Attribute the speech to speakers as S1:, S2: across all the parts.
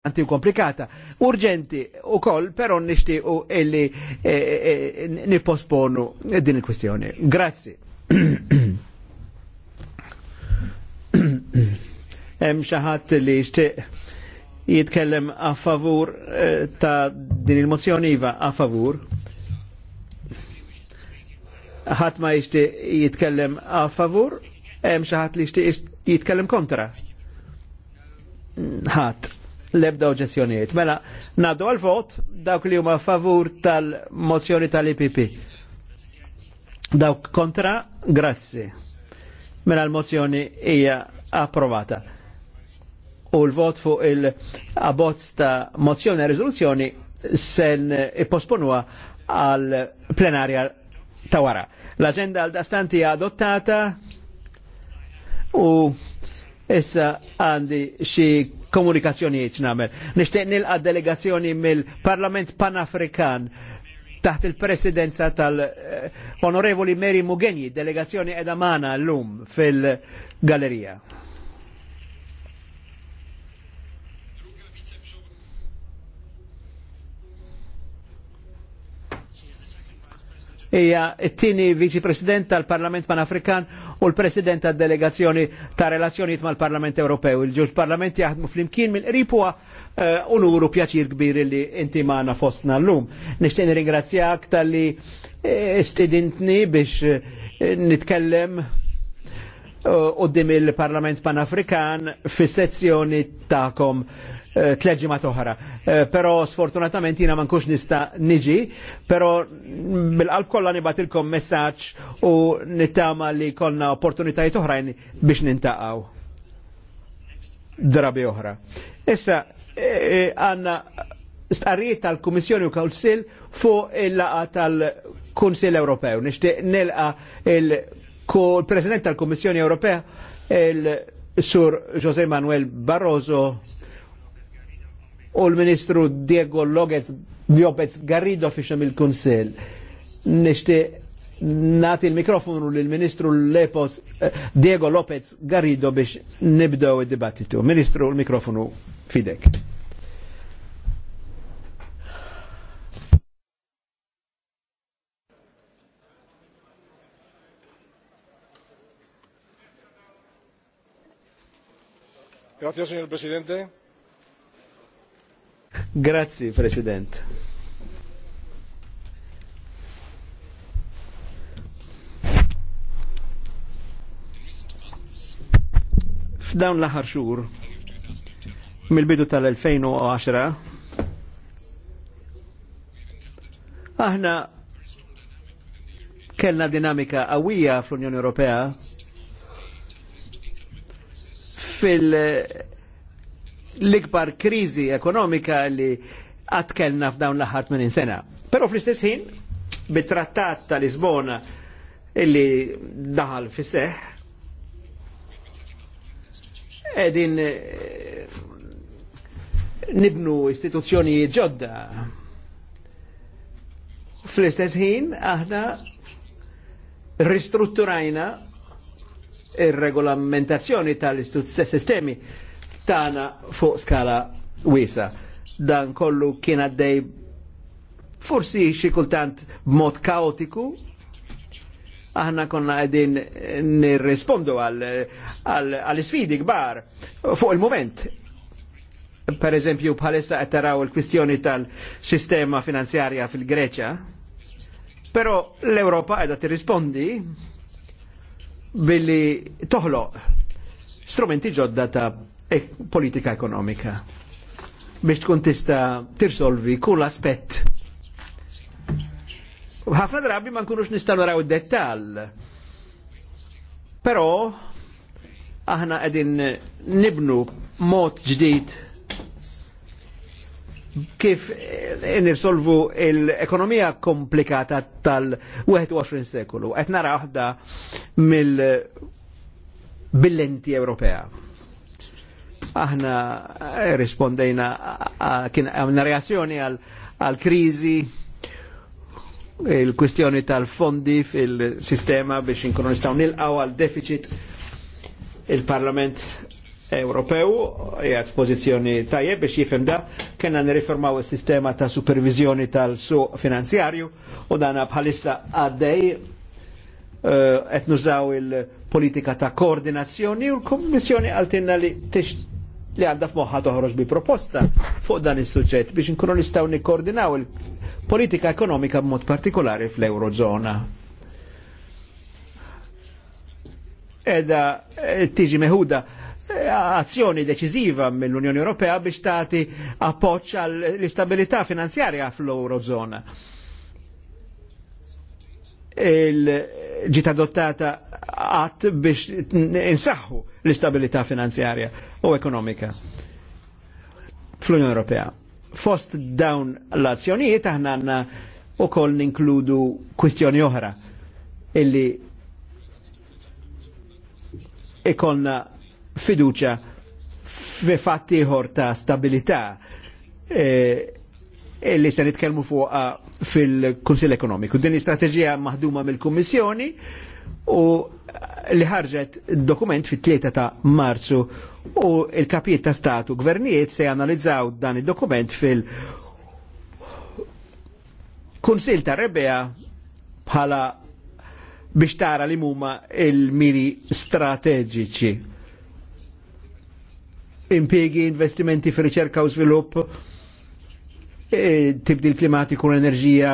S1: importanti u komplikata. Urġenti u koll, pero nishti u illi eh, eh, niposponu din il-kwestjoni. Grazzi. Hemm xaħat li jixtieq jitkellem a favur eh, ta' din il-mozzjoni iva a favur. Ħadd ma jixtieq jitkellem a favur, hemm xi ħadd li jixtieq jitkellem kontra. Ħadd lebda oġezzjonijiet. Mela, nadu għal-vot dawk li huma favur tal-mozzjoni tal-IPP. Dawk kontra, grazzi. Mela l-mozzjoni hija approvata. U l-vot fuq il-abbozz ta' mozzjoni e riżoluzzjoni sen eh, ipposponuha għal plenarja ta' wara. L-agenda għal dastanti adottata u issa għandi xie komunikazzjonijiet nagħmel. Nixtieq nilqa' delegazzjoni mill-Parlament Panafrikan taħt il-presidenza tal-Onorevoli Mary Mugeni, delegazzjoni edamana l-lum fil-gallerija. hija t-tieni viċi president tal-Parlament Panafrikan u l-president tad-delegazzjoni ta' relazzjonijiet mal-Parlament Ewropew. Il-ġewġ parlament jaħdmu flimkien mill qripu eh, unuru pjaċir kbir li inti magħna fostna llum. Nixtieq ringrazzjak tal-li eh, stidintni biex eh, nitkellem qudiem il-Parlament Panafrikan fis-sezzjoni tagħkom Eh, tleġi ma toħra. Eh, pero sfortunatament jina man kux nista niġi, pero bil-qalb kollha nibatilkom messaġġ u nittama li konna opportunitajiet oħrajn biex nintaqaw. Drabi oħra. Issa eh, għanna stqarrijiet tal-Kummissjoni u Kawsil fuq il-laqa tal-Kunsil Ewropew. Nixtieq nilqa il-President tal-Kummissjoni Ewropea il-Sur José Manuel Barroso u l-Ministru Diego Logez Lopez Garrido fiexem il-Kunsel. Nishti nati il-mikrofonu l-Ministru Lepos eh, Diego Lopez Garrido biex nibdew il dibattitu Ministru, il mikrofonu fidek. Gracias, señor presidente. Grazzi, President. F'dawn l-aħħar xhur mill-bidu tal-2010 aħna kellna dinamika qawwija fl-Unjoni Ewropea fil- l-ikbar krizi ekonomika li għatkelna f'dawn l-ħart minn sena. Pero fl-istess ħin, bit-trattat ta' Lisbona illi daħal fis-seħ, edin eh, nibnu istituzzjoni ġodda. Fl-istess ħin aħna ristrutturajna ir-regolamentazzjoni tal-sistemi. istituzzjoni tagħna fuq skala wiesa. Dan kollu kien għaddej forsi xi kultant b'mod kaotiku, aħna konna għedin nirrespondu għal-sfidi kbar fuq il-moment. Per eżempju, bħalissa qed taraw il-kwistjoni tal-sistema finanzjarja fil-Greċja, però l-Ewropa qiegħda tirrispondi billi toħloq strumenti ġodda ta' politika ekonomika biex tkun tista tirsolvi kull aspett. Ħafna drabi ma nkunux nistgħu naraw id-dettall. Però aħna qegħdin nibnu mod ġdid kif nirsolvu l-ekonomija komplikata tal-21 sekolu. Qed nara waħda mill-billenti Ewropea. Aħna eh, rispondejna, kien għamna reazzjoni għal-krizi, il-kwistjoni tal-fondi fil-sistema biex inkunu nistgħu nilqgħu għal deficit il-Parlament Ewropew jgħat pozizjoni tajjeb biex jifem da kena nirriformaw il sistema ta' supervizjoni tal-suq finanzjarju u dana bħalissa għaddej eh, qed il-politika ta' koordinazzjoni u l komissjoni għaltinna li li għandha f'moħħa toħroġ bi proposta fuq dan is-suġġett biex nkunu nistgħu nikkoordinaw il-politika ekonomika b'mod partikolari fl-Eurozona. Edha eh, tiġi meħuda eh, azzjoni deċiżiva mill-Unjoni Ewropea biex tagħti appoġġ għall istabilità finanzjarja fl-Eurozona ġiet adottata għat biex insaħħu l-istabilità finanzjarja u ekonomika fl-Unjoni Ewropea. Fost dawn l-azzjonijiet aħna għandna wkoll ninkludu kwistjoni oħra illi ikolna fiduċa fi fatti ta' stabilità eh, illi se nitkellmu fuqha fil-Kunsill Ekonomiku. Din l-istrateġija maħduma mill-Kummissjoni u li ħarġet dokument fit-3 ta' Marzu u il-kapijiet ta' statu gvernijiet se analizzaw dan il-dokument fil- Kunsil ta' Rebea bħala biex tara li muma il-miri strateġiċi. Impiegi, investimenti fi riċerka u svilupp, E, tibdil klimatiku l-enerġija,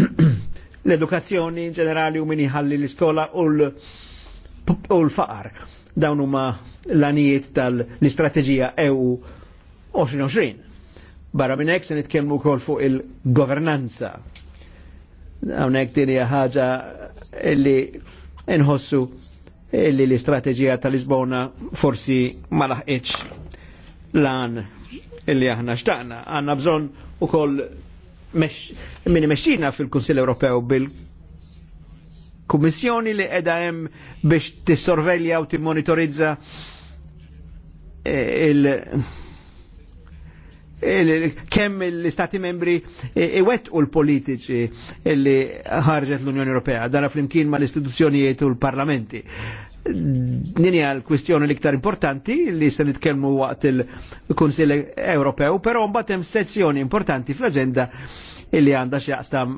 S1: l-edukazzjoni ġenerali u minni ħalli l-iskola u l-faqar. Dawn huma l-anijiet tal-istrateġija EU 2020. Barra minn hekk se nitkellmu wkoll fuq il-governanza. Hawnhekk din hija ħaġa li nħossu li l-istrateġija tal-Lisbona forsi ma laħqitx lan illi aħna xtaqna. Għanna bżon u koll minni meċċina fil konsil Ewropew bil-Kummissjoni li edha hemm biex tissorvelja u timmonitorizza eh, il- kemm l-Istati membri iwet u l-politiċi li ħarġet l-Unjoni Ewropea, dara flimkien ma l-istituzzjonijiet u l-parlamenti. Din hija l-kwistjoni l-iktar importanti li se nitkellmu waqt il-Kunsill Ewropew, però mbagħad hemm sezzjoni importanti fl-aġenda illi għandha x'jaqstam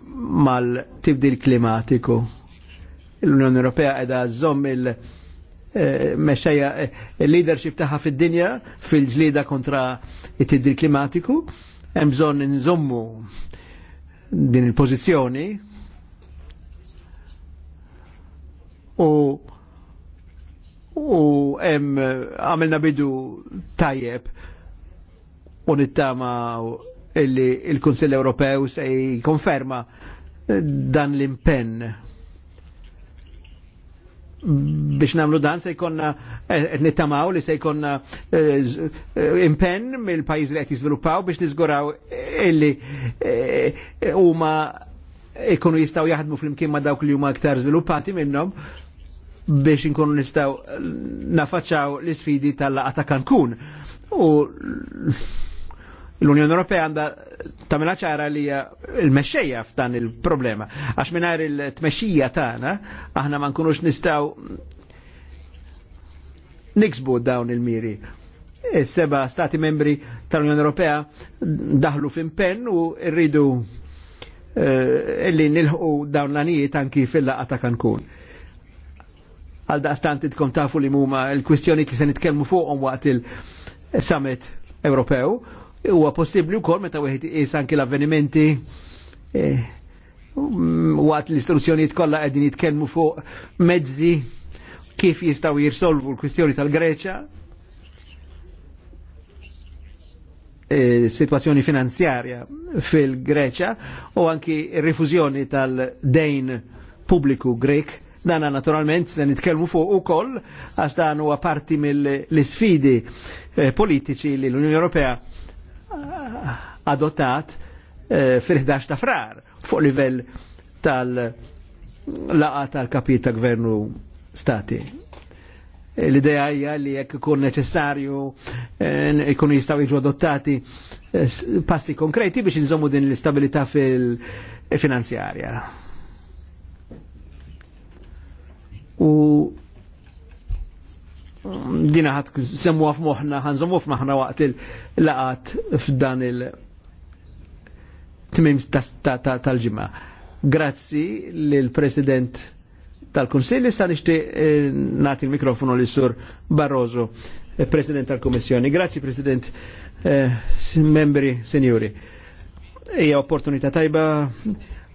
S1: mal-tibdil klimatiku. L-Unjoni Ewropea qiegħda żomm il- eh, meċċajja il-leadership eh, taħħa fid-dinja fil-ġlida kontra it-tibdil klimatiku, hemm bżonn nżommu din il-pożizzjoni u u hemm għamilna bidu tajjeb u nittama illi il-Kunsill Ewropew se jkonferma dan l-impenn biex namlu dan se jkonna eh, eh, nittamaw li se jkonna eh, impenn mill-pajiz li qed jiżviluppaw biex niżguraw illi huma jkunu jistgħu jaħdmu flimkien ma' dawk li huma aktar żviluppati minnhom biex inkunu nistaw nafaċċaw l-isfidi tal-laqa ta' Cancun. U l-Unjoni Ewropea għandha mela ċara li hija l-mexxejja f'dan il-problema. Għax mingħajr il-tmexxija tagħna aħna ma nkunux nistgħu niksbu dawn il-miri. Is-seba e stati membri tal-Unjoni Ewropea daħlu f'impenn u rridu eh, illi nilħu dawn l-anijiet anki fil laqata kankun għal daqstant idkom tafu li muma l-kwistjoni li se nitkellmu fuqhom waqt il-summit Ewropew. Huwa possibbli wkoll meta wieħed is anki l-avvenimenti eh, waqt l-istruzzjonijiet kollha qegħdin jitkellmu fuq mezzi kif jistgħu jirsolvu l-kwistjoni tal-Greċja eh, situazzjoni finanzjarja fil-Greċja u anki rifużjoni tal-dejn pubbliku Grek Dana naturalment se nitkellmu fuq ukoll għax dan huwa parti mill-isfidi eh, politiċi li l-Unjoni Ewropea eh, adottat eh, fil-11 ta' frar fuq livell tal-laqa tal-kapit ta' gvernu stati l-ideja hija li jekk ikun neċessarju ikun jistgħu jiġu adottati passi konkreti biex inżommu din l-istabilità fil-finanzjarja. u dina ħat semmu għaf moħna, ħanżomu għaf maħna waqt il-laqat f'dan il-tmim tal-ġimma. Grazzi l-President tal-Konsilli, sa' nishti eh, nati il-mikrofonu li sur Barroso, eh, President tal-Komissjoni. Grazzi President, eh, membri, senjuri. Ija opportunità tajba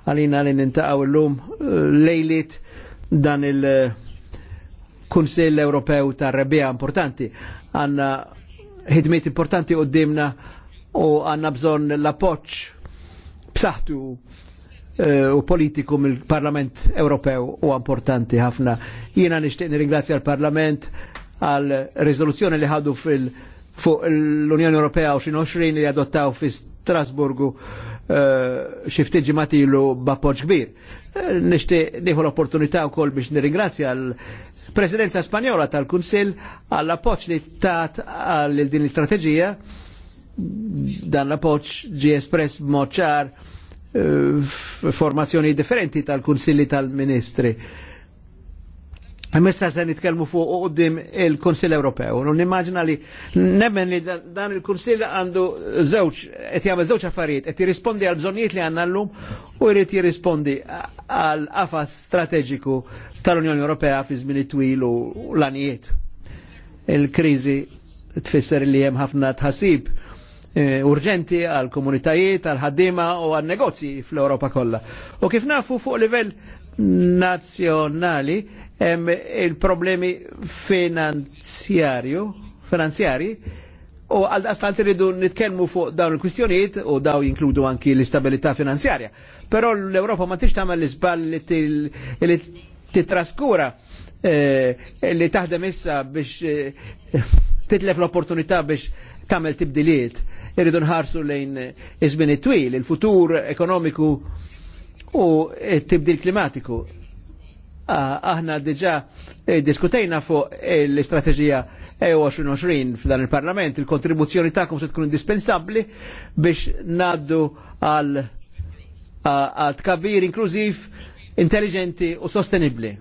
S1: għalina li nintaqaw l-lum lejlit dan il-Kunsill eh, Ewropew ta' rebija importanti. Għanna ħidmiet importanti qoddimna u għanna bżon l-appoċ b'saħtu eh, u politiku mill-Parlament Ewropew u importanti ħafna. Jiena nixtieq nirringrazzja l-Parlament għal riżoluzzjoni li ħadu fil- fuq l-Unjoni Ewropea 2020 li adottaw fi Strasburgu Eh, xifti ġimatilu b'appoġġ kbir. Eh, Nishti diħu l-opportunità u wkoll biex nirringrazzja l-Presidenza Spanjola tal kunsil għall-appoġġ li tat għal din l strategija dan l-appoġġ ġi espress moċar eh, formazzjoni differenti tal-Kunsilli tal-Ministri. tal kunsilli tal ministri tal tal ministri Messa se nitkellmu fuq u għoddim il-Kunsill Ewropew. Un nimmaġina li nemmen li dan il-Kunsill għandu żewġ et jagħmel żewġ affarijiet, et jirrispondi għal bżonijiet li għandna lum u jrid jirrispondi għal afas strateġiku tal-Unjoni Ewropea fi żmien twil u l-anijiet. Il-kriżi tfisser li hemm ħafna tħassib eh, urġenti għal komunitajiet, għal ħaddima u għal negozji fl-Europa kollha. U kif nafu fuq livell nazzjonali hemm il-problemi finanzjarju, finanzjari, u għal daqstant irridu nitkellmu fuq dawn il-kwistjonijiet u daw jinkludu anki l-istabilità finanzjarja. Però l-Europa ma tix tagħmel l-iżball li titraskura eh, li taħdem issa biex eh, titlef l-opportunità biex tagħmel tibdiliet. Irridu nħarsu lejn iż-żmien twil, il-futur ekonomiku u t-tibdil klimatiku Ah, aħna diġa eh, diskutejna fuq eh, l-istrateġija 2020 e f'dan il-Parlament, il-kontribuzzjoni ta'kom se tkun indispensabbli biex naddu għal għal tkabbir inklużiv, intelligenti u sostenibli.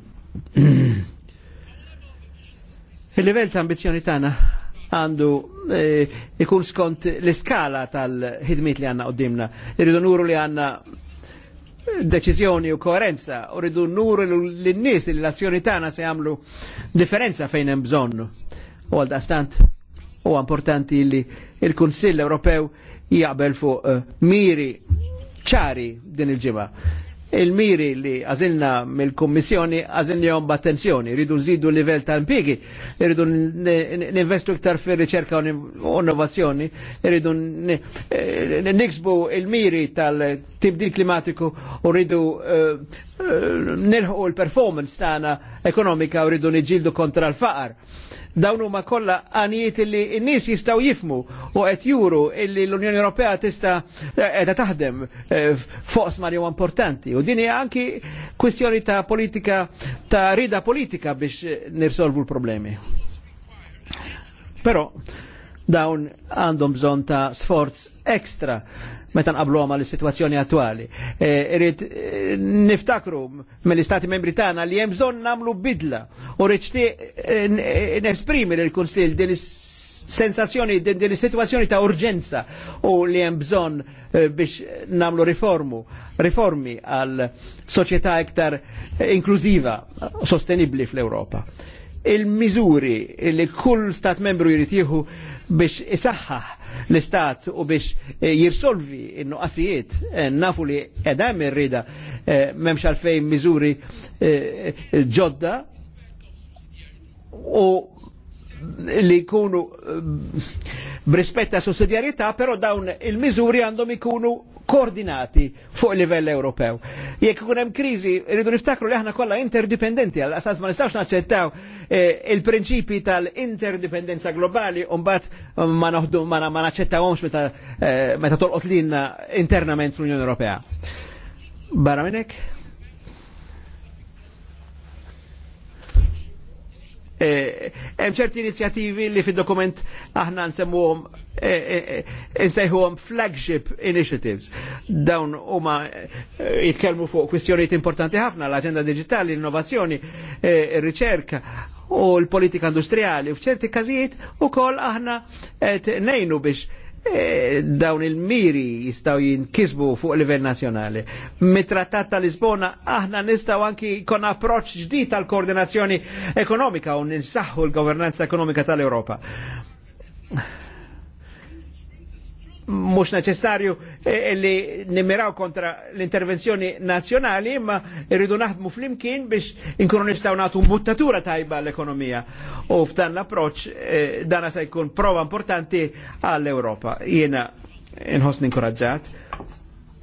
S1: il level ta' ambizjoni tagħna għandu eh, ikun skont l-iskala tal ħidmit li għanna għoddimna. Irridu nuru li għanna deċiżjoni u koerenza. U rridu nuru l-nis li l-azzjoni tana se għamlu differenza fejn hemm bżonn. U għal stant u importanti li il-Kunsill Ewropew jaqbel fuq eh, miri ċari din il-ġimgħa il-miri li għazilna mill-Kommissjoni għazilni għom b'attenzjoni, rridu nżidu l-livell ta' impiegi, rridu ninvestu iktar fir riċerka u innovazzjoni, rridu niksbu il-miri tal-tibdil klimatiku u rridu eh, nilħu l-performance tagħna ekonomika u rridu niġildu kontra l-faqar. Dawn huma kollha għanijiet li n-nies jistgħu jifmu u qed juru illi l-Unjoni Ewropea tista' qiegħda taħdem eh, fuq li huwa importanti. U din hija anki kwistjoni ta' politika ta' rida politika biex nirsolvu l-problemi. Però dawn għandhom bżonn ta' sforz ekstra meta nqablu għama l-situazzjoni attuali. E, Irrit e, niftakru mill-Istati Membri tagħna li hemm bżonn nagħmlu bidla u rridxti e, nesprimi l kunsill din sensazzjoni din din situazzjoni ta' urġenza u li hemm bżonn e, biex namlu riformu, riformi għal soċjetà iktar inklużiva, sostenibbli fl-Ewropa. Il-miżuri li kull stat membru jrid jieħu biex isaħħaħ l-istat u biex eh, jirsolvi in-nuqqasijiet eh, nafu li edam ir-rida eh, memx għalfejn mizuri ġodda u li kunu brispetta sussidjarjetà, però dawn il-miżuri għandhom ikunu koordinati fuq livell Ewropew. Jekk ikun hemm kriżi, rridu niftakru li aħna kollha interdipendenti, għal asas ma nistax naċċettaw eh, il-prinċipi tal-interdipendenza globali u mbagħad eh, ma naħdu ma naċċettawhomx meta eh, meta tolqot lilna internament fl-Unjoni Ewropea. Barra minnek? Eh, eh, hemm ċerti inizjattivi li fid-dokument aħna nsemmuhom eh, nsejħuhom flagship initiatives. Dawn huma jitkellmu fuq kwistjonijiet importanti ħafna l-aġenda digitali, l-innovazzjoni, ir-riċerka u l-politika industrijali u f'ċerti każijiet ukoll aħna qed ngħinu biex E, dawn il-miri jistaw jinkisbu fuq livell nazjonali. Mit-trattat tal-Lisbona aħna nistaw anki kon approċ ġdid tal-koordinazzjoni ekonomika u ninsaħħu l-governanza ekonomika tal-Europa mhux neċessarju eh, li nimmiraw kontra l-intervenzjoni nazzjonali, imma irridu naħdmu flimkien biex inkunu nistgħu nagħtu muttatura tajba l-ekonomija. U f'dan l-approċċ eh, dana se jkun prova importanti għall-Ewropa. Jiena inħossni inkoraġġat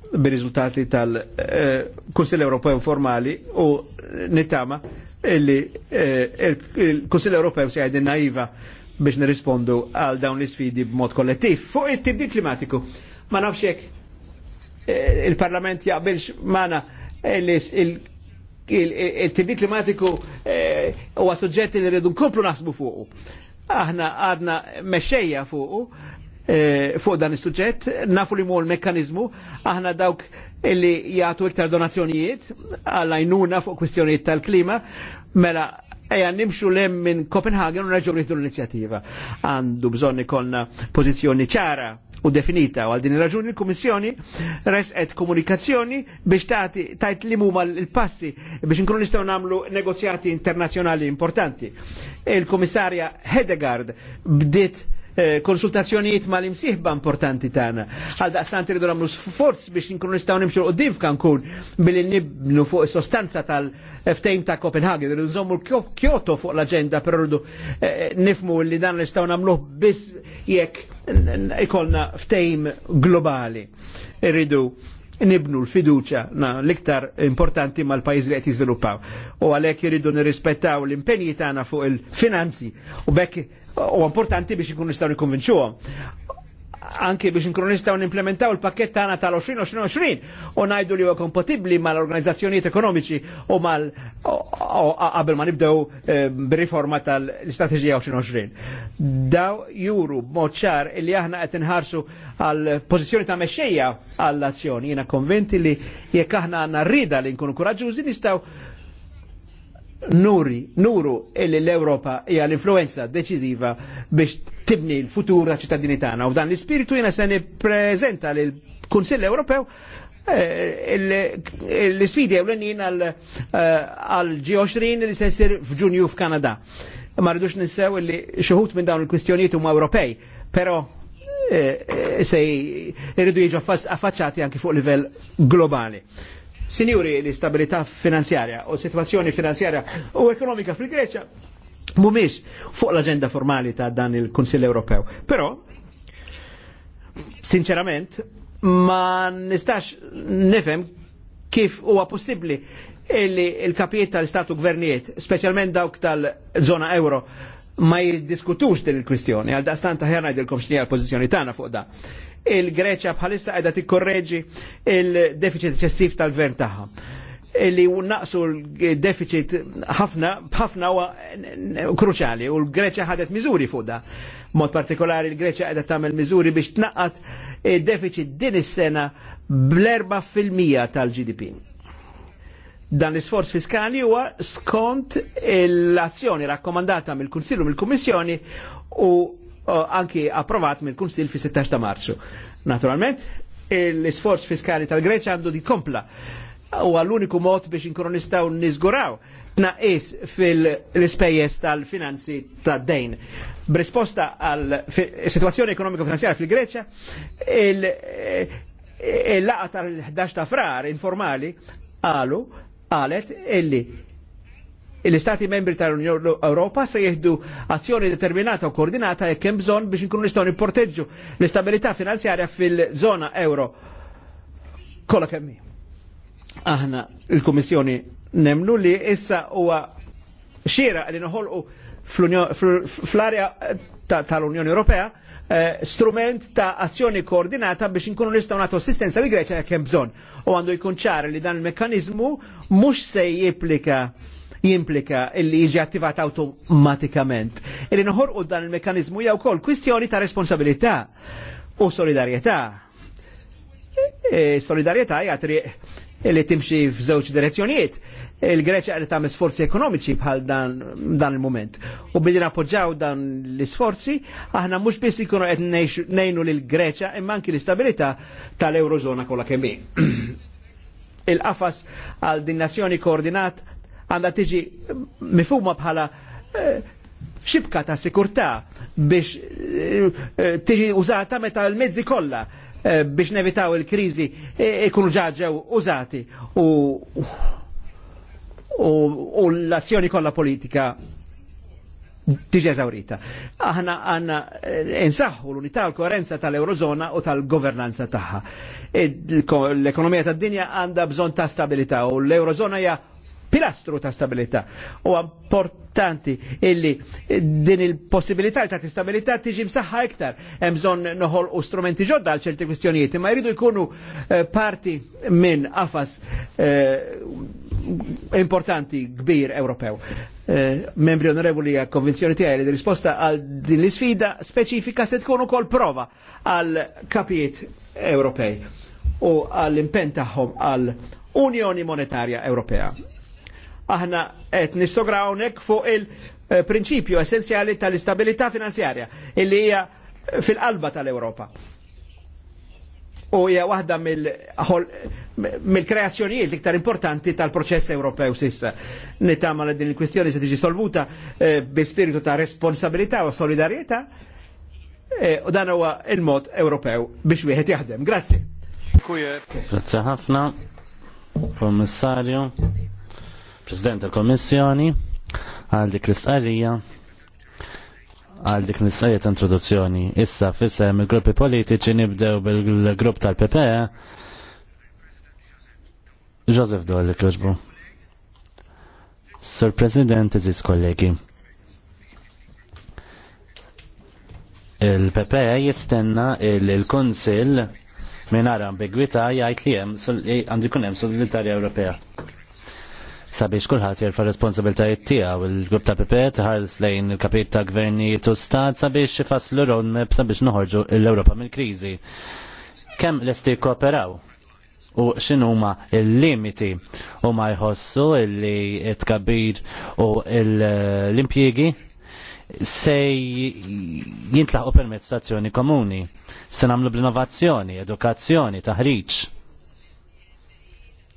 S1: bir-riżultati tal-Kunsill eh, Ewropew formali u nittama li il-Kunsill Ewropew se jgħidin naiva biex nirrispondu għal dawn l-sfidi b'mod kollettiv. Fuq it-tibdil klimatiku, ma nafx hekk eh, il-Parlament jaqbilx mana eh, il-tibdil klimatiku eh, huwa suġġett li rridu nkomplu naħsbu fuqu. Aħna għadna mexxejja fuqu fuq dan is-suġġett, nafu li mu l-mekkanizmu, aħna dawk illi jagħtu iktar donazzjonijiet għal għajnuna fuq kwistjonijiet tal-klima, mela Eja, nimxu lem minn Kopenhagen u raġu rridu l-inizjativa. Għandu bżonni konna pozizjoni ċara u definita u għal din raġuni l res et komunikazzjoni biex taħti tajt li mu l-passi biex nkunu nistaw namlu negozjati internazjonali importanti. il komissarja Hedegard bdiet Eh, konsultazzjonijiet ma l-imsieħba importanti tagħna. Għal daqstant irridu nagħmlu sforz biex nkunu nistgħu nimxu kan kun billi nibnu fuq is-sostanza tal-ftejm ta' Copenhagen, irridu nżommu fuq l agenda per rridu eh, nifmu li dan nistgħu nagħmluh biss jek ikolna ftejm globali. Rridu nibnu l-fiduċa l-iktar importanti mal pajjiż li qed jiżviluppaw. U għalhekk irridu nirrispettaw l-impenji tagħna fuq il-finanzi u bekk u importanti biex ikun nistgħu nikkonvinċuhom. Anke biex nkunu nistgħu nimplementaw il-pakket tagħna tal-2020 u ngħidu li huwa kompatibbli mal-organizzazzjonijiet ekonomiċi u mal qabel ma nibdew eh, b'riforma tal-istrateġija 2020. Daw juru b'mod ċar li aħna qed inħarsu għal pożizzjoni ta' mexxejja għall-azzjoni. Jiena konvinti li jekk aħna għandna rrida li nkunu kuraġużi nistgħu nuri, nuru illi l-Europa hija l-influenza deċiżiva biex tibni l-futur ta' ċittadini tagħna. U dan l-ispiritu jiena se nippreżenta lill Kunsill Ewropew eh, l-sfidi ewlenin eh, għal G20 li se jsir f'Ġunju f'Kanada. Ma rridux ninsew li xuħut minn dawn il-kwistjonijiet huma Ewropej, però eh, se jridu jiġu affaċċati anki fuq livell globali. Sinjuri, l-istabilità finanzjarja u situazzjoni finanzjarja u ekonomika fil-Greċja mumiex fuq l-agenda formali ta' dan il-Kunsill Ewropew. Però, sinċerament, ma nistax nifhem kif huwa possibbli illi il-kapijiet tal-istatu gvernijiet, specialment dawk tal-zona euro, ma jiddiskutux din il-kwistjoni, għal taħjarna id-dilkom xnija l-pozizjoni tagħna fuq da il-Greċja bħalissa għedha tikkorreġi il-deficit eċessiv tal-gvern tagħha li naqsu l-deficit ħafna b'ħafna huwa kruċali u l-Greċja ħadet miżuri fuq da. Mod partikolari l-Greċja qiegħda tagħmel miżuri biex tnaqqas deficit din is-sena bl-4% tal-GDP. Dan l-isforz fiskali huwa skont l-azzjoni rakkomandata mill-Kunsillu mill-Kummissjoni u anki approvat mill-Kunsil fi 16 ta' Marzu. Naturalment, l-isforz fiskali tal-Greċa għandu di kompla u għall-uniku mod biex inkronistaw nizguraw tnaqis fil spejjes tal-finanzi tad-dejn. B'risposta għal situazzjoni ekonomiko finanzjara fil greċa il-laqa tal-11 ta' frar informali għalu għalet illi l-Istati membri tal-Unjoni Ewropa se jieħdu azzjoni determinata u koordinata jekk hemm bżonn biex inkunu nistgħu nipporteġġu l-istabilità finanzjarja fil-żona euro. Kolla kemmi. Aħna il-Kummissjoni nemlu li issa huwa xira li noħolqu fl-area tal-Unjoni Ewropea eh, strument ta' azzjoni koordinata biex inkunu nistgħu nagħtu assistenza li Greċja jekk hemm bżonn. U għandu jkun ċar li dan il-mekkaniżmu mhux se jipplika jimplika illi jiġi attivat automatikament. Illi noħor u dan il-mekanizmu jew kol kwistjoni ta' responsabilità u solidarietà. E solidarietà jgħatri illi timxi f'żewġ direzzjonijiet. Il-Greċja qed tagħmel sforzi ekonomiċi bħal dan, dan il-moment. U bidin appoġġaw dan l sforzi aħna mux biss ikunu għed nejnu l Greċja imma anki l istabilita tal-Eurozona kolla kemmi. Il-qafas għal din nazzjoni koordinat għanda tiġi mifuma bħala eh, xibka ta' sikurtà biex eh, eh, tiġi użata meta l-mezzi kollha biex nevitaw il-kriżi ikunu ġaġew użati u l-azzjoni kollha politika tiġi eżawrita. Aħna għanna insaħħu l-unità u l-koerenza tal-Eurozona u tal-governanza tagħha. L-ekonomija tad-dinja għandha bżonn ta' stabilità u l-Eurozona hija pilastru ta' stabilità. U importanti illi din il-possibilità ta' stabilità tiġi msaħħa iktar. Hemm bżonn noħol u strumenti ġodda għal ċerti kwistjonijiet, ma jridu jkunu eh, parti minn qafas eh, importanti kbir Ewropew. Eh, membri onorevoli għal konvenzjoni tiegħi li risposta għal din l-isfida speċifika se tkun ukoll prova għal kapijiet Ewropej u għall impen tagħhom għal Unjoni Monetarja Ewropea aħna qed nistograw hawnhekk fuq il-prinċipju essenzjali tal-istabilità finanzjarja illi hija fil-qalba tal-Ewropa. U hija waħda mill-kreazzjonijiet iktar importanti tal-proċess Ewropew sissa. Nitama li din il-kwistjoni se tiġi solvuta eh, bi spiritu ta' responsabilità u solidarietà eh, u dan huwa il-mod Ewropew biex wieħed jaħdem. Grazzi. Grazzi
S2: ħafna, Kommissarju. President tal-Kommissjoni, għal dik l-istqarrija, għal dik l-istqarrija ta' introduzzjoni. Issa fissem il-gruppi politiċi nibdew bil-grupp tal-PPE. Joseph Dolli kħuġbu. Sir President, eżis kollegi. Il-PPE jistenna il-Konsil minn ambigwita jgħid li hemm għandu hemm solidarja Ewropea sabiex kulħadd jerfa' responsabiltajiet tiegħu il-grupp ta' Pipet ħares lejn il-kapit ta' gvernijiet u stat sabiex ifasslu roadmap sabiex noħorġu l-Ewropa mill-kriżi. Kemm lesti jkooperaw? U x'inhuma il-limiti u ma jħossu illi tkabbir u l-impjiegi se jintlaħu permezz azzjoni komuni, se nagħmlu bl-innovazzjoni, edukazzjoni, taħriġ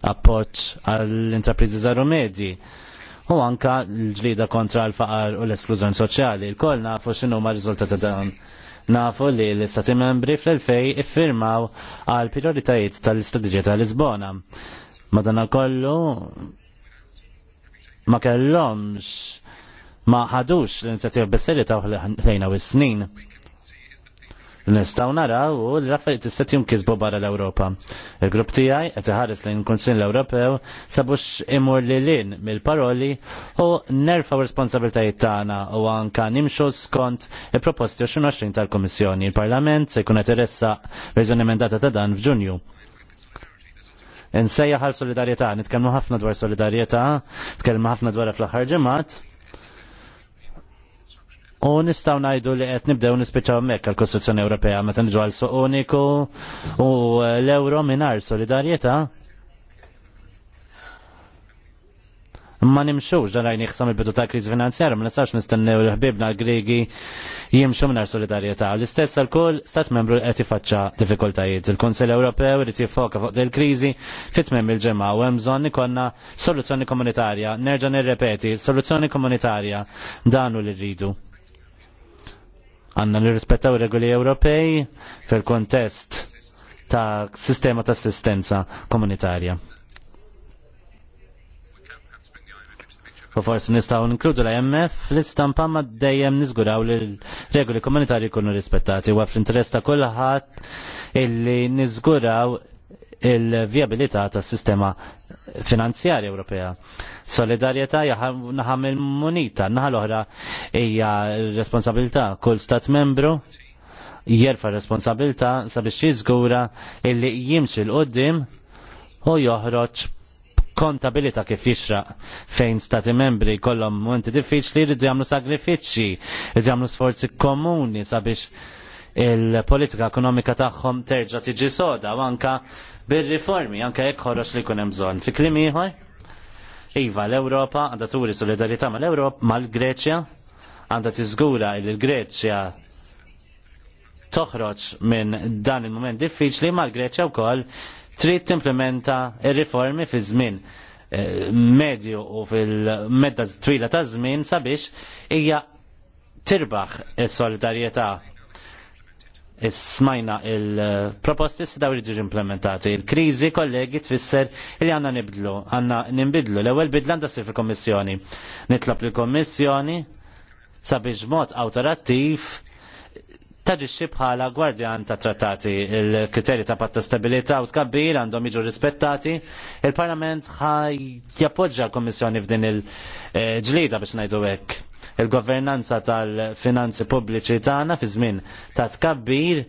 S2: appoġġ għall-intrapriżi żaru medji u anka l-ġlida kontra l-faqar u l-esklużjoni soċjali. Il-koll nafu xinu ma' rizultati dawn. Nafu li l-Istati membri fl-2000 iffirmaw għal prioritajiet tal-Istrateġija tal-Lisbona. Madana kollu ma kellhomx ma ħadux l-inizjattiva besseri ta' ħlejna u snin Nistaw naraw u l-raffariet istat jumkisbu barra l-Europa. Il-grupp tijaj qed iħares lejn konsin l-Ewropew sabux imur li l-in mill-paroli u nerfaw responsabiltajiet tagħna u anka nimxu skont il-proposti 20 tal-Kummissjoni. Il-Parlament se jkun qed iressaq verżjoni emendata ta' dan f'Ġunju. Nsejja għal solidarjetà, nitkellmu ħafna dwar solidarjetà, nitkelmu ħafna dwar fl-aħħar ġimgħat, U nistaw najdu li qed nibdew nispiċaw mekk għal kostituzjoni Ewropea meta nġu għal uniku u l-euro minar solidarjetà. Ma nimxux dan għajni xsam il-bidu ta' kriz finanzjara, ma nistax nistennew l-ħbibna Grigi jimxu minar solidarjetà. L-istess għal-kull stat membru qed jifacċa difikultajiet. Il-Kunsell Ewropew irid jiffoka fuq il kriżi fitmem il-ġimgħa u hemm bżonn ikollna soluzzjoni komunitarja. Nerġa' nirrepeti, soluzzjoni komunitarja dan hu li rridu Għanna nirrispettaw regoli Ewropej fil-kontest ta' sistema ta' assistenza komunitarja. U forsi nistaw ninkludu l-IMF l istampa ma dejjem nizguraw li l regoli komunitarji jkunu rispettati u fl-interess ta' kulħadd illi nizguraw il-vjabilità tas sistema finanzjarja Ewropea. Solidarjetà naħam il-munita, naħa l-oħra hija responsabilità kull stat membru jerfa responsabilità sabiex jiżgura illi jimxi l-qoddim u joħroġ kontabilita kif jixraq fejn stati membri kollhom momenti diffiċli jridu jagħmlu sagrifiċċji, jridu jagħmlu sforzi komuni sabiex il-politika ekonomika tagħhom terġa' tiġi soda u anka bir-riformi anke jekk ħoros li jkun hemm bżonn. Fi klim ieħor? Iva l-Ewropa għandha turi l mal-Ewropa mal-Greċja għandha tiżgura li l-Greċja toħroġ minn dan il-moment diffiċli mal-Greċja wkoll trid timplementa il riformi fi żmien eh, medju u fil-medda twila ta' żmien sabiex hija tirbaħ is-solidarjetà smajna il-proposti s daw jiġu implementati. Il-krizi, kollegi, tfisser li għanna nibdlu, għanna nimbidlu. L-ewel bidla għanda sir fil-kommissjoni. Nitlob l-kommissjoni sabiex mod autorattiv taġi bħala gwardjan ta' trattati il-kriterji ta' patta stabilita u tkabbir għandhom jiġu rispettati. Il-Parlament ħaj jappoġġa l-Kommissjoni f'din il-ġlida eh, biex najdu hekk il-governanza tal-finanzi pubbliċi tagħna fi żmien ta' tkabbir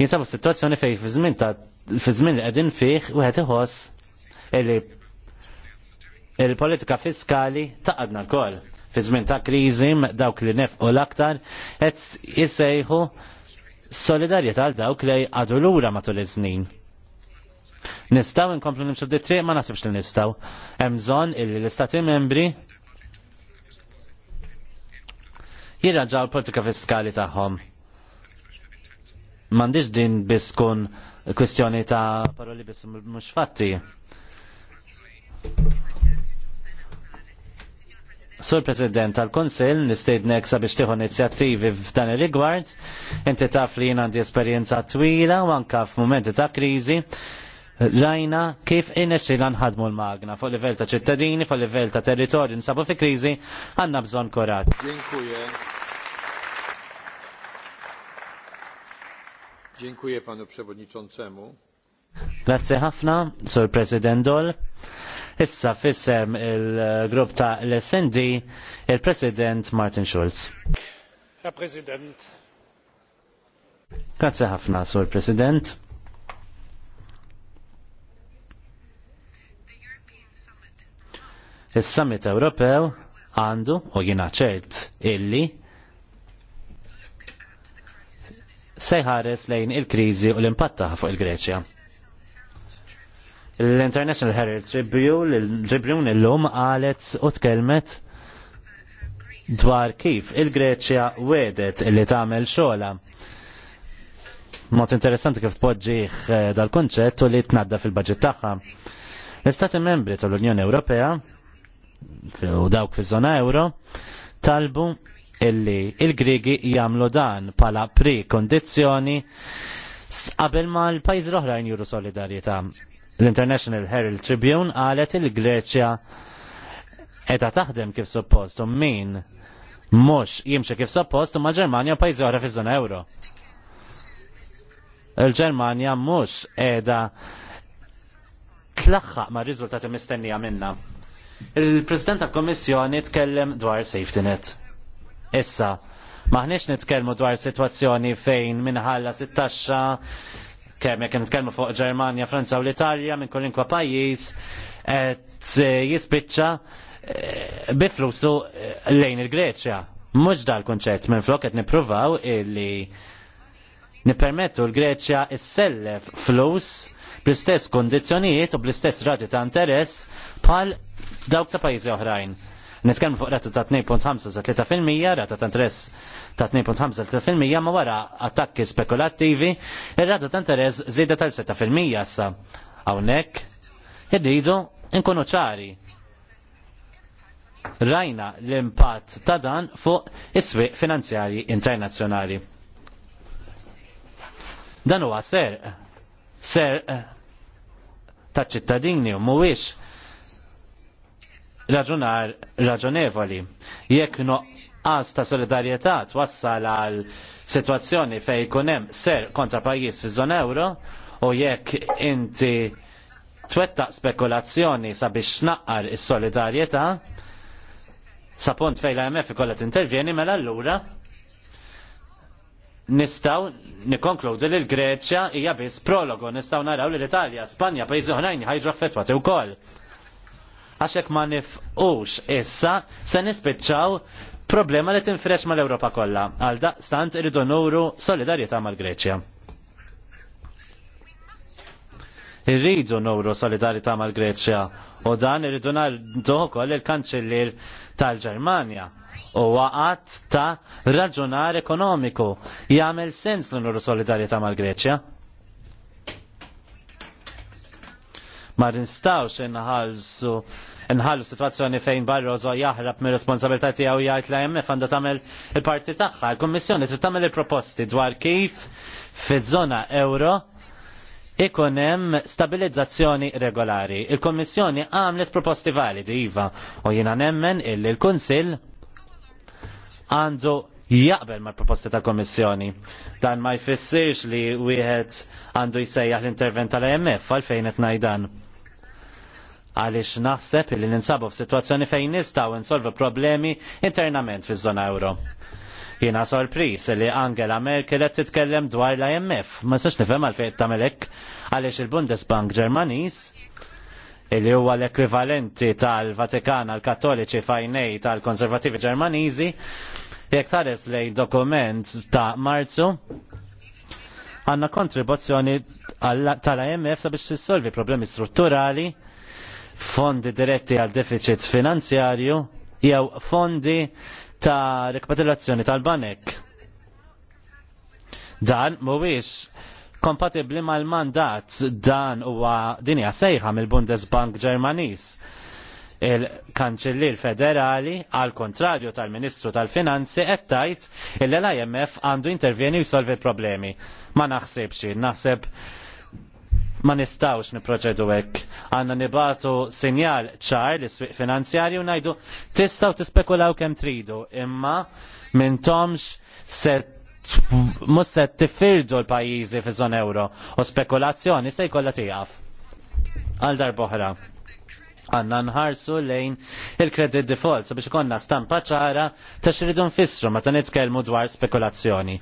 S2: jinsabu situazzjoni fejn fi żmien ta' fi żmien li qegħdin fih wieħed iħoss li il-politika fiskali taqadna wkoll koll Fi żmien ta' kriżi dawk li nefqu l-aktar qed jissejħu solidarjetà għal dawk li għadu lura matul iż żmien Nistaw inkomplu nimxu d-triq ma nasibx li nistaw. Hemm bżonn li l-istati membri jirraġaw l-politika fiskali tagħhom. M'għandix din biss kwestjoni ta' paroli biss mhux fatti. Sur President tal-Konsil, nistednek sabiex tiħu inizjattivi f'dan ir-rigward, inti taf li jien għandi esperjenza twila u anke f'mumenti ta' kriżi, rajna kif inessi nħadmu l-magna fuq livell ta' ċittadini, fuq livell ta' territorju nsabu fi kriżi għandna bżonn korat. Dziękuję.
S3: Dziękuję panu przewodniczącemu.
S2: Grazie ħafna, Sur President Dol. Issa fissem il-grupp eh, ta' l-SND, il-President Martin Schulz. Herr President. Grazie ħafna, Sur President. is summit Ewropew għandu u jina ċert illi sejħares lejn il-krizi u l-impatta fuq il-Greċja. L-International Herald Tribune, Tribune l-lum għalet u tkelmet dwar kif il-Greċja wedet illi tagħmel xogħla. Mod interessanti kif tpoġġih eh, dal-konċett u li tnadda fil-budget tagħha. L-Istati membri tal-Unjoni Ewropea u dawk fi zona euro talbu illi il-Grigi jamlu dan pala pre-kondizjoni qabel ma l-pajz l-oħrajn juru solidarieta. L-International Herald Tribune qalet il-Greċja edha taħdem kif suppost u min mhux jimxi kif suppost u ma Ġermanja pajz oħra fiż-żona euro. Il-Ġermanja mhux edha tlaħħaq ma' riżultati mistennija minna. Il-President tal Komissjoni tkellem dwar safety net. Issa, maħniex nitkellmu dwar situazzjoni fejn minħalla 16 kemm jekk nitkellmu fuq Ġermanja, Franza u l-Italja minn kollinkwa pajjiż qed eh, jispiċċa eh, biflusu eh, lejn il-Greċja. Mhux dal-kunċett minn flok qed nippruvaw illi nipermettu l-Greċja issellef flus bl-istess kondizjonijiet u bl-istess rati ta' interess bħal dawk ta' pajjiżi oħrajn. Nitkellmu fuq rata ta' 2.5 sa 3%, rata ta' interess ta' 2.5 3% ma wara attakki spekulattivi, ir-rata ta' interess żieda tal-6% sa. Hawnhekk irridu nkunu ċari rajna l-impatt ta' dan fuq is-swieq finanzjarji internazzjonali. Dan huwa ser, ser ta' ċittadini u mhuwiex raġunar raġonevoli. Jekk noqqas ta' solidarjetà twassal għal situazzjoni fej kunem ser kontra pajis fi zon euro u jekk inti twettaq spekulazzjoni sabiex naqqar is-solidarjetà sa punt fejn l-IMF ikollet intervjeni mela allura nistaw nikonkludu li l-Greċja hija biss prologu, nistaw naraw li l-Italja, Spanja, pajjiżi oħrajn ħajġu affettwati wkoll għaxek ma nifqux issa se nispiċċaw problema li ma mal-Ewropa kollha. Għal daqstant irridu nuru solidarjetà mal-Greċja. Irridu nuru solidarjetà mal-Greċja u dan irridu nardu wkoll il-kanċellier tal-Ġermanja u waqat ta' raġunar ekonomiku. Jagħmel sens li nuru solidarjetà mal-Greċja. Ma rinstawx inħalsu nħallu situazzjoni fejn Barroso jaħrab mir responsabilità tiegħu jgħid l mf għandha tagħmel il-parti tagħha. Il-Kummissjoni trid tagħmel il-proposti dwar kif fiż-żona euro ikun hemm stabilizzazzjoni regolari. Il-Kummissjoni għamlet proposti validi iva u jiena nemmen illi l-Kunsill għandu jaqbel ma' proposti ta' kommissjoni. Dan ma' jfissirx li wieħed għandu jsejjaħ l-intervent tal-IMF għalfejn qed ngħidan għaliex naħseb li ninsabu f'sitwazzjoni fejn nistaw insolvu problemi internament fiż-żona euro. Jiena sorpris li Angela Merkel qed titkellem dwar l-IMF, ma sax nifhem għalfejn tagħmel tamelek għaliex il-Bundesbank Ġermaniż illi huwa l-ekvivalenti tal-Vatikan għall kattoliċi fajnej tal-Konservativi Ġermaniżi, jekk tħares lejn dokument ta' Marzu, għanna kontribuzzjoni tal-IMF sabiex tissolvi problemi strutturali fondi diretti għal deficit finanzjarju jew fondi ta' rekapitulazzjoni tal-banek. Dan mhuwiex kompatibbli mal-mandat dan huwa dinja sejħa mill-Bundesbank Ġermaniż. Il-Kanċellir Federali, għal kontrarju tal-Ministru tal-Finanzi, qed tgħid li l-IMF għandu intervjeni u l problemi. Ma naħsibx, -naħseb Ma nistawx niproċedu hekk. Għandna nibatu sinjal ċar li swieq finanzjarju ngħidu tistgħu tispekulaw kemm tridu, imma minn tomx se mhux se tifirdu l-pajjiżi fi zon euro u spekulazzjoni se jkollha tieqaf. Għal darboħra għanna nħarsu lejn il-credit default sabiex ikonna stampa ċara ta' xridu nfissru meta nitkellmu dwar spekulazzjoni.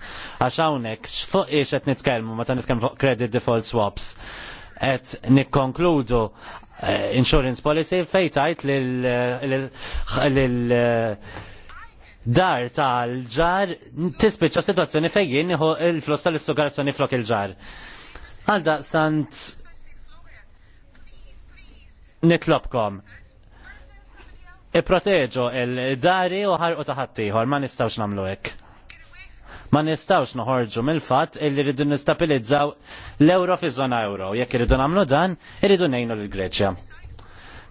S2: Għax hawnhekk x'fuq ix qed nitkellmu meta nitkellmu fuq credit default swaps. Et nikkonkludu eh, insurance policy fejtajt lil eh, dar tal-ġar tispiċċa situazzjoni fejn il-flus tal-istugarazzjoni flok il-ġar. Għal daqstant nitlobkom. Iproteġu il-dari u ħarqu taħattiħor, ma nistawx namlu hekk. Ma nistawx noħorġu mill-fatt illi rridu nistabilizzaw l-euro fi zona euro. Jekk irridu namlu dan, irridu nejnu l-Greċja.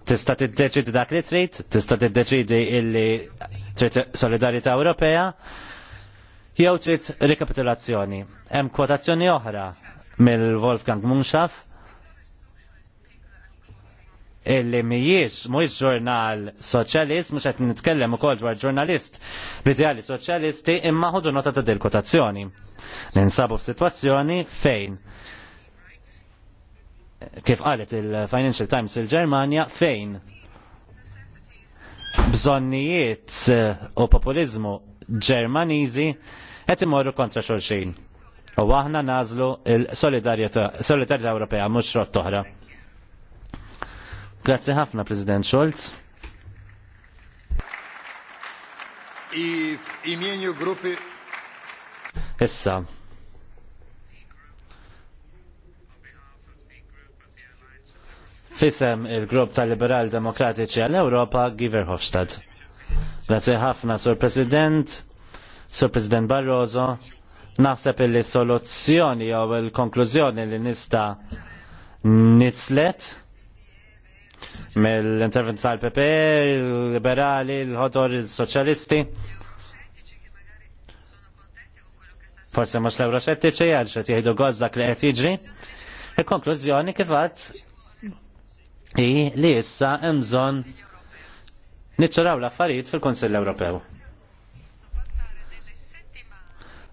S2: Tista' tiddeċidi dak li trid, tista' tiddeċidi illi trid solidarita Ewropea, jew trid rekapitulazzjoni. Hemm kwotazzjoni oħra mill-Wolfgang Munxaf illi mijiex mhuwiex ġurnal soċjalist mhux qed nitkellem ukoll dwar ġurnalist b'ideali soċjalisti imma ħodu nota ta' dil-kotazzjoni. Ninsabu f'sitwazzjoni fejn kif qalet il-Financial Times il-Ġermanja fejn bżonnijiet u populizmu Ġermaniżi qed imorru kontra xulxin. U aħna nażlu il-Solidarjetà Ewropea mhux rott oħra. Grazie ħafna, President Scholz.
S3: I imieniu grupy.
S2: Issa. Fisem il-grupp tal-Liberal Demokratiċi għall-Europa, Giver Hofstad. Grazie ħafna, Sur President, Sur President Barroso. Naħseb il-soluzzjoni jew il-konklużjoni li nista' nitzlet mill-intervent tal-PP, e, liberali, l-ħodor, il-soċjalisti. Forse mux l euro xettiċi, għal xet jihdu għoz dak li għet jiġri. Il-konklużjoni kifat i li issa imżon niċċaraw l-affarijiet fil-Konsill Ewropew.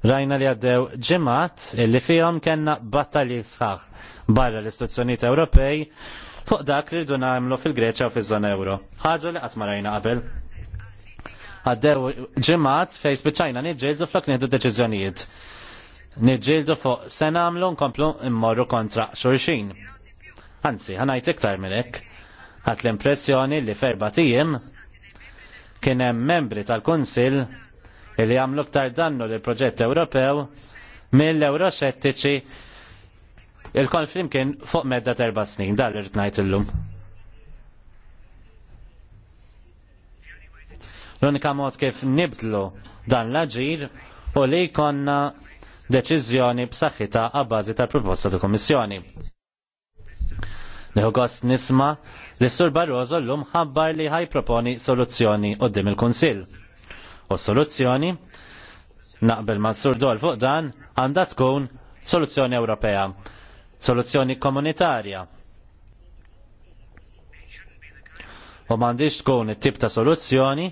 S2: Rajna li għaddew ġemat illi fihom kellna battalji sħaħ barra l-istituzzjonijiet Ewropej fuq dak li rridu nagħmlu fil-Greċja u fiż-żona euro. Ħaġa li qatt ma rajna qabel għaddew ġemat fej spiċajna nidġildu flok nieħdu deċiżjonijiet. Nidġildu fuq se nagħmlu nkomplu immorru kontra xulxin. Anzi, ħanajt iktar minn hekk. Ħadd l-impressjoni li ferba tim kien hemm membri tal-Kunsill li jagħmlu ktar dannu lill proġett Ewropew mill-Euroxettiċi Il-kol flimkien fuq medda terba snin, dal irrit ngħid illum. L-unika mod kif nibdlu dan l-aġir u li konna deċiżjoni b'saħħitha għabbażi tal-proposta ta' Kummissjoni. Neħu gost nisma li Sur Barroso l-lum ħabbar li ħaj proponi soluzzjoni dim il-Kunsill. U soluzzjoni, naqbel ma' Sur Dol fuq dan, għandha tkun soluzzjoni Ewropea soluzzjoni komunitarja. U m'għandix tkun it-tip ta' soluzzjoni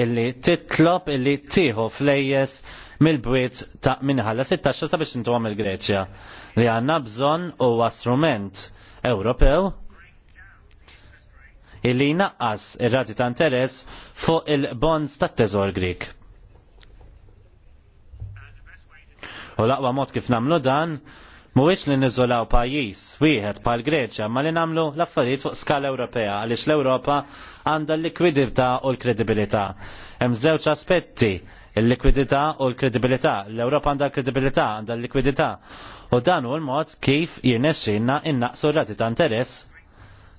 S2: illi titlob illi tiħu flejjes mill-bwiet ta' minħalla 16 sabiex intu il-Greċja li għanna bżon u strument Ewropew illi naqqas ir-rati ta' interess fuq il-bonds tat teżor Grik. U l mod kif namlu dan Mhuwiex li niżolaw pajjiż wieħed bħal Greċja, ma li nagħmlu l-affarijiet fuq skala Ewropea għaliex l-Ewropa għandha l-likwidità u l-kredibilità. Hemm żewġ aspetti il-likwidità u l-kredibilità. L-Ewropa għandha l-kredibilità, għandha l-likwidità. U dan hu l-mod kif jirnexxinna in-naqsu rati ta' interess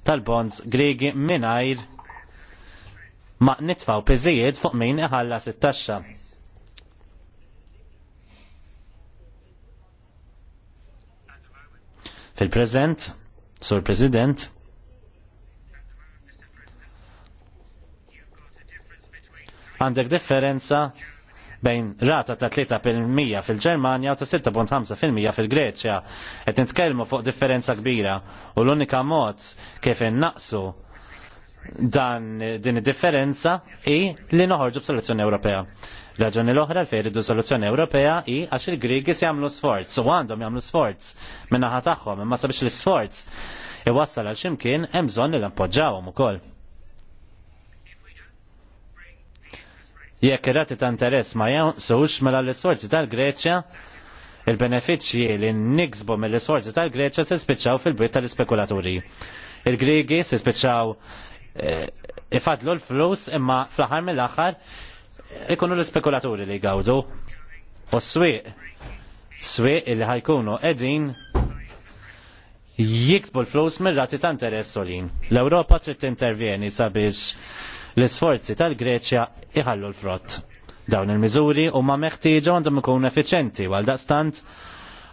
S2: tal-bonds gregi mingħajr ma nitfaw piżijiet fuq min iħallas it-taxxa. fil prezent Sur President, għandek differenza bejn rata ta' 3% fil-Ġermanja u ta' 6.5% fil-Greċja. Qed nitkellmu fuq differenza kbira u l-unika mod kif innaqsu dan din id-differenza hi li noħorġu b'soluzzjoni Ewropea. Raġuni l-oħra fejn iridu soluzzjoni Ewropea i għax il-Grigi jagħmlu sforz u għandhom jagħmlu sforz minn naħa tagħhom imma sabiex l-isforz iwassal għal ximkien hemm bżonn li l ukoll. Jekk ir-rati ta' interess ma jaqsux mela l-isforzi tal-Greċja il-benefiċċji li niksbu mill-isforzi tal-Greċja se spiċċaw fil-bwiet tal-ispekulaturi. Il-Grigi se spiċċaw eh, ifadlu l-flus imma fl-aħħar mill-aħħar ikunu l-spekulaturi li għawdu u s-swiq s-swiq li ħajkunu edin jiksbu l-flus mir-rati ta' interess solin. L-Ewropa trid intervjeni sabiex l-isforzi tal-Greċja iħallu l-frott. Dawn il-miżuri huma meħtieġa għandhom ikunu effiċenti għal daqstant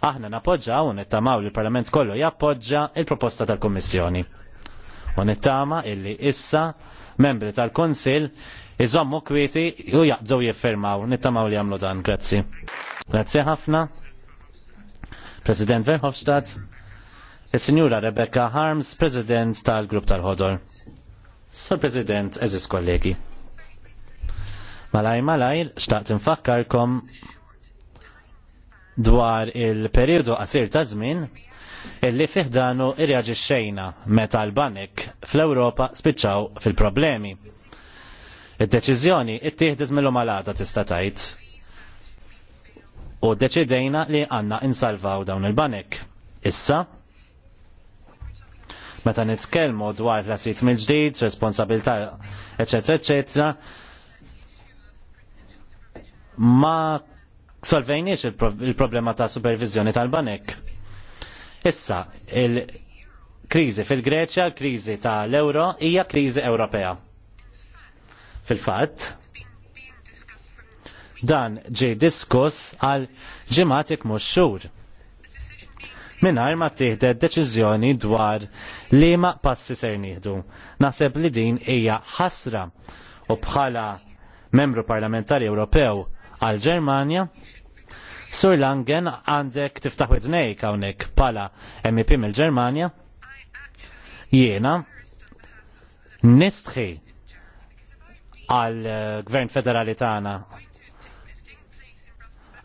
S2: aħna napoġġaw u nittamaw li l-Parlament kollu jappoġġa il-proposta tal-Kommissjoni. U nittama illi issa membri tal-Konsil iżommu kwieti u jaqbdu jiffirmaw, nittamaw li jagħmlu dan, grazzi. Grazzi ħafna. President Verhofstadt, il-Sinjura Rebecca Harms, President tal-Grupp tal-Ħodor. Sir President, eżis kollegi. Malaj malaj, xtaqt infakkarkom dwar il-periodu qasir ta' żmien illi fiħdanu irjaġi xejna meta l-banek fl-Ewropa spiċċaw fil-problemi. Id-deċiżjoni ittieħdet mill-omalata tista' tgħid. U deċidejna li għandna insalvaw dawn il-banek. Issa, meta nitkellmu dwar rasit mill-ġdid, responsabilità, eċetera, eċetera, ma solvejniex il-problema ta' supervizjoni tal-banek. Issa, il-krizi fil-Greċja, krizi tal-Euro, hija krizi Ewropea fil-fatt. Dan ġej diskuss għal ġimgħat jekk mhux xhur. Mingħajr ma ttieħdet deċiżjoni dwar li ma passi ser nieħdu. Naħseb li din hija ħasra u bħala membru parlamentari Ewropew għal Ġermanja Sur Langen għandek tiftaħ wednej hawnhekk pala MEP mill-Ġermanja. Jiena nistħi għal-Gvern eh, Federali tagħna.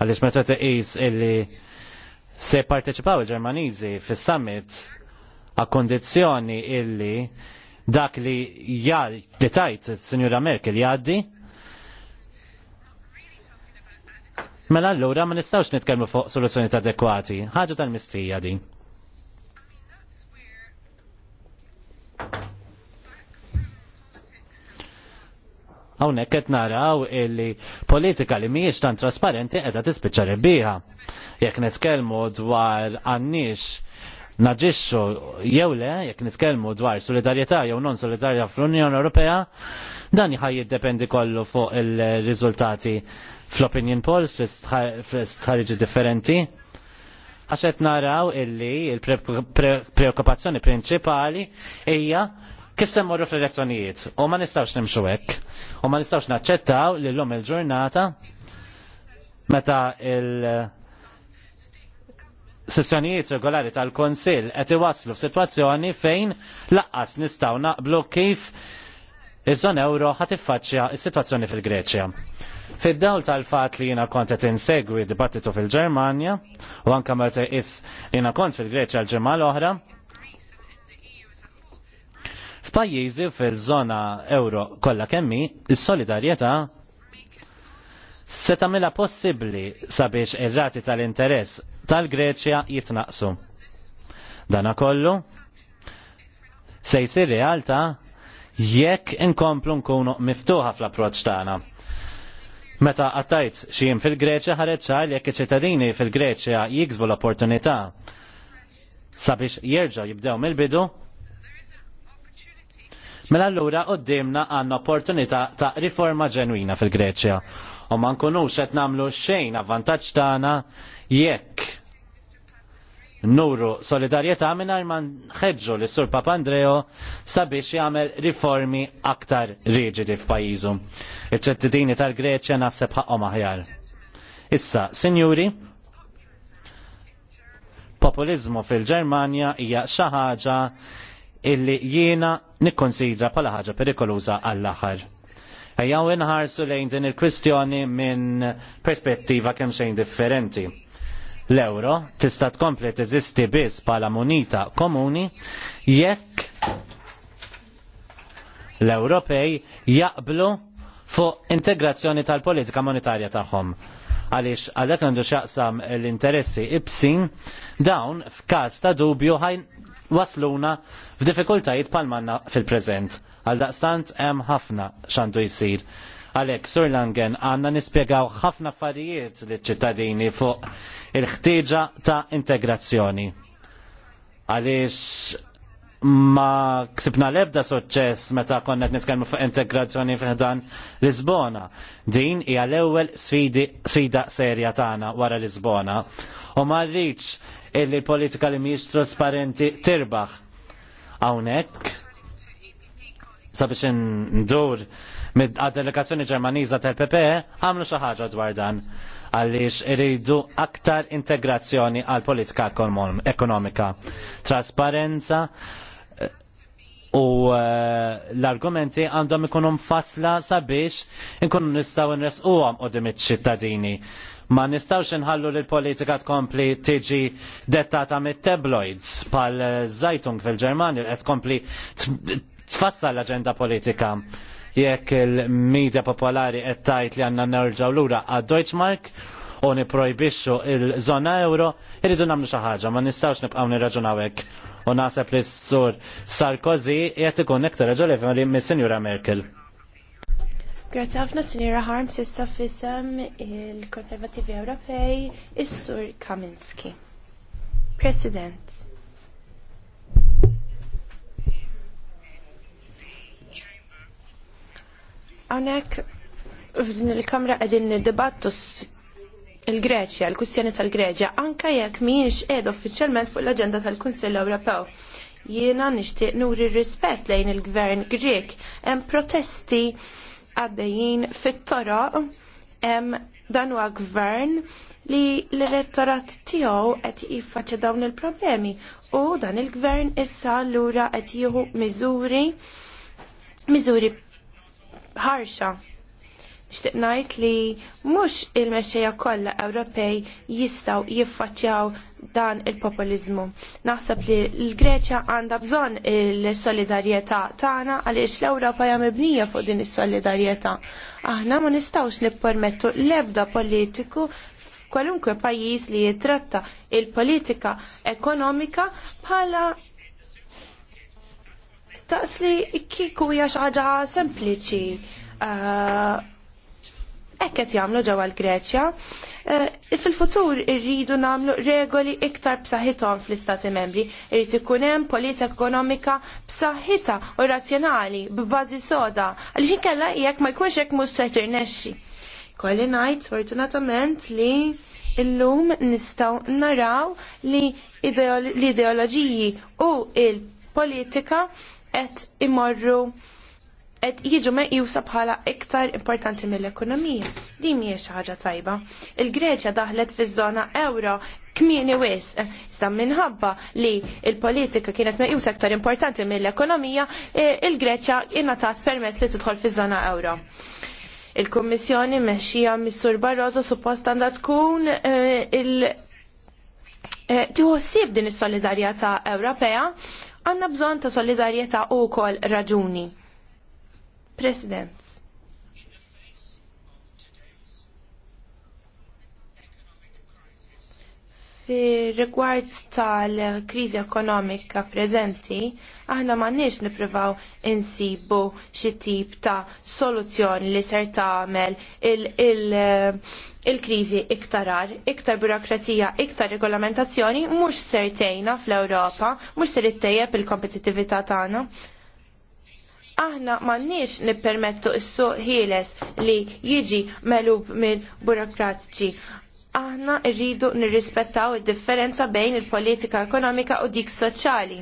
S2: Għaliex meta tiqis illi se parteċipaw il-Ġermaniżi fis-summit a kondizjoni illi dak li li tajt s sinjura Merkel jgħaddi Mela allura ma nistgħux nitkellmu fuq soluzzjoni adekwati. Ħaġa tal-mistrija din. Hawnhekk qed naraw illi politika li mhijiex tan trasparenti qiegħda tispiċċa rebbieħa. Jekk nitkellmu dwar għannix naġixxu jew le, jekk nitkellmu dwar solidarjetà jew non solidarjetà fl-Unjoni Ewropea, dan jħaj jiddependi kollu fuq il-riżultati fl-opinion polls fl-istħarġi differenti għaxet naraw illi il-preokkupazzjoni prinċipali hija kif se mmorru fl-elezzjonijiet. U ma nistgħux nimxu hekk. U ma nistgħux naċċettaw li l-lum il-ġurnata meta il- sessjonijiet regolari tal-Konsil qed iwasslu f'sitwazzjoni fejn laqqas nistgħu naqblu kif iż-żon euro ħat iffaċċja s-sitwazzjoni fil-Greċja. Fid-dawl tal-fatt li jiena kont qed insegwi dibattitu fil-Ġermanja u anke meta is jiena kont fil-Greċja l-ġimgħa l-oħra, f'pajjiżi fil-żona euro kollha kemmi, is-solidarjetà se tagħmilha possibbli sabiex ir-rati tal-interess tal-Greċja jitnaqsu. Dana kollu se jsir realtà jekk inkomplu nkunu miftuħa fl-approċċ tagħna. Meta xi xiem fil-Greċja ħareġ ċar jekk iċ-ċittadini fil-Greċja jiksbu l-opportunità sabiex jerġgħu jibdew mill-bidu, Mela allura qoddimna għandna opportunità ta' riforma ġenwina fil-Greċja. U ma nkunux qed nagħmlu xejn avvantaġġ tagħna jekk nuru solidarjetà mingħajr ma nħeġġu lis sur Papandreo sabiex jagħmel riformi aktar riġidi f'pajjiżu. Iċ-ċittadini tal-Greċja naħseb ħaqhom aħjar. Issa, sinjuri, populizmu fil-Ġermanja hija xi ħaġa illi jiena nikkonsidra bħala ħaġa perikoluża għall-aħħar. Ejjaw inħarsu lejn din il-kwistjoni minn perspettiva kemm xejn differenti. L-euro tista' tkompli teżisti biss bħala munita komuni jekk l-Ewropej jaqblu fuq integrazzjoni tal-politika monetarja tagħhom għaliex għalhekk għandu x'jaqsam l-interessi ibsin dawn f'każ ta' dubju ħajn wasluna f'difikultajiet pal manna fil-preżent. Għal daqstant hemm ħafna xandu jsir. Għalek, Sur Langen, għanna nispiegaw ħafna affarijiet li ċittadini fuq il-ħtieġa ta' integrazzjoni. Għaliex ma ksibna l-ebda suċċess meta konnet nitkellmu fuq integrazzjoni f'dan Lisbona. Din hija l-ewwel sfida serja tagħna wara Lisbona. U ma rridx illi politika li mhijiex trasparenti tirbaħ. Hawnhekk sabiex ndur għad-delegazzjoni ġermaniża tal-PP e, għamlu xi ħaġa dwar dan għaliex iridu aktar integrazzjoni għal politika ekonomika. Trasparenza u eh, l-argumenti għandhom ikunum fasla sabiex inkunu nistaw nresquhom u iċ-ċittadini. Ma nistawx nħallu li l-politika tkompli tiġi dettata mit-tabloids pal eh, Zeitung fil-Ġermanja qed tkompli tfassal l-aġenda politika jekk il-medja popolari qed tgħid li għandna nerġgħu lura għad Deutschmark u niprojbixxu il-żona euro, irridu nagħmlu xi ħaġa, ma nistgħux nibqgħu nirraġunawek u naħseb li s-sur Sarkozy jgħet ikun iktar ġolifem mis senjura Merkel.
S3: Grazie ħafna Sinjura Harms issa fisem il-Konservativi Ewropej is-Sur Kaminski. President. Għonek, f'din il-Kamra qegħdin debattu il-Greċja, l-kustjoni tal-Greċja, anka jekk mhijiex ed uffiċjalment fuq l-aġenda tal-Kunsill Ewropew. Jiena nixtieq nuri rispett lejn il-Gvern Grek. Hemm protesti għaddejjin fit-toroq hemm dan huwa gvern li l-elettorat tiegħu qed jiffaċċja dawn il-problemi u dan il-gvern issa lura qed jieħu miżuri miżuri ħarxa Xtiq ngħid li mhux il-mexxejja kollha Ewropej jistgħu jiffaċċjaw dan il-populizmu. Naħseb li l-Greċja għandha bżonn il-solidarjetà tagħna għaliex l-Ewropa hija mibnija fuq din is-solidarjetà. Aħna ma nistgħux nippermettu l-ebda politiku kwalunkwe pajjiż li jitratta il-politika ekonomika bħala taqsli kiku hija xi ħaġa sempliċi. Uh, hekk qed jagħmlu ġewwa l-Greċja. Eh, fil-futur irridu nagħmlu regoli iktar b'saħħithom fl-Istati Membri. irrid ikun hemm politika ekonomika b'saħħitha u razzjonali b'bażi soda għaliex inkella jekk ma jkunx hekk mhux se tirnexxi. Kolli ngħid fortunatament li illum nistgħu naraw li l-ideoloġiji u il-politika qed imorru qed jiġu meqjusa bħala iktar importanti mill-ekonomija. Din mhijiex ħaġa tajba. Il-Greċja daħlet fiż-żona euro kmieni wis, sta minħabba li il-politika kienet meqjusa iktar importanti mill-ekonomija, il-Greċja innatat permess li tidħol fiż-żona euro. Il-Kummissjoni meħxija Missur Barroso suppost għandha tkun eh, il- eh, Tiħossib din is-solidarjetà Ewropea għandna bżonn ta' solidarjetà wkoll raġuni President. Fi rigward tal-kriżi ekonomika preżenti, aħna m'għandniex nippruvaw insibu xi tip ta' soluzzjoni li ser tagħmel il-kriżi il, il iktarar, iktar burokrazija, iktar regolamentazzjoni mhux ser tgħinna fl-Ewropa, mhux ser ittejjeb il-kompetittività tagħna aħna m'għandniex nippermettu s-suq ħieles li jiġi melub minn burokratiċi. Aħna rridu nirrispettaw id-differenza bejn il-politika ekonomika u dik soċjali.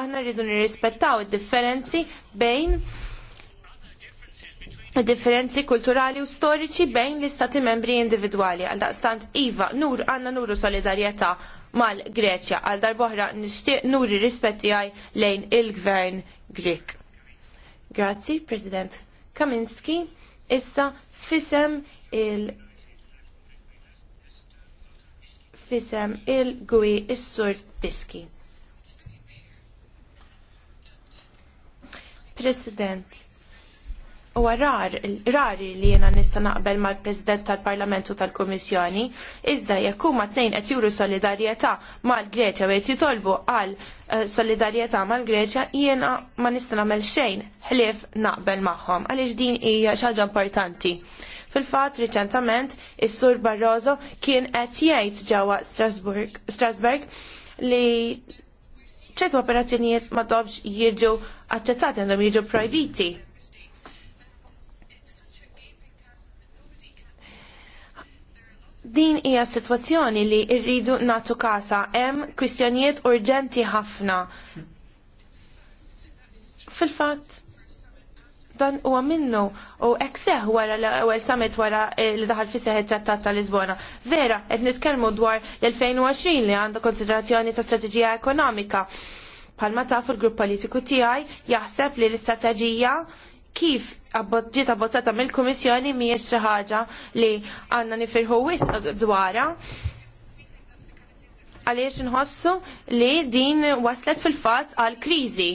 S3: Aħna rridu nirrispettaw id-differenzi bejn differenzi kulturali u storiċi bejn l-istati membri individwali. Għal daqstant Iva, nur għanna nuru solidarieta mal-Greċja. Għal darboħra nishtiq nuri rispetti għaj lejn il-gvern Grek. Grazzi, President Kaminski. Issa fisem il- fisem il-gwi is-sur Biski. President, U rar, rari li jena nista naqbel mal president tal-Parlamentu tal-Komissjoni, iżda jekk huma tnejn qed juru solidarjetà mal-Greċja u qed jitolbu għal eh, solidarjetà mal-Greċja, jiena ma nista nagħmel xejn ħlief naqbel magħhom għaliex din hija xi ħaġa importanti. Fil-fatt riċentament is-Sur Barroso kien qed jgħid ġewwa Strasburg li ċertu operazzjonijiet ma dobx jiġu aċċettati għandhom jiġu projbiti Din hija situazzjoni li rridu natu kasa hemm kwistjonijiet urġenti ħafna. Fil-fatt dan huwa minnu u hekk wara l-ewwel summit wara li daħal fi seħ it-Trattat ta' Lisbona. Vera, qed nitkellmu dwar l-2020 li għandha konsiderazzjoni ta' strateġija ekonomika. Palma ta' fil-grupp politiku tiegħi jaħseb li l-istrateġija kif ġiet abbozzata mill-Kummissjoni mhijiex xi ħaġa li għandna nifirħu wisq dwarha għaliex nħossu li din waslet fil-fatt għal kriżi.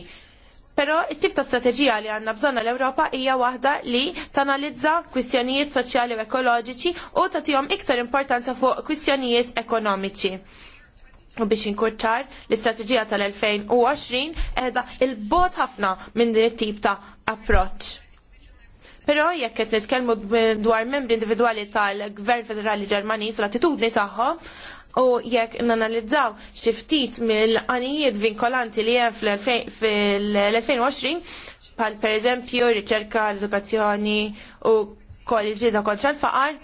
S3: Però it-tip ta' strateġija li għandna bżonna l-Ewropa hija waħda li tanalizza kwistjonijiet soċjali u ekoloġiċi u tagħtihom iktar importanza fuq kwistjonijiet ekonomiċi u biex inkurċar l-istrateġija tal-2020 edha il-bot ħafna minn din it-tip ta' approċ. Pero jekk qed nitkellmu dwar membri individwali tal-Gvern Federali Ġermaniż u l-attitudni tagħhom, u jekk nanalizzaw xi ftit mill-qanijiet vinkolanti li hemm fil-2020, pal pereżempju riċerka, l-edukazzjoni u kolleġi ta' kolċa l-faqar,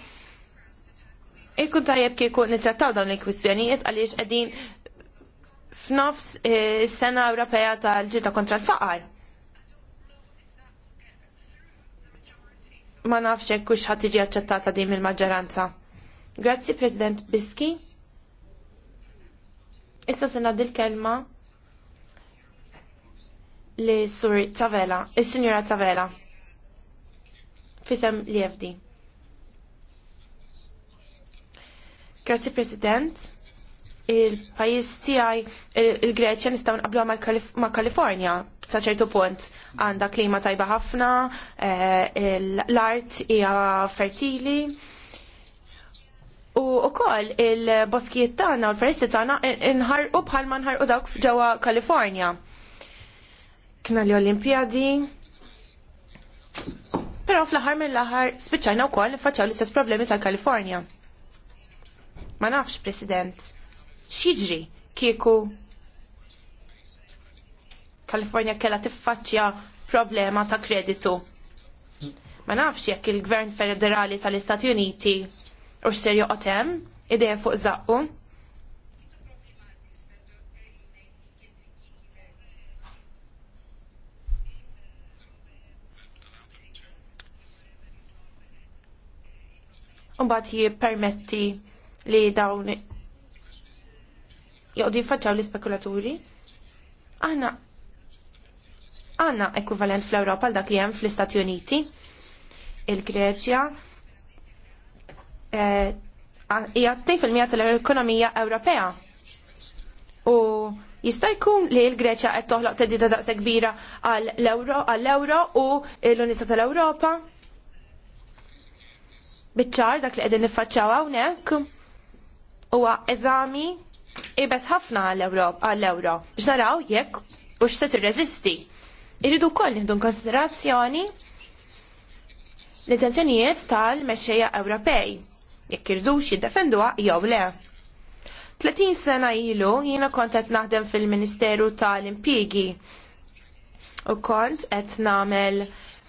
S3: Ikkun tajjeb kieku nittrattaw dawn il-kwistjonijiet għaliex qegħdin f'nofs is-sena eh, Ewropea tal-ġita kontra l-faqar. Ma nafx hekk kux ħadd tiġi aċċettata din mill-maġġoranza. Grazzi President Biski. Issa se nagħdi l-kelma li Sur Tavela, is-Sinjura Tavela. Fisem li FD. Grazzi President. Il-pajis tiegħi il-Greċja nistgħu nqablu ma' kalifornia sa ċertu punt għandha klima tajba ħafna, eh, l-art hija fertili. U wkoll il-boskijiet tagħna u l-foresti tagħna inħarqu bħal ma nħarqu dawk ġewwa Kalifornja. Kna li olimpjadi Però fl aħħar mill aħħar spiċċajna wkoll nifaċċaw l-istess problemi tal-Kalifornja. Ma nafx, President, x'jiġri kieku Kalifornia kella tiffaċċja problema ta' kreditu. Ma nafx jekk il-Gvern Federali tal-Istati Uniti u xser joqgħod hemm idejha fuq żaqqu. Umbat jippermetti li dawn joqdi jiffaċċaw l-ispekulaturi. Aħna għanna ekwivalent fl-Ewropa għal dak li hemm fl-Istati Uniti, il-Greċja, eh, hija fil-mija tal-ekonomija Ewropea. U jista' jkun li l-Greċja qed toħloq tedida daqsa kbira għall-euro u l-Unità tal-Ewropa. Biċċar dak li qegħdin niffaċċaw hawnhekk huwa eżami ibes ħafna għall-euro biex naraw jekk u x'se tirreżisti. Irridu wkoll nieħdu konsiderazzjoni l-intenzjonijiet tal-mexxejja Ewropej jekk irdux jiddefenduha jew le. 30 sena ilu jiena kont qed naħdem fil-Ministeru tal-Impjigi u kont qed nagħmel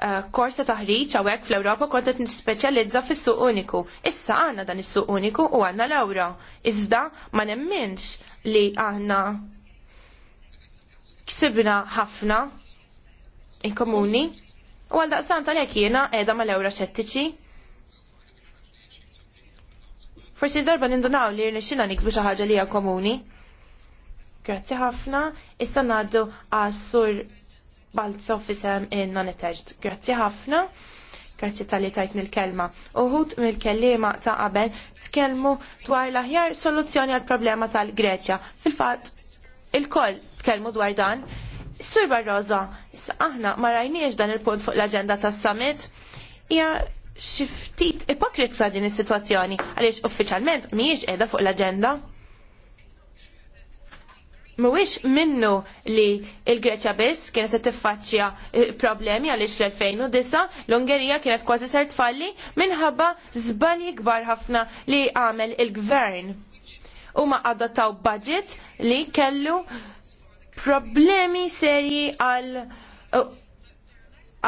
S3: Eh, kors ta' taħriġ hawnhekk fl-Ewropa kont qed nispeċjalizza fis-suq uniku. Issa għandna dan is-suq uniku u għandna l-ewro. Iżda ma nemminx li aħna ksibna ħafna il komuni u għal daqsan tal-jek jiena qiegħda mal-ewro xettiċi. Forsi darba nindunaw li rnexxina niksbu xi ħaġa li hija komuni. Grazzi ħafna. Issa ngħaddu għas-sur Balzo in non-attached. Grazzi ħafna. Grazie tal-li tajtni l-kelma. Uħut mill-kellima ta' qabel tkellmu dwar l-aħjar soluzzjoni għal problema tal-Greċja. Fil-fatt, il-koll tkellmu dwar dan. Sur Barroza, issa aħna ma rajniex dan il-punt fuq l-agenda tas summit hija xi ftit sa din is-sitwazzjoni għaliex uffiċjalment mhijiex qiegħda fuq l-aġenda. Mwix minnu li il-Greċja biss kienet tiffaċċja problemi għal fl-2009 l-Ungerija kienet kważi ser tfalli minħabba żbalji kbar ħafna li għamel il-gvern. Huma adottaw budget li kellu problemi serji għal uh,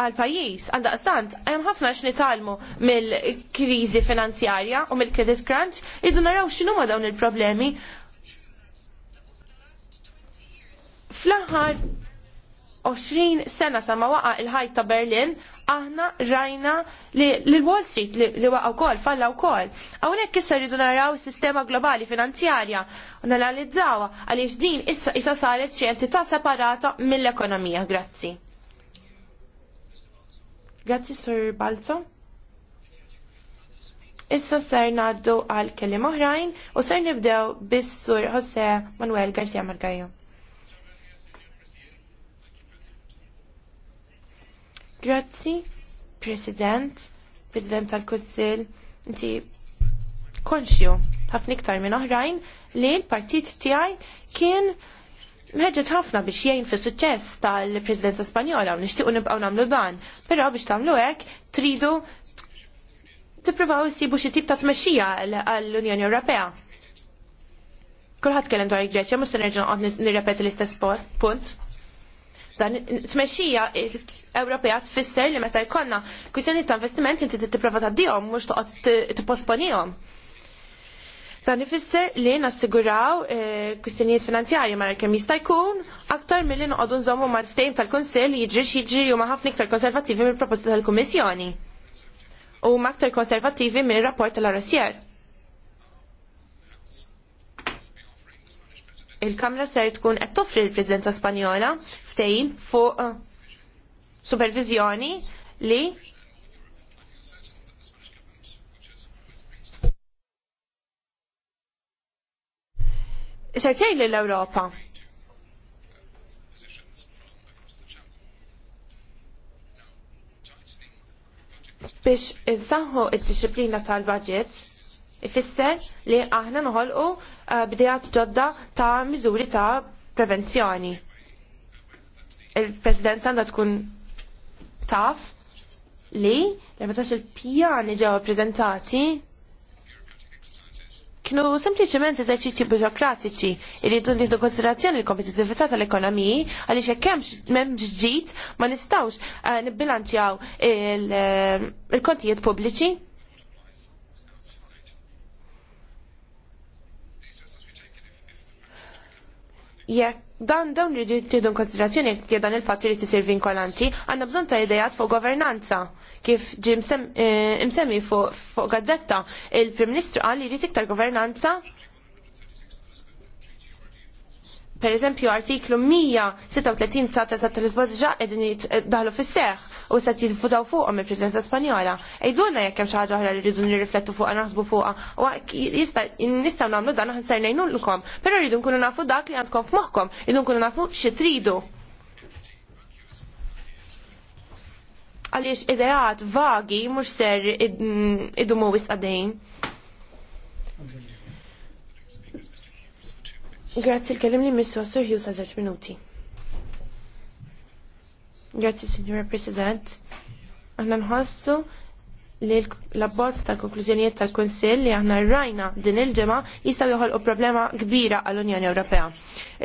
S3: għal pajis, għal daqstant, hemm ħafna talmu mill-kriżi finanzjarja u mill-credit crunch, idu naraw x'inhuma dawn il-problemi Fl-aħħar 20 sena sa ma waqa il-ħajt ta' Berlin, aħna rajna li l-Wall Street li, waqa u wkoll falla wkoll. Hawnhekk issa rridu naraw sistema globali finanzjarja u nanalizzawa għaliex din issa issa saret xi entità separata mill-ekonomija. Grazzi. Grazzi Sur Balzo. Issa ser naddu għal kellim oħrajn u ser nibdew bis-Sur Jose Manuel Garcia Margajo. Grazzi, President, President tal-Kunsil, inti konxju ħafna iktar minn oħrajn li l-partit tiegħi kien meħġet ħafna biex jgħin fi suċċess tal-Presidenza Spanjola u nixtiequ nibqgħu nagħmlu dan, però biex tagħmlu hekk tridu tippruvaw isibu xi tip ta' tmexxija għall-Unjoni Ewropea. Kulħadd kellem dwar il-Greċja, mhux se nerġa' nirrepeti l-istess punt. Dan tmexxija Ewropea tfisser li meta jkollna kwistjonijiet ta' investiment inti tipprova tgħaddihom mhux toqgħod tipposponihom. Dan ifisser li nassiguraw eh, kwistjonijiet finanzjarji mara kemm jista' jkun aktar milli noqogħdu nżommu mal-ftehim tal-Kunsill jiġri jiġri huma ħafna iktar konservattivi mill-proposta tal-Kummissjoni. U aktar konservattivi mill-rapport tal-Arosjer. il-Kamra ser tkun qed toffri l-Presidenza Spanjola ftehim fuq eh, supervizjoni li ser tgħid l ewropa biex insaħħu id-disciplina tal-budget ifisser li aħna noħolqu Eh, bdejat ġodda ta' miżuri ta' prevenzjoni. il president għandha tkun taf li l-metax il-pjani ġew prezentati kienu sempliċement eżerċizzji burokratiċi irridu nieħdu konsiderazzjoni l-kompetitività tal-ekonomiji għaliex hekk hemmx ġdid ma nistgħux eh, nibbilanċjaw eh, il-kontijiet pubbliċi jekk dan dawn li tidun konsiderazzjoni jekk dan il-patt irid isir vinkolanti, għandna bżonn ta' idejat fuq governanza kif ġim eh, msemmi fuq gazzetta il-Prim Ministru qal li jrid iktar governanza per eżempju artiklu 136 ta' ta' tal-Lisbonġa edin eh, daħlu fis-seħ u se jitfutaw fuqhom il prezenza Spanjola. Ejduna jekk hemm xi ħaġa li rridu nirriflettu fuqha naħsbu fuqha u jista' nistgħu nagħmlu dan aħna l ngħinulkom, però rridu nkunu nafu dak li għandkom f'moħħkom, rridu nkunu nafu xitridu. tridu. Għaliex ideat vagi mhux ser idumu għadejn. Grazzi il kellim li missu għassur ħju sa' ġaċ minuti. Grazzi, Signora President. Aħna nħossu li l-abbozz tal-konklużjonijiet tal kunsill li aħna rajna din il-ġimgħa jistgħu joħolqu problema kbira għall-Unjoni Ewropea.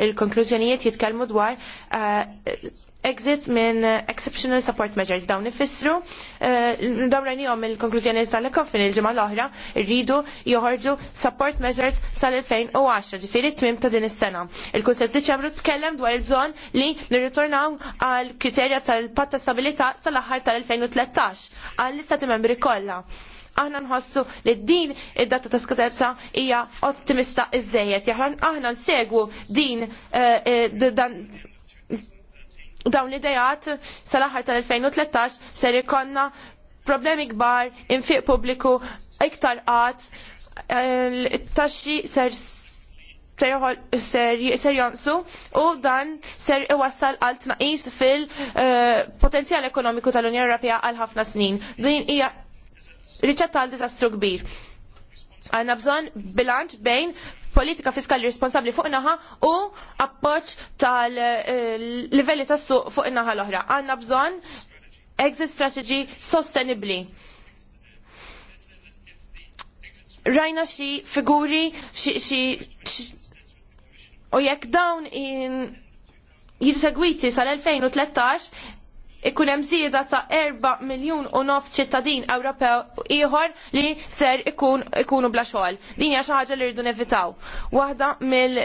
S3: Il-konklużjonijiet jitkellmu dwar eh, exit minn exceptional support measures dawn ifissru eh, dawn rajni għom il-konklużjoni tal-ekofin il-ġimgħa l-oħra rridu joħorġu support measures sal-2010 ġifieri tmiem ta' din is-sena. Il-Kunsell Diċembru tkellem dwar il bżon li nirritornaw għal kriterja tal patta ta' stabilità sal-aħħar tal-2013 għall-istati membri kollha aħna nħossu li din id-data ta' skadenza hija ottimista iżejjed. Jaħan aħna nsegwu din eh, eh, dawn l-idejat sal-aħħar tal-2013 ser ikonna problemi kbar, infiq publiku, iktar qatt, eh, taxxi ser ser jonsu u dan ser iwassal għal tnaqis fil-potenzjal eh, ekonomiku tal-Unjoni Ewropea għal ħafna snin. Din hija riċetta għal diżastru kbir. Għanna bżon bilanċ bejn politika fiskali responsabbli fuq naħa u appoġġ tal-livelli eh, tas-suq fuq in-naħa l-oħra. Għanna bżonn exit strategy sostenibbli rajna xi figuri xi xi u jekk dawn in jissegwiti sal-2013 ikun hemm żieda ta' 4 miljun u nofs ċittadin Ewropew ieħor li ser ikun ikunu bla xogħol. Din hija xi ħaġa li rridu nevitaw. Waħda mill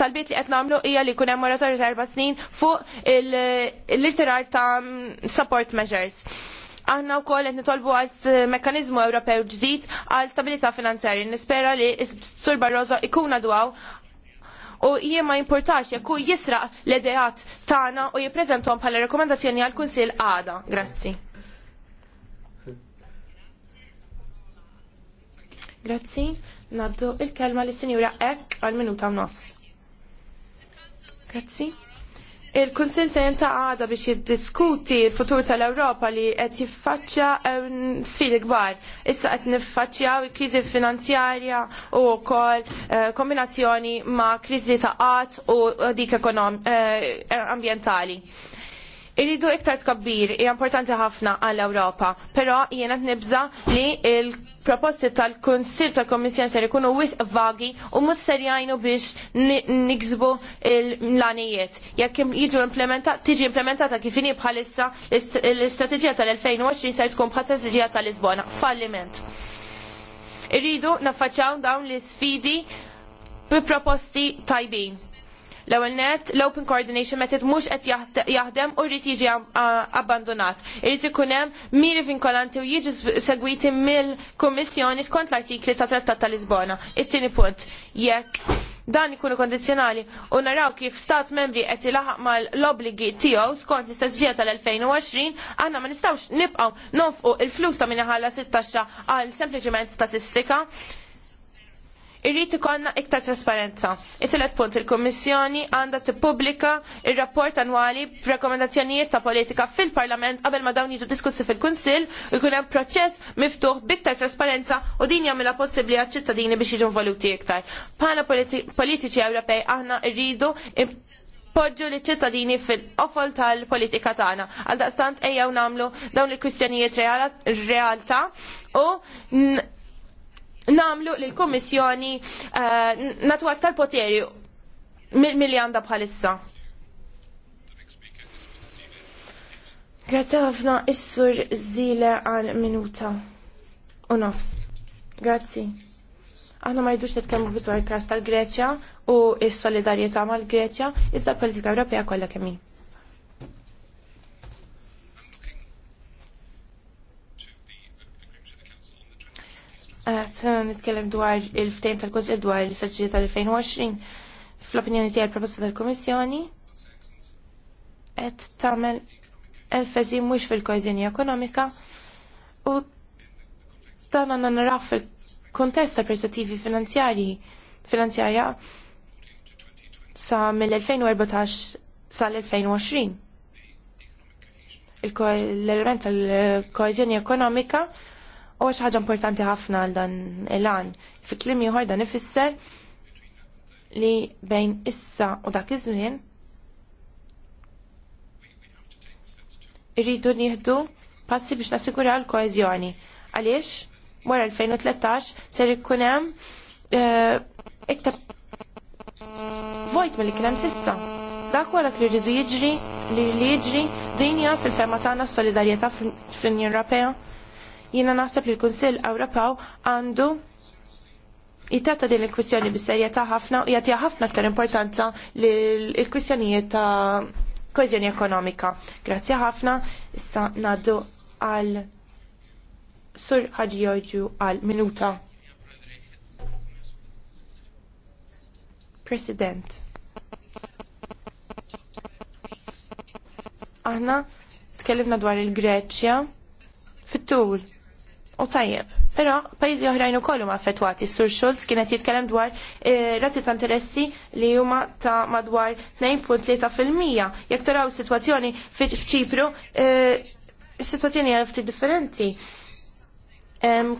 S3: talbiet li qed nagħmlu hija li jkun hemm moratorju ta' erba' snin fuq il literar ta' support measures. Aħna wkoll qed nitolbu għal mekkaniżmu Ewropew ġdid għal stabilità finanzjarja. Nispera li s Sur Barroso ikun għadwaw u jien ma jimportax jekk hu jisraq l-ideat tagħna u jippreżentom bħala rekomendazzjoni għall kunsill għada. Grazzi. Grazzi. Naddu il-kelma lis sinjura Ek għal minuta nofs. Grazzi. Il-Kunsil se jenta għada biex jiddiskuti il-futur tal-Europa li qed jiffaċċja eh, sfidi kbar. Issa qed niffaċċjaw il-kriżi finanzjarja u wkoll eh, kombinazzjoni ma' kriżi ta' qatt u dik eh, ambjentali. Irridu iktar tkabbir hija importanti ħafna għall Ewropa, però jiena nibża li il-proposti tal kunsill tal-Kommissjon ser ikunu wisq vagi u mhux ser jgħinu biex niksbu l għanijiet Jekk jiġu implementa tiġi implementata kif inhi bħalissa l-istrateġija tal-2020 ser tkun bħal strateġija tal-Lisbona. Falliment. Irridu naffaċċjaw dawn l-isfidi bi proposti tajbin L-ewwel net l-Open Coordination Method mhux qed jaħdem u rrid jiġi abbandonat. Irid ikun hemm miri vinkolanti u jiġu segwiti mill-Kummissjoni skont l-artikli ta' Trattat ta' Lisbona. It-tieni punt jekk dan ikunu kondizjonali u naraw kif stat membri qed ilaħaq mal-obligi tiegħu skont l-istatġija tal-2020, aħna ma nistgħux nibqgħu nofqu il-flus ta' minna ħalla 16 għal sempliċiment statistika. Irrid konna iktar trasparenza. it punt il-Kummissjoni għandha tippubblika il rapport annwali b'rekomendazzjonijiet ta' politika fil-Parlament qabel ma dawn jiġu diskussi fil-Kunsill u jkun hemm proċess miftuħ b'iktar trasparenza u din jagħmilha possibbli għaċ-ċittadini biex jiġu involuti iktar. Bħala politiċi Ewropej aħna rridu poġġu li ċittadini fil-qofol tal-politika tagħna. Għal daqstant ejjew nagħmlu dawn il-kwistjonijiet realtà u namlu li l-Komissjoni eh, natu aktar poteri mill-li għanda bħalissa. Grazie ħafna issur zile għal minuta u nofs. Grazzi. Aħna ma jidux nitkellmu bitwar kas tal-Greċja u s-solidarjetà mal-Greċja, iżda politika Ewropea kollha kemm Għat eh, nitkellem dwar il-ftejm tal-Kunsil dwar il-Saġġiet tal-2020 fl-opinjoni tiegħi proposta tal-Kummissjoni qed tagħmel enfasi mhux fil-kojżini ekonomika u dan għandna naraw fil-kuntest ta' perspettivi finanzjarji finanzjarja sa mill-2014 sal-2020. L-element tal-kojżjoni ekonomika u għax ħaġa importanti ħafna għal dan il-għan. Fi klim ieħor dan ifisser li bejn issa u dak iż-żmien irridu nieħdu passi biex nassigura l-koeżjoni. Għaliex wara 2013 ser ikun hemm eh, iktar vojt mill-li kien hemm sissa. Dak wara li rridu jiġri li jiġri din hija fil fema tagħna s-solidarjetà fl-Unjoni Ewropea Jiena naħseb li l-Kunsill Ewropew għandu jittata din il-kwistjoni bis-serjetà ħafna u jagħtiha ħafna aktar importanza l-kwistjonijiet ta' koeżjoni ekonomika. Grazzi ħafna, issa ngħaddu għal Sur Ħaġi Jorġu għal minuta. President. Aħna tkellimna dwar il-Greċja fit-tul u tajjeb. Però pajjiżi oħrajn ukoll huma affettwati. Sur Schulz kienet jitkellem dwar eh, razzi ta' interessi li huma ta' madwar 2.3%. Jekk taraw situazzjoni sitwazzjoni Ċipru, eh, situazzjoni sitwazzjoni hija ftit differenti.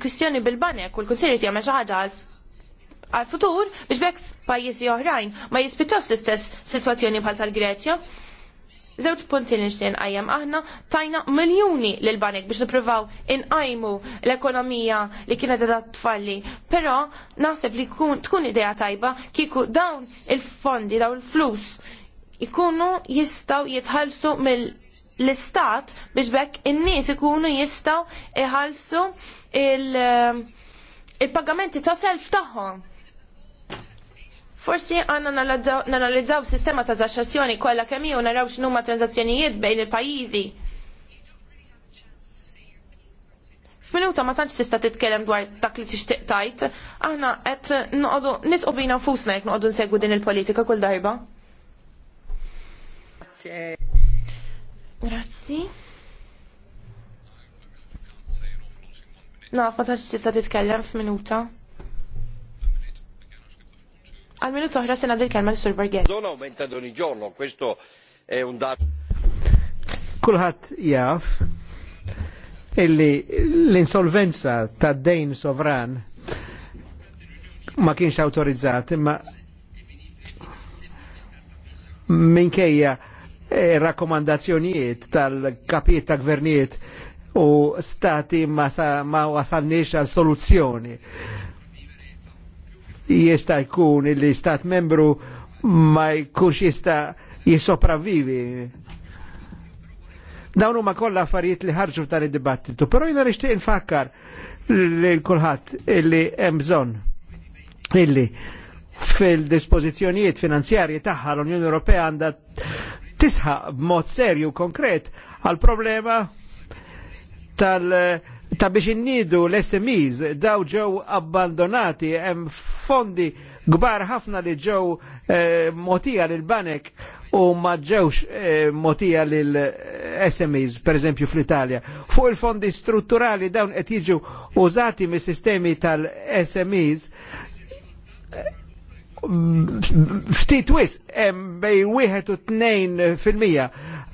S3: Kwistjoni bil-banek u l-Kunsilli jagħmel xi ħaġa għal futur biex bekk pajjiżi oħrajn ma jispiċċawx l-istess sitwazzjoni bħal tal-Greċja. Żewġ punti li nixtieq aħna tajna miljuni lil banek biex nippruvaw inqajmu l-ekonomija li kienet qed tfalli. Però naħseb li tkun idea tajba kieku dawn il-fondi, dawn il-flus ikunu jistaw jitħallsu mill-istat biex bekk in-nies ikunu jistaw iħalsu eh, il-pagamenti ta' self tagħhom Forsi għanna nanalizzaw sistema ta' taxxazzjoni kollha kemm u naraw x'numa tranzazzjonijiet bejn il-pajjiżi. F'minuta ma tantx tista' titkellem dwar dak li tixtieq tajt, aħna qed noqogħdu nitqu bina nfusna jekk noqogħdu nsegwu din il-politika kull darba. Grazzi. Naf ma tantx tista' titkellem f'minuta. Al minuto, toħra sena dil kelma l-Sur Berger.
S1: dono aumenta ad ogni giorno, questo è un dato. Kulħat jaf illi l-insolvenza ta' dejn sovran ma kienx autorizzat, imma minkejja eh, rakkomandazzjonijiet tal-kapijiet ta' gvernijiet u stati ma, sa, ma wasalniex għal soluzzjoni jista' jkun li stat membru ma jkunx jista' jisopravvivi. Dawn huma kollha affarijiet li ħarġu f'dan id-dibattitu, però jiena nixtieq nfakkar lil kulħadd illi hemm bżonn illi fil-dispożizzjonijiet finanzjarji tagħha l-Unjoni Ewropea għandha tisħaq b'mod serju konkret għal problema tal- ta' biex innidu l-SMEs daw ġew abbandonati hemm fondi gbar ħafna li ġew eh, motija lil banek u ma ġewx eh, motija lil eh, SMEs, per eżempju fl-Italja. Fuq il-fondi strutturali dawn qed jiġu użati mis-sistemi tal-SMEs ftit wis bej wieħed u tnejn fil-mija.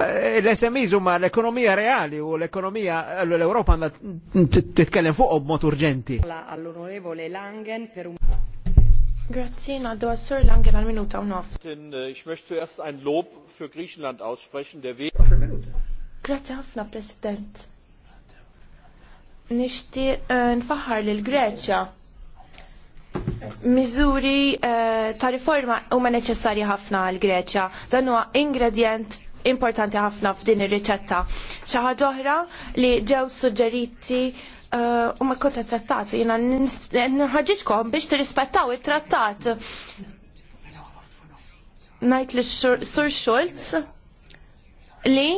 S1: L-SMEs huma l-ekonomija reali u l-ekonomija l-Ewropa għandha titkellem fuq b'mod urġenti. All-Onorevole
S3: Langen per un Grazie, Nado Assur Langen għal minuta un off.
S1: Eh, ich möchte erst ein Lob für Griechenland aussprechen, der Weg.
S3: Grazie ħafna, President. Nishti eh, nfaħħar l Greċja Miżuri eh, ta' riforma huma neċessarji ħafna għal Greċja. Dan huwa ingredient importanti ħafna f'din ir-riċetta. Xi ħaġa oħra li ġew suġġeriti eh, u ma kontra trattat, jena nħagġiġkom biex t-rispettaw il-trattat. Najt li Sur Schultz li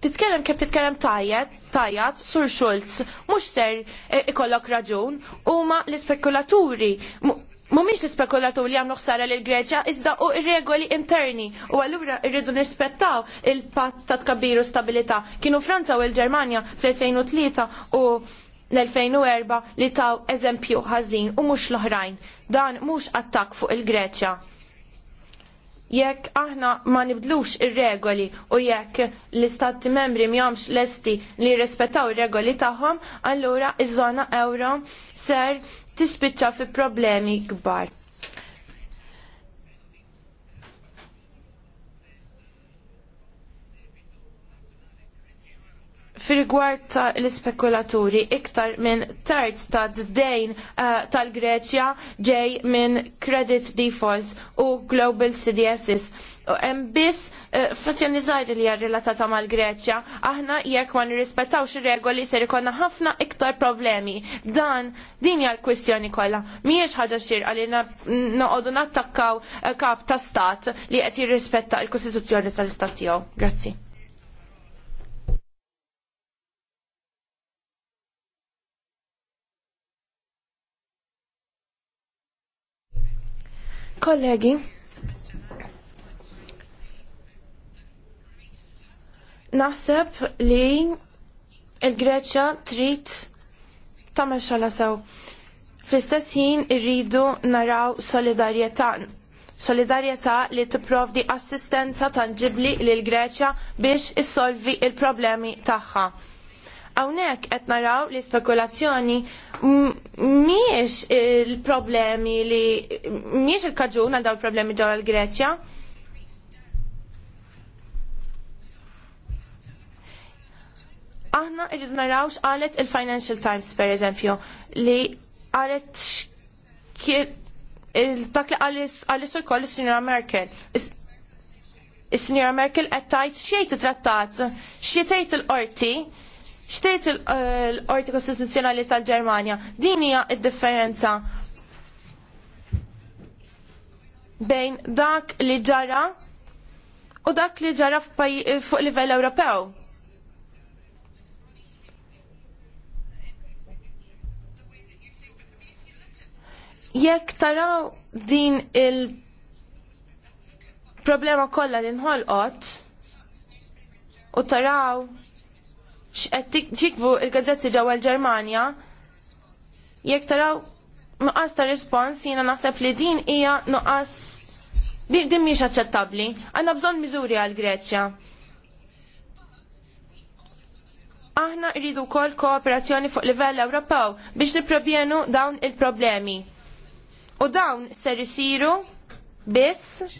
S3: titkellem kif titkellem tajjeb, tajjeb, sur Schulz, mhux ser e, ikollok raġun, huma l-ispekulaturi. Mumiex l-ispekulatur li għamlu ħsara l greċja iżda u regoli interni u għallura irridu nispettaw il-patt ta' tkabiru stabilita. Kienu Franza u l-Germania fl-2003 u l-2004 li taw eżempju ħażin u mhux l-oħrajn. Dan mhux attakk fuq il-Greċja jekk aħna ma nibdlux ir-regoli u jekk l-istati membri mjomx lesti li rispettaw ir-regoli tagħhom, allura iż-żona euro ser tispiċċa fi problemi kbar. fir ta' l-ispekulaturi, iktar minn terz ta' d-dejn uh, tal-Greċja ġej minn credit defaults u global CDSs. U hemm uh, frazzjoni żgħira li hija relatata mal-Greċja, aħna jekk ma nirrispettaw ir-regoli ser ikollna ħafna iktar problemi. Dan din hija l-kwistjoni kollha. Mhijiex ħaġa xierqa li noqogħdu nattakkaw eh, kap ta' stat li qed jirrispetta l-Kostituzzjoni tal-Istat tiegħu. Grazzi. Kollegi, naħseb li il-Greċja trid tagħmel xogħla sew. Fl-istess ħin irridu naraw solidarjetà solidarjetà li tipprovdi assistenza tangibbli lil Greċja biex issolvi l problemi tagħha. Hawnhekk qed naraw li spekulazzjoni mhijiex il-problemi li miex il-kaġun għal daw il-problemi ġewwa l-Greċja. aħna irridu naraw x'qalet il-Financial Times per eżempju li qalet takli li qalis koll il sinjora Merkel. Is-Sinjora Merkel qed xiejt xejn trattat, xi tgħid il-qorti Xtejt eh, l-Qorti Kostituzzjonali tal-Ġermanja, din hija d-differenza bejn dak li ġara u dak li ġara fuq livell Ewropew. Jekk taraw din il-problema kollha li nħolqot u taraw xikbu il-gazzetti ġewwa l-Ġermanja, jekk taraw nuqqas ta' rispons jiena naħseb li din hija nuqqas din mhix aċċettabbli. Għandna bżonn miżuri għal Greċja. Aħna rridu wkoll kooperazzjoni fuq livell Ewropew biex nipprevjenu dawn il-problemi. U dawn ser isiru biss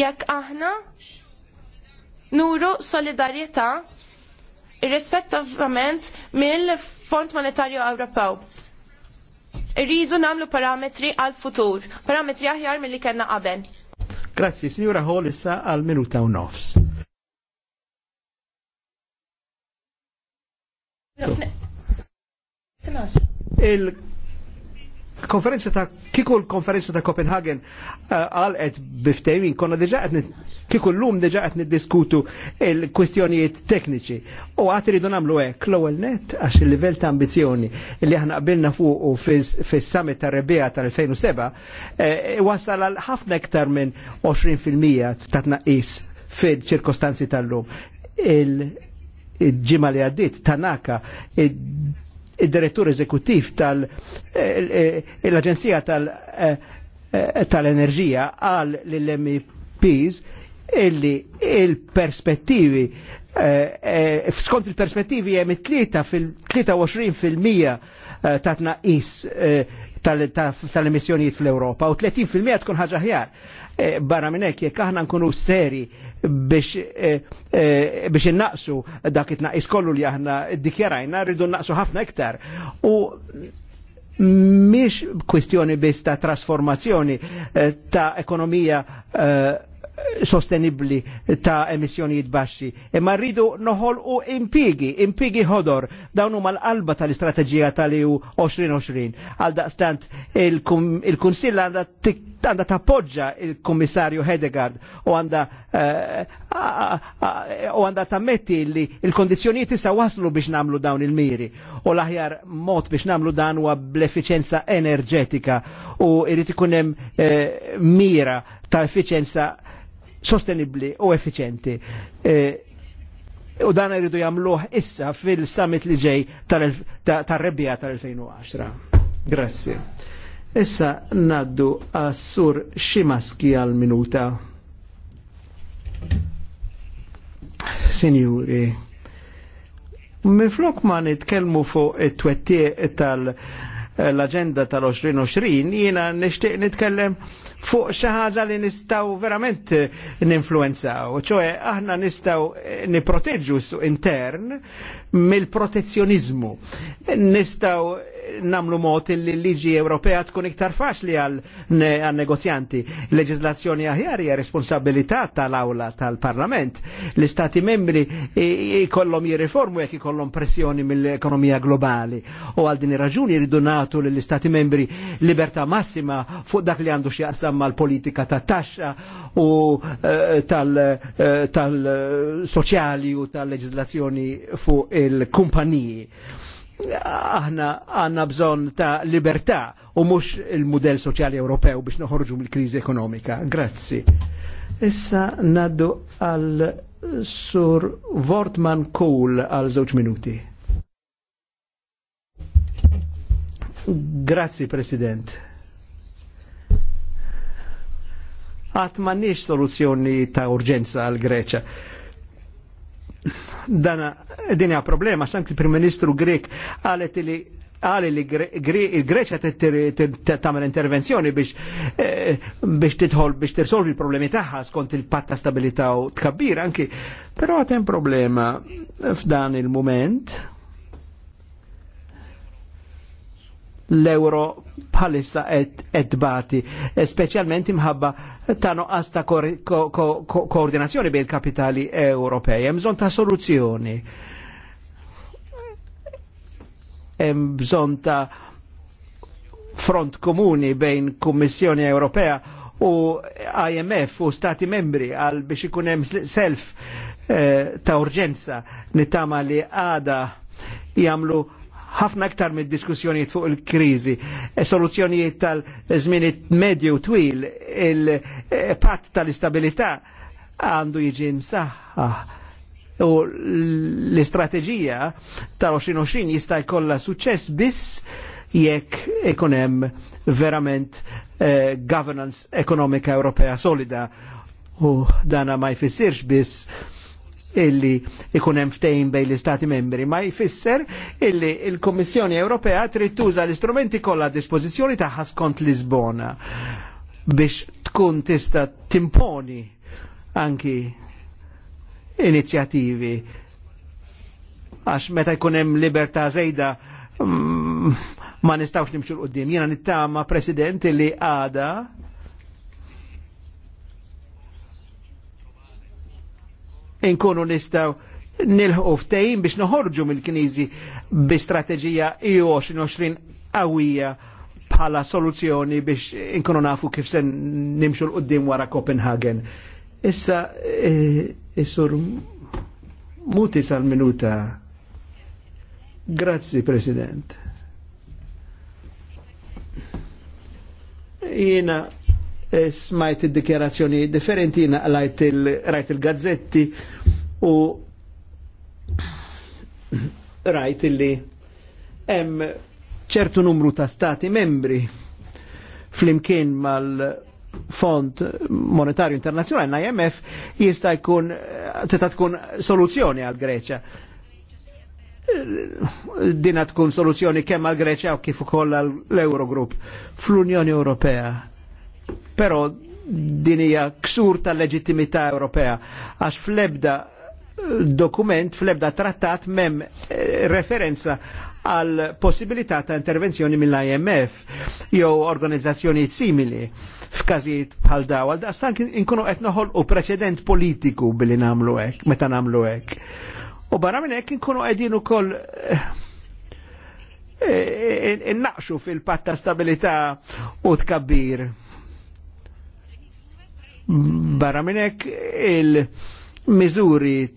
S3: jekk aħna nuru solidarjetà irrispettivament mill-Fond Monetarju Ewropew. Irridu namlu parametri għal-futur, parametri aħjar mill-li kena qabel.
S1: Grazzi, signora Hall issa għal-minuta u nofs. Il konferenza ta' kiku l-konferenza ta' Copenhagen eh, għal uh, biftejmin konna deġa għet kiku l-lum deġa għet diskutu il-kwestjonijiet tekniċi u għat rridu namlu għek l-ewel net għax il-level ta' ambizjoni li għana qbilna fuq u fil-summit ta' rebija tal-2007 eh, wasal għal ħafna iktar minn 20% ta' tnaqis fil-ċirkostanzi tal-lum il ġimali għaddit Tanaka id-direttur eżekuttiv tal-Aġenzija eh, eh, eh, tal-Enerġija għal l-MEPs illi il-perspettivi skont il-perspettivi jem il-23% ta' tnaqis tal-emissjonijiet fl-Europa u 30% tkun ħaġa ħjar. Barra minnek, jekk aħna nkunu seri biex eh, eh, biex innaqsu dak it-naqis kollu li aħna dikjarajna rridu naqsu ħafna iktar. U miex kwistjoni biex ta' trasformazzjoni eh, ta' ekonomija sostenibli ta' emissjonijiet baxxi. Imma e rridu noħolqu impigi, impigi ħodor, dawn huma l-qalba tal-istrateġija tal-EU 2020. Għal daqstant il-Kunsill il għandha għanda tappoġġa il-Kummissarju Hedegaard u għanda eh, u għanda tammetti li il-kondizjoniet issa waslu biex namlu dawn il-miri u l-aħjar mod biex namlu dan huwa bl-efficienza enerġetika u irrid ikun hemm eh, mira ta' efficienza sostenibli u effiċenti. E, u dan jridu jagħmluh issa fil-summit li ġej tar-rebbija tal-2010. Grazzi. Issa naddu għas-sur Ximaski għal-minuta. Sinjuri, minflok ma nitkellmu fuq it-twettie tal- l-agenda tal-2020 jiena nixtieq nitkellem fuq xi ħaġa li nistgħu verament ninfluenzaw, ċoħe, aħna nistgħu niproteġġu intern mill-protezzjonizmu. Nistaw namlu mod li l-liġi Ewropea tkun iktar faċli għal negozjanti. Leġislazzjoni aħjar hija responsabilità tal-Awla tal-Parlament. L-Istati membri jkollhom jirriformu jekk ikollhom pressjoni mill-ekonomija globali. U għal din ir-raġuni jridu nagħtu lill-Istati membri libertà massima fuq dak li għandu x'jaqsam mal-politika ta' taxxa u eh, tal-soċjali eh, eh, u tal-leġislazzjoni fuq il-kumpaniji aħna għanna bżon ta' libertà u mux il-modell soċjali Ewropew biex noħorġu mill-kriżi ekonomika. Grazzi. Issa naddu għal sur Vortman Kohl għal żewġ minuti. Grazzi, President. nix soluzzjoni ta' urġenza għal Greċa Dana dinja problema, sank il-Prim Ministru Grek għalet li għali li il-Greċa tamel intervenzjoni biex eh, biex tidħol biex tirsolvi il-problemi tagħha skont il-patta stabilità u tkabbir anki. Però għatem problema f'dan il-moment l-euro bħalissa et bati, speċjalment imħabba ta' noqqas ta' koordinazzjoni bejn kapitali Ewropej. Hemm bżonn ta' soluzzjoni. Hemm bżonn ta' front komuni bejn Kummissjoni Ewropea u IMF u stati membri għal biex ikun hemm self eh, ta' urġenza nittama li għada jagħmlu ħafna aktar mid diskussjonijiet fuq il-krizi, e soluzzjonijiet tal-żmien medju twil, il-patt tal-istabilità għandu jiġi msaħħa u l-istrateġija tal-2020 jista' jkollha suċċess biss jekk ikun hemm verament eh, governance ekonomika Ewropea solida u dana ma jfissirx biss illi ikun hemm bej bejn l-Istati membri, ma jfisser illi il-Kommissjoni Ewropea trid tuża l-istrumenti kollha a dispożizzjoni tagħha skont Lisbona biex tkun tista' timponi anki inizjattivi għax meta jkun hemm libertà żejda mm, ma nistawx nimxu l-qoddim. Jiena nittama president li għada Inkunu nistaw nilħu ftejn biex noħorġu mill-Knizi bi strateġija EU 2020 għawija bħala soluzzjoni biex inkunu nafu kif se nimxu l-qoddim wara Copenhagen. Issa, eh, issur muti sal-minuta. Grazzi, President. Jena E smajt id-dikjerazzjoni differenti, lajt il-rajt il-gazzetti u rajt illi hemm ċertu numru ta' stati membri flimkien mal-Fond Monetarju Internazzjonali IMF jista' jkun tista' tkun soluzzjoni għal Greċja. Dina tkun soluzzjoni kemm għal Greċja u kif ukoll l eurogrupp fl-Unjoni Ewropea Però din hija ksur tal-leġittimità Ewropea għax flebda eh, dokument, flebda trattat mem eh, referenza għal possibilità ta' intervenzjoni mill-IMF jew organizzazzjonijiet simili f'każijiet bħal daw għal daqstan inkunu qed noħolqu preċedent politiku billi nagħmlu hekk meta nagħmlu hekk. U barra minn hekk inkunu qegħdin ukoll eh, innaqxu fil-patta stabilità u tkabbir Barra minnek il-mizuri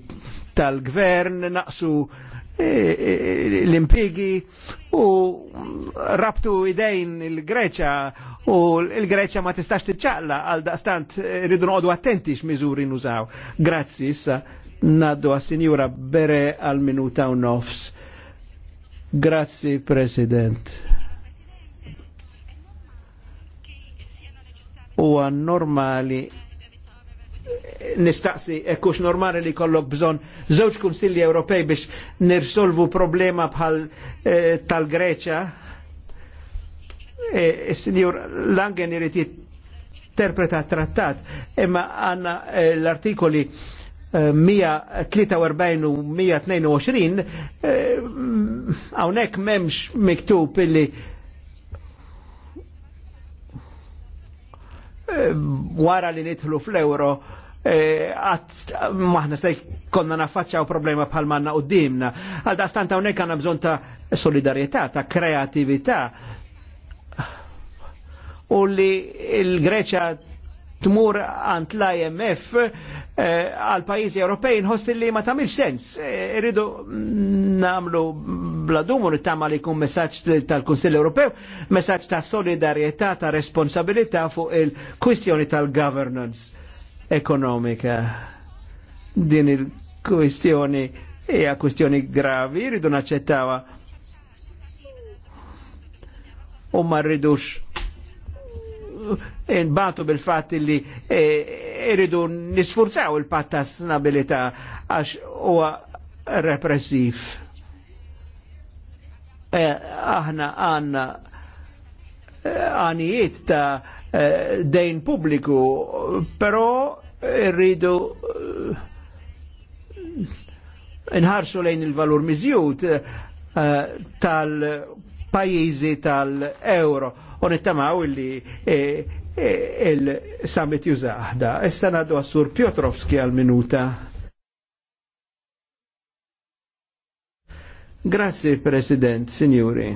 S1: tal-gvern naqsu eh, eh, l impigi u rabtu idejn il-Greċa u il-Greċa ma tistax ċalla għal daqstant ridu noqogħdu attenti mizuri nużaw. Grazzi issa naddu għas-Sinjura Bere għal minuta u nofs. Grazzi President. huwa normali nistaqsi ekkux normali li kollok bżon żewġ kunsilli Ewropej biex nirsolvu problema bħal eh, tal-Greċa. Eh, Signor Langen irrit jitterpreta trattat, imma għanna eh, l-artikoli 143 eh, u 122 għawnek memx miktub illi Eh, wara li nidħlu fl-euro eh, għat maħna se konna nafacċaw problema bħal manna u dimna. Għal da stanta unek għanna bżon ta' solidarieta, ta' kreatività. U li il-Greċa tmur għant l-IMF eh, għal pajizi Ewropej nħossi li ma tamil sens. Eh, irridu namlu bladumu li tamal li kun messaċ tal-Konsil Ewropew, messaċ ta' solidarietà, ta' responsabilità fuq il-kwistjoni tal-governance ekonomika. Din il-kwistjoni hija kwistjoni gravi, irridu naċċettawa u ma rridux Inbatu bil-fat li eh, iridu nisfurzaw il ta' snabilita għax huwa repressiv. Eh, aħna għanna eh, għanijiet ta' dejn publiku, pero irridu nħarsu lejn il-valur miżjud tal-pajizi tal-euro u nittamaw illi eh, eh, il-summit jużaħda. Issa nadu għassur Piotrowski għal-minuta. Grazie President, signori.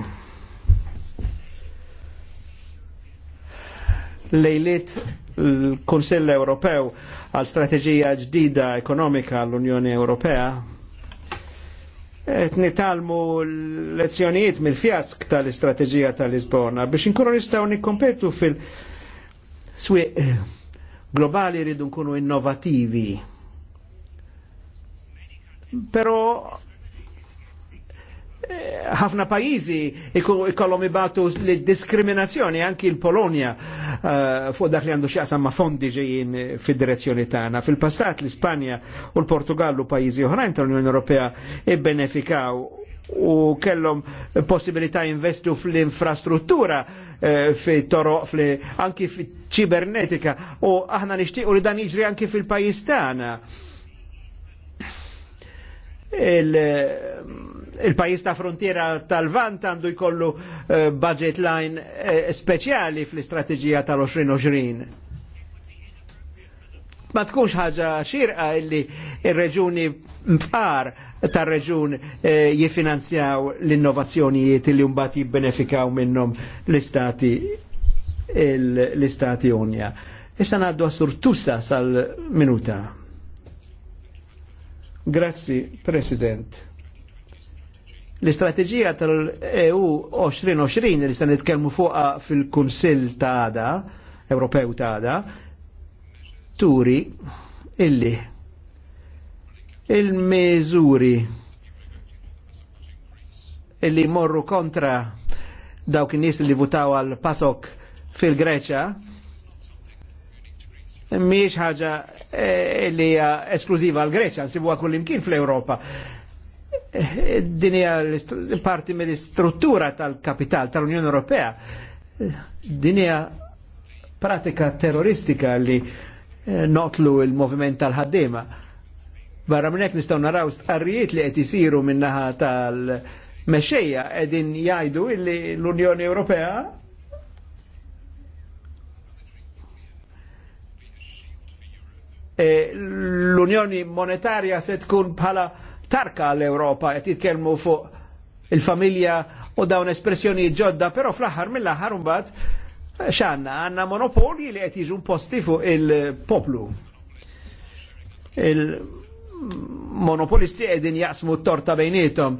S1: Lejlit l-Konsell Ewropew għal strategija ġdida ekonomika l-Unjoni Ewropea nitalmu lezzjonijiet mill-fjask tal-istrateġija tal-Lisbona biex inkunu nistgħu nikkompetu fil-swieq globali rridu nkunu innovativi. Pero ħafna pajizi ikollhom ibatu l-diskriminazzjoni anki l-Polonja eh, fuq dak li għandu x'jaqsam ma' fondi ġejjin fid-direzzjoni tagħna. Fil-passat l-Ispanja u l-Portugallu pajjiżi oħrajn tal-Unjoni Ewropea ibbenefikaw u kellhom possibilità investu fl-infrastruttura eh, fi toro fli, anki fi ċibernetika u aħna nixtiequ li dan jiġri anki fil pajjiż tagħna il-pajis ta' frontiera tal-Vant għandu jkollu uh, budget line uh, speċjali fl-istrateġija tal-2020 ma tkunx ħaġa xirqa illi il-reġuni mfqar tar reġun uh, eh, jifinanzjaw l-innovazzjonijiet li mbagħad jibbenefikaw minnhom l-istati l-istati unja. Issa ngħaddu għasur tussa sal-minuta. Grazzi, President. L-istrateġija tal-EU 2020 li se nitkellmu fuqa fil kunsil ta' għada, Ewropew ta' għada, turi illi il mezuri illi morru kontra dawk in-nies li votaw għal pasok fil-Greċa miex ħaġa illi eh, hija esklużiva għal Greċa, nsibuha kullimkien fl-Ewropa din hija parti mill-istruttura tal-kapital tal-Unjoni Ewropea. Din hija pratika terroristika li eh, notlu il-moviment tal-ħaddiema. Barra minn hekk nistgħu naraw stqarrijiet li qed isiru minnaħa tal-mexxejja qegħdin jgħidu illi l-Unjoni Ewropea eh, l-Unjoni Monetarja se tkun bħala tarka l-Europa, qed jitkellmu fuq il-familja u dawn espressjoni ġodda, però fl-aħħar mill-aħħar mbagħad x'għandna għandna monopoli li qed jiġu posti fuq il-poplu. Il-monopolisti qegħdin jaqsmu t-torta bejnietom.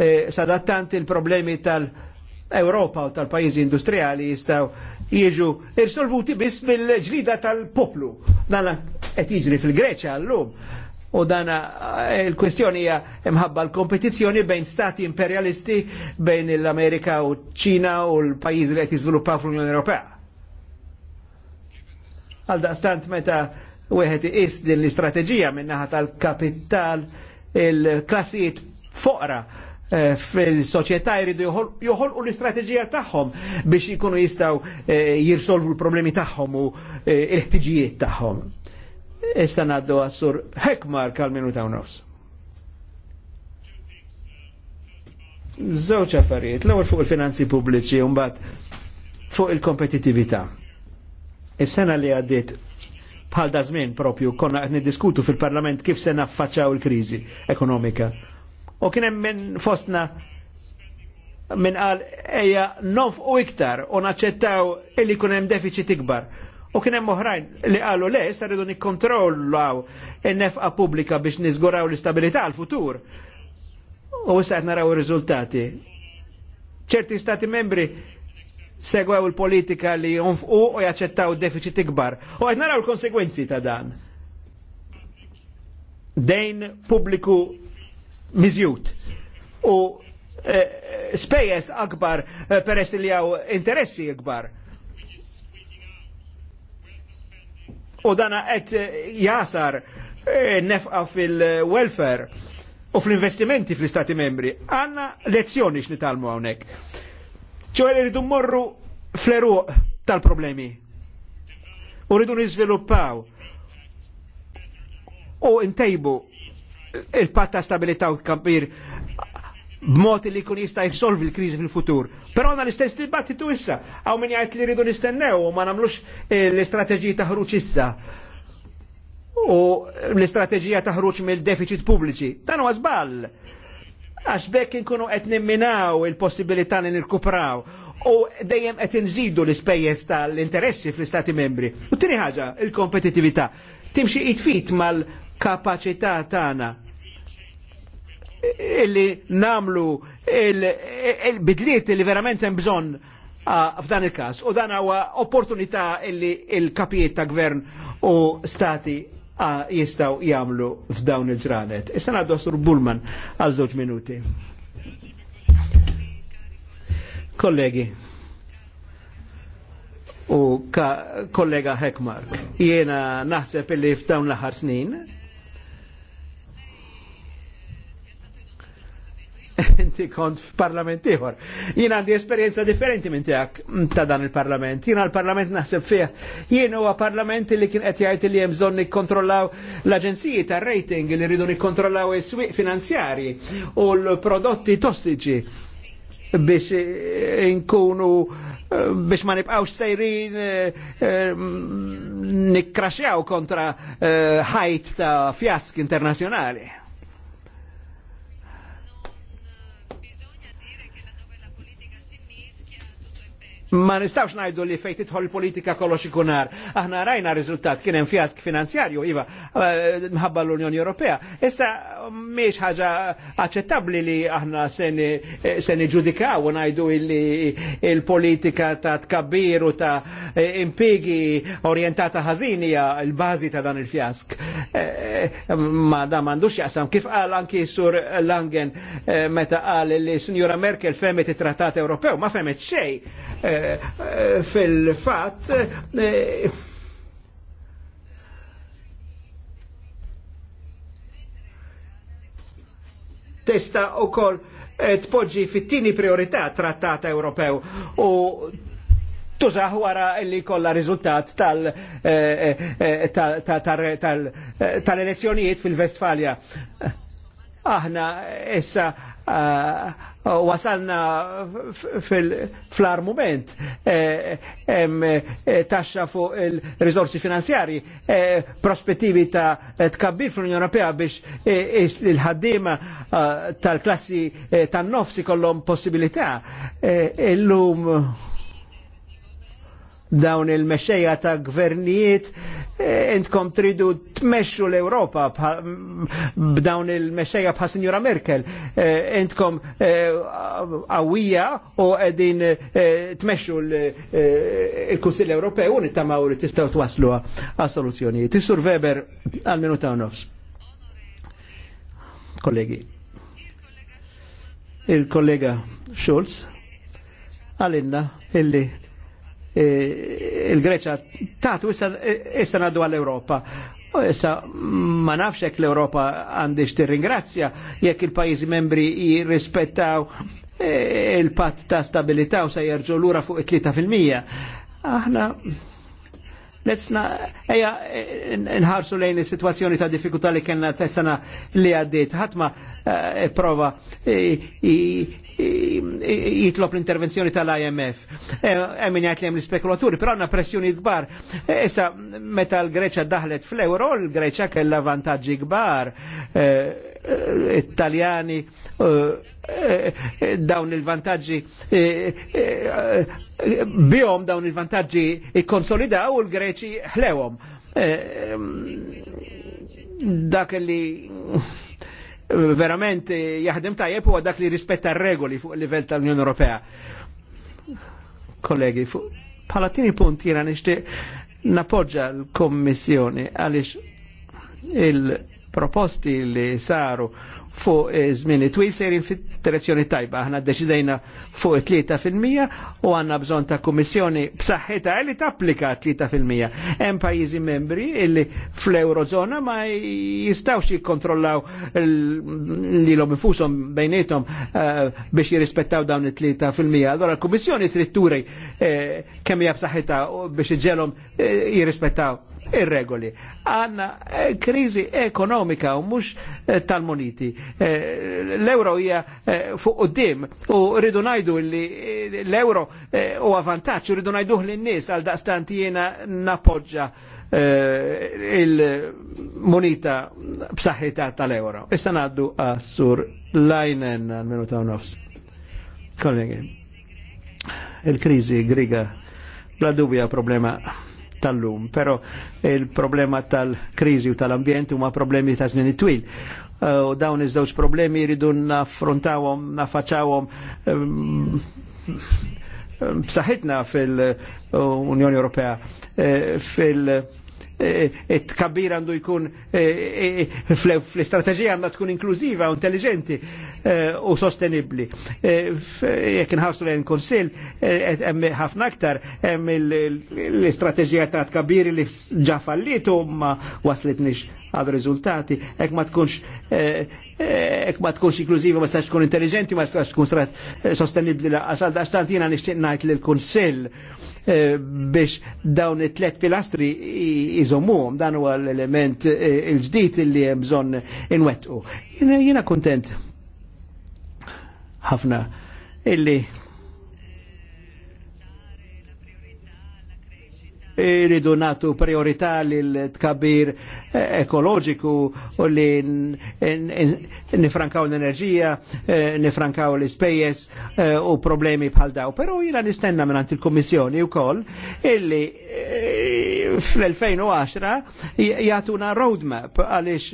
S1: E, sadattant il-problemi tal-Europa u tal-pajjiżi industrijali jistgħu jiġu irsolvuti biss bil-ġlida tal-poplu. Dan qed jiġri fil-Greċja llum u dana eh, il-kwestjoni hija imħabba l-kompetizzjoni bejn stati imperialisti bejn l-Amerika u ċina u l-pajjiżi li qed jiżviluppaw fl-Unjoni Ewropea. Għal daqstant meta wieħed is din l-istrateġija naħa tal-kapital il-klassijiet foqra eh, fil-soċjetà jridu joħolqu l-istrateġija tagħhom biex ikunu jistgħu eh, jirsolvu l-problemi tagħhom u l-ħtiġijiet tagħhom. Issa naddu għassur Hekmar kal-minuta u nofs. Zawċa affarijiet, l-ewwel fuq il-finanzi pubbliċi un bat fuq il-kompetitività. Is-sena li għaddiet bħal dażmin propju konna qed niddiskutu fil-Parlament kif se naffaċċaw il-kriżi ekonomika. U kien hemm minn fostna minn qal ejja u iktar u naċċettaw illi kun hemm deficit ikbar. U kien hemm oħrajn li qalu le, issa rridu nikkontrollaw in-nefqa pubblika biex niżguraw l-istabilità għall futur U issa qed naraw ir-riżultati. ċerti stati membri segwew il-politika li jonfqu u jaċċettaw deficit ikbar. U qed naraw l-konsegwenzi ta' dan. Dejn pubbliku miżjut. U eh, spejjeż akbar eh, peress li hawn interessi ikbar u dana qed eh, jasar eh, nefqa fil-welfare u fl-investimenti fl-istati membri. Għanna lezzjoni x'nitalmu hawnhekk. ċoħe li rridu morru fleru tal-problemi. U rridu niżviluppaw u ntejbu il-patta stabilita u kampir b'mod li kun jista' jsolvi l-kriżi fil-futur Però għanna l-istess dibattitu issa, għaw minn jgħid li rridu nistennew u ma nagħmlux eh, l istrateġija ta' ħruġ issa u l-istrateġija ta' ħruċ mill-deficit pubbliċi. Dan huwa żball. Għax bekk inkunu qed nimminaw il-possibilità li nirkupraw u dejjem qed inżidu l-ispejjeż tal-interessi fl-Istati membri. U tieni ħaġa, il-kompetitività timxi it-fit mal-kapaċità tagħna illi namlu il-bidliet il li verament hemm bżonn ah, f'dan il-każ. U dan huwa opportunità illi il-kapijiet ta' gvern u stati ah, jistaw jagħmlu f'dawn il-ġranet. Issa ngħaddu sur Bullman għal żewġ minuti. Kollegi, u ka kollega Hekmark, jiena naħseb illi f'dawn l-aħħar snin inti kont f'parlament ieħor. Jien għandi esperjenza differenti minn tiegħek mm, ta' dan il-parlament. Jien għall-parlament naħseb fih. Jien huwa parlament li kien qed jgħid li hemm bżonn nikkontrollaw l-aġenziji tar-rating li rridu nikkontrollaw is-swieq finanzjari u l-prodotti tossiċi biex eh, inkunu eh, biex ma nibqawx sejrin eh, nikkraxjaw kontra ħajt ta' fjask internazjonali. ma nistawx najdu li fejt idħol politika kollox ikunar. Aħna rajna riżultat kien hemm fjask finanzjarju iva eh, mħabba l-Unjoni Ewropea. Issa miex ħaġa aċċettabbli li aħna se niġudikaw eh, u ngħidu li il-politika ta' tkabbir u ta' eh, impigi orientata ħażin l-bażi ta' dan il-fjask. Ma da m'għandux jaqsam kif qal anki sur Langen meta qal li Sinjura Merkel femet it-Trattat Ewropew ma femet xejn fil-fat eh, testa u kol eh, tpoġġi fit-tini priorità trattat Ewropew u tużaħ wara li kolla riżultat eh, tal-elezzjonijiet fil vestfalia Aħna issa wasalna fl-armument eh, eh, taxxa fuq il-rizorsi finanzjari eh, prospettivi ta' tkabbir fl-Unjoni Ewropea biex il-ħaddima tal-klassi tan-nofsi kollhom possibilità illum dawn il-mexxejja ta' gvernijiet e, intkom tridu tmexxu l-Ewropa b'dawn il-mexxejja bħal Sinjura Merkel. E, intkom qawwija e, u qegħdin tmexxu l-Kunsill Ewropew u nittamaw li tistgħu twaslu għal soluzzjonijiet. Isur Weber għal minuta u nofs. Kollegi. Il-kollega Schulz għalinna illi Eh, il-Greċa tatu issa naddu għall-Europa. Issa ma nafxek l-Europa għandix tirringrazzja jekk il-pajjiżi membri jirrispettaw eh, il-patt ta' stabilità u se jerġgħu lura fuq it-3 fil-mija. Aħna Let's eja nħarsu lejn situazzjoni ta' diffikultà li kellna tessana li għaddit. Ħatma eh, prova jitlop l-intervenzjoni tal-IMF. Emin eh, jgħat li jem l-spekulaturi, pero għanna pressjoni gbar. Eh, issa, meta l-Greċa daħlet fl-Euro, l-Greċa kella vantaġġi gbar. Eh, Eh, italjani eh, eh, dawn il-vantaġġi bihom dawn il-vantaġġi ikkonsolidaw u l-Greċi ħlewhom. Dak li verament jaħdem tajjeb huwa dak li rispetta regoli fuq il-livell tal-Unjoni Ewropea. Kollegi, fuq palatini punt jiena nixtieq napoġġa l-Kommissjoni għaliex il- proposti li saru fuq eh, żmien twil sejrin fit-direzzjoni tajba. Aħna deċidejna fuq 3% u għandna bżonn ta' kummissjoni b'saħħitha li tapplika 3%. Hemm pajjiżi membri illi fl-Eurozona ma jistgħux jikkontrollaw lilhom infushom bejnietom eh, biex jirrispettaw dawn it-3%. Allora l-Kummissjoni trid turej eh, kemm hija b'saħħitha biex iġġelhom jirrispettaw ir-regoli. Għanna eh, krizi ekonomika u mux eh, tal-moniti. Eh, l-euro hija fuq u dim u rridu najdu li l-euro u vantaġġ u rridu najdu li n-nis għal daqstant jena napoġġa il-monita b'saħħitha tal-euro. Issa naddu għassur Lajnen għal-minuta u nofs. Kollegi, il-krizi griga bla dubja problema tal-lum, pero il-problema tal-krizi u tal-ambjent huma problemi ta' żmien twil eh, u dawn iż-żewġ problemi jridu naffrontawhom, nafaċawhom ehm, b'saħħitna fil-Unjoni Ewropea eh, fil- it-kabir eh, eh, għandu jkun eh, fl-istrateġija għandha tkun inklużiva u intelligenti u sostenibli. Jekk inħassu lejn konsil, ħafna aktar hemm l-istrateġija ta' kabir li ġa fallitu ma waslitniex għal rizultati, ek ma tkunx eh, eh, ek ma tkunx inklużiva ma stax tkun intelligenti, ma stax tkun eh, la laqas da stantina jiena nixtieq ngħid lill-Kunsill biex dawn it-tlet pilastri izomuhom dan huwa l-element il-ġdid li hemm bżonn inwettqu. Jiena kuntent ħafna illi iridu natu priorità l-tkabbir eh, ekoloġiku u li nifrankaw l-enerġija, eh, nifrankaw l ispejjes eh, u problemi bħal daw. Pero jina nistenna minnant il komissjoni u koll illi fl-2010 jgħatuna roadmap għalix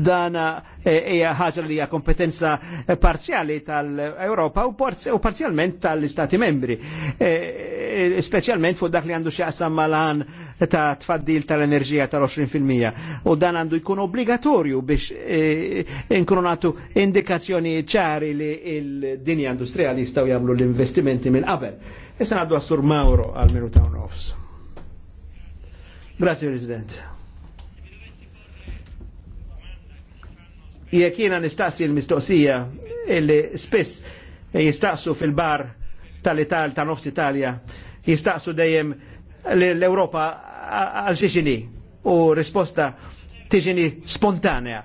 S1: dana eh, hija ħaġa li hija kompetenza eh, parzjali tal-Ewropa u parzjalment tal-Istati membri, eh, speċjalment fuq dak li għandu x'jaqsam malan ta' tfaddil tal-enerġija tal-20% u dan għandu jkun obbligatorju biex nkunu nagħtu indikazzjoni ċari li l-dinja industrijali jistgħu jagħmlu l-investimenti minn qabel. Issa għaddu għassur Mauro għal-minuta u nofs. Grazie, Presidente. jek jiena nistaqsi l-mistoqsija illi spiss jistaqsu fil-bar tal-Ital, ta' nofs Italja, jistaqsu dejjem l-Europa għal xiexini u risposta tiġini spontanea.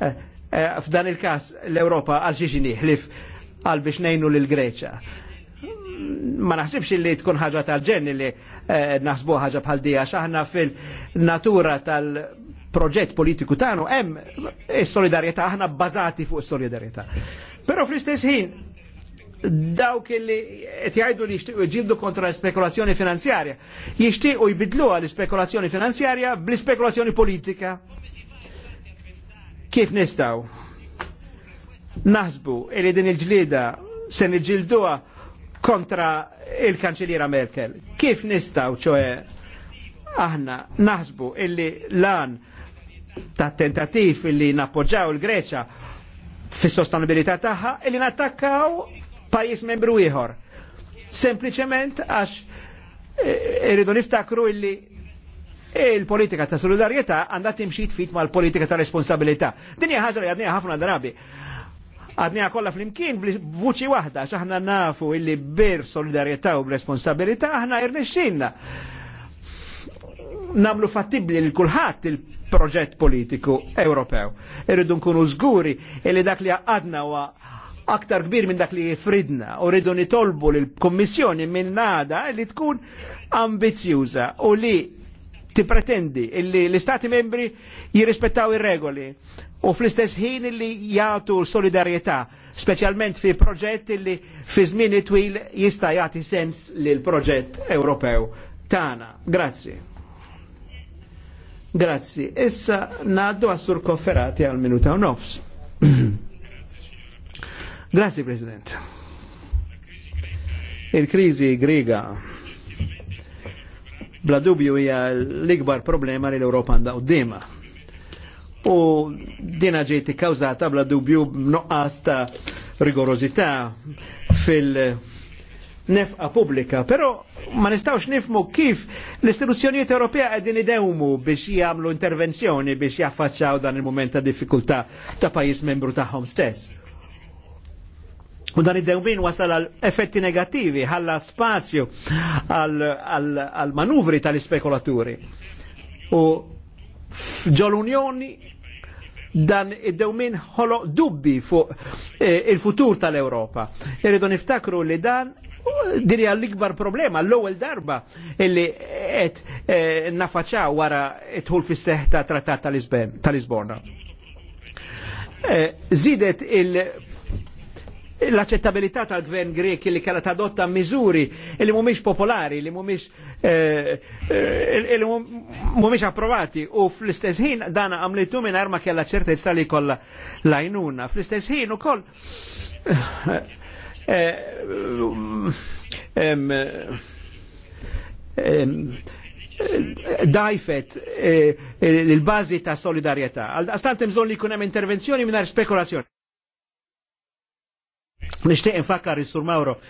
S1: Eh, eh, f'dan il-kas l-Europa għal xiexini ħlif għal biex nejnu l-Greċa. Ma naħsibx li tkun ħaġa tal ġenni li eh, naħsbu ħaġa bħal dija xaħna fil-natura tal- proġett politiku tagħna hemm is-solidarjetà eh, aħna bbażati fuq is-solidarjetà. Però fl-istess ħin dawk li qed jgħidu li jixtiequ jġildu kontra l-spekulazzjoni finanzjarja, jixtiequ jbidluha l-spekulazzjoni finanzjarja bl ispekulazzjoni politika. Kif nistgħu? Naħsbu li din il-ġlieda se niġilduha kontra il kanċiliera Merkel. Kif nistgħu ċoe aħna naħsbu illi lan ta' tentativ li nappoġġaw il-Greċa fis sostanabilità tagħha e li nattakkaw pajjiż membru ieħor. Sempliċement għax eh, irridu e, niftakru illi e, il-politika ta' solidarjetà għandha timxi tfit mal-politika ta' responsabilità. Din hija ħaġa li għadniha ħafna drabi għadnija kollha flimkien imkien vuċi għax aħna nafu illi bir solidarjetà u b'responsabilità, aħna irnexxinna. Namlu fattibli l kulħadd il proġett politiku Ewropew. Irridu nkunu żguri li dak li għadna wa aktar kbir minn dak li jifridna u rridu nitolbu l kommissjoni minn nada li tkun ambizjuża u li tipretendi li l-Istati membri jirrispettaw ir-regoli u fl-istess ħin li jagħtu solidarjetà, specialment fi proġett li fi żmien twil jista' jagħti sens lill proġett Ewropew tagħna. Grazzi. Grazzi. Issa naddu għassur konferati għal minuta u nofs. Grazzi, President. Il-krizi grega bla dubju hija l-ikbar problema li l-Europa għandha qudiema. U dina ġejti kawżata bla dubju nuqqas ta' rigorozità fil- nefqa publika, pero ma nistawx nifmu kif l-istituzzjonijiet Ewropea qegħdin idewmu biex jgħamlu intervenzjoni biex jaffaċċaw dan il moment ta' diffikultà ta' pajis membru tagħhom stess. U dan id-dewmin wasal għal effetti negativi, ħalla spazju għal manuvri tal-ispekulaturi. U ġol unjoni dan id-dewmin ħolo dubbi fuq eh, il-futur tal-Europa. Irridu niftakru li dan dirja l-ikbar problema, l-ewwel darba illi qed eh, nafaċaw wara tħul fis-seħ ta' Trattat tal Lisbona. Eh, zidet il- l-accettabilità tal-gvern grek li kellha tadotta miżuri li mhumiex popolari, li mhumiex eh, li mhumiex approvati u fl-istess ħin dan għamlitu minn arma kella ċertezza li kollha lajnuna. Fl-istess ħin ukoll dajfet l bazi ta' solidarieta. Għastant imżon li kunem intervenzjoni minna spekulazzjoni. Nishtiq infakkar is-Sur Mauro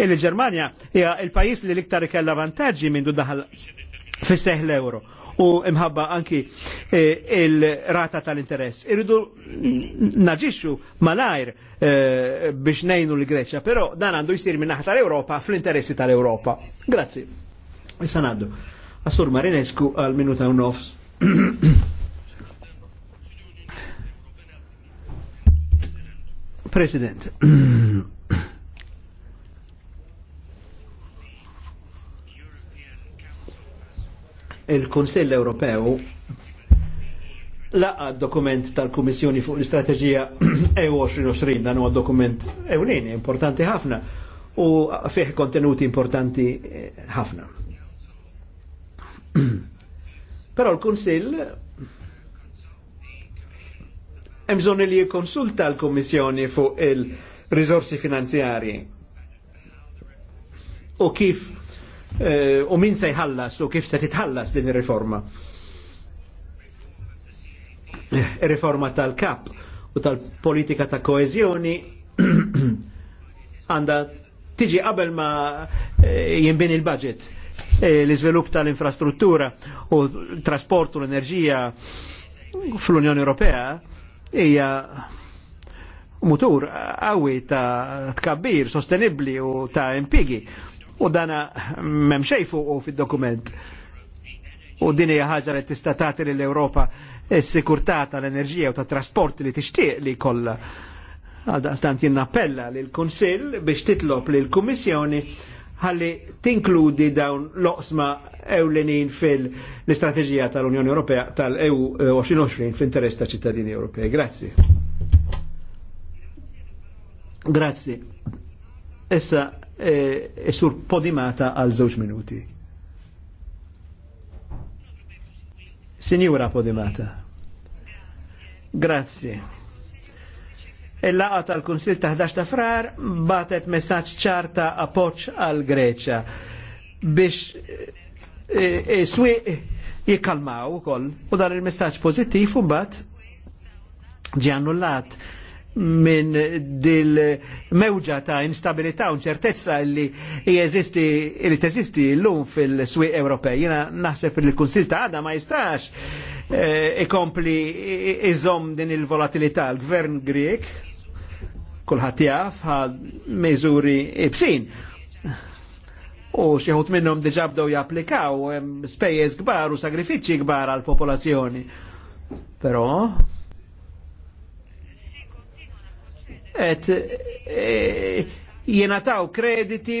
S1: il germania hija il pajis li liktar iktar ikella vantaġġi minn daħal fis-seħ l-euro u imħabba anki eh, il-rata tal-interess. Irridu naġixxu malajr Eh, biex nejnu l-Greċja, pero dan għandu jisir minnaħ tal-Europa fl-interessi tal-Europa. Grazzi. Issa għaddu. Assur Marinescu għal minuta u nofs. President. il-Konsell Ewropew laqa dokument tal komissjoni fuq l-Istrateġija EU e 2020 dan huwa dokument ewlieni importanti ħafna u fih kontenuti importanti eh, ħafna. Però l-Kunsill hemm bżonn li jikkonsulta l-Kummissjoni fuq il-riżorsi finanzjarji u kif eh, u min se jħallas u kif se titħallas din ir-riforma. Eh, riforma tal-kap u tal-politika ta' koezjoni għanda tiġi qabel ma eh, jinbin il-budget eh, l-izvilup tal-infrastruttura u trasport u l-enerġija fl-Unjoni Ewropea hija mutur għawi ta' tkabbir, sostenibli u ta' impigi. U dana memxejfu u fil-dokument. U dini hija ħaġa li tista' tagħti lill-Ewropa s-sikurtà tal-enerġija u tat-trasport li tixtieq li kollha. Għaldaqstant jien appella lil kunsill biex titlob lil kummissjoni ħalli tinkludi dawn l-oqsma ewlenin fil-istrateġija tal-Unjoni Ewropea tal-EU 2020 fl-interess ta' ċittadini Ewropej. Grazzi. Grazzi. Issa, e, eh, e sur podimata għal żewġ minuti. Signora Podimata. grazie. Il-laqa e tal-Kunsil ta' 11 ta' frar batet messaġġ ċarta appoġġ għal Grecia. biex e, e, e jikalmaw jikkalmaw ukoll u dan il-messaġġ pożittiv u bat ġi annullat minn dil-mewġa ta' instabilità u ċertezza li jeżisti li teżisti l-lum fil-swi Ewropej. Jena naħseb li l-Kunsil ta' għada ma jistax eh, ikompli e iżom din il-volatilità l-Gvern Grek kullħat jaf għal meżuri ibsin u xieħut minnom diġa bdew japplikaw spejjeż gbar u sagrifiċċji gbar għal popolazzjoni. Però et e, taw krediti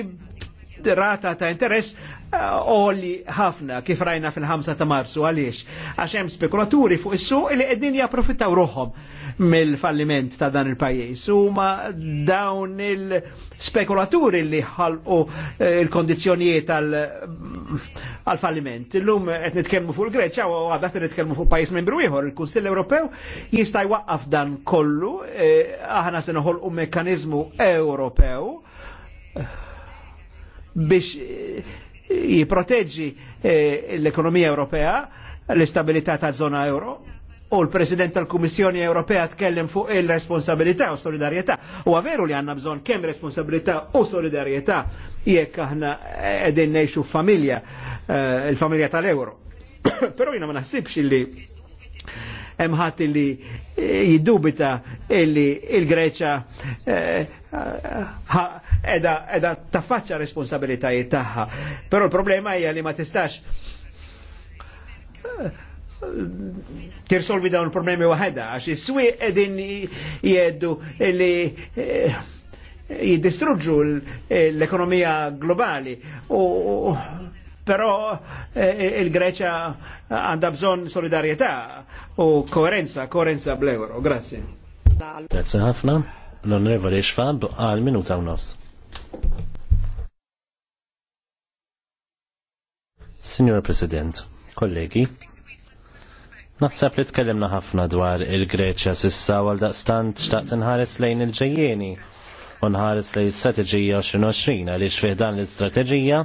S1: rata ta' interess eh, oli ħafna kif rajna fil-5 ta' marzu għaliex għax hemm spekulaturi fuq is-suq li qegħdin japprofittaw ruħom mill-falliment ta' dan il-pajis. Huma dawn il-spekulaturi li ħalqu eh, il-kondizjonijiet mm, għal-falliment. Illum qed nitkellmu fuq il-Greċja u għadha se nitkellmu fuq pajjiż membru ieħor, il-Kunsill Ewropew jista' jwaqqaf dan kollu, eh, aħna se noħolqu mekkaniżmu Ewropew eh, biex jiproteġġi l-ekonomija Ewropea, l-istabilità ta' zona euro u l-President tal-Kummissjoni Ewropea tkellem fuq il-responsabilità u solidarjetà. U veru li għanna bżon kemm responsabilità u solidarjetà jekk aħna edin neħxu familja, eh, il-familja tal-euro. Pero jina ma naħsibx li emħat ħadd li jiddubita illi il-Greċa eh, edha eh, taffaċċa responsabilitajiet tagħha. Però l-problema hija li ma tistax tirsolvi dawn il-problemi waħda, għax is-swi edin jeddu li eh, jiddistruġġu l-ekonomija globali. U, però eh, il greċja għandha bżonn solidarjetà u koerenza, koerenza bl-euro. Grazie.
S2: Grazie ħafna. L-Onorevoli Xfab għal minuta u nofs. Signor President, kollegi, Naħseb li tkellimna ħafna dwar il-Greċja sissa għal daqstant xtaqt nħares lejn il-ġejjeni u nħares lejn strateġija 2020 għaliex fih dan l-istrateġija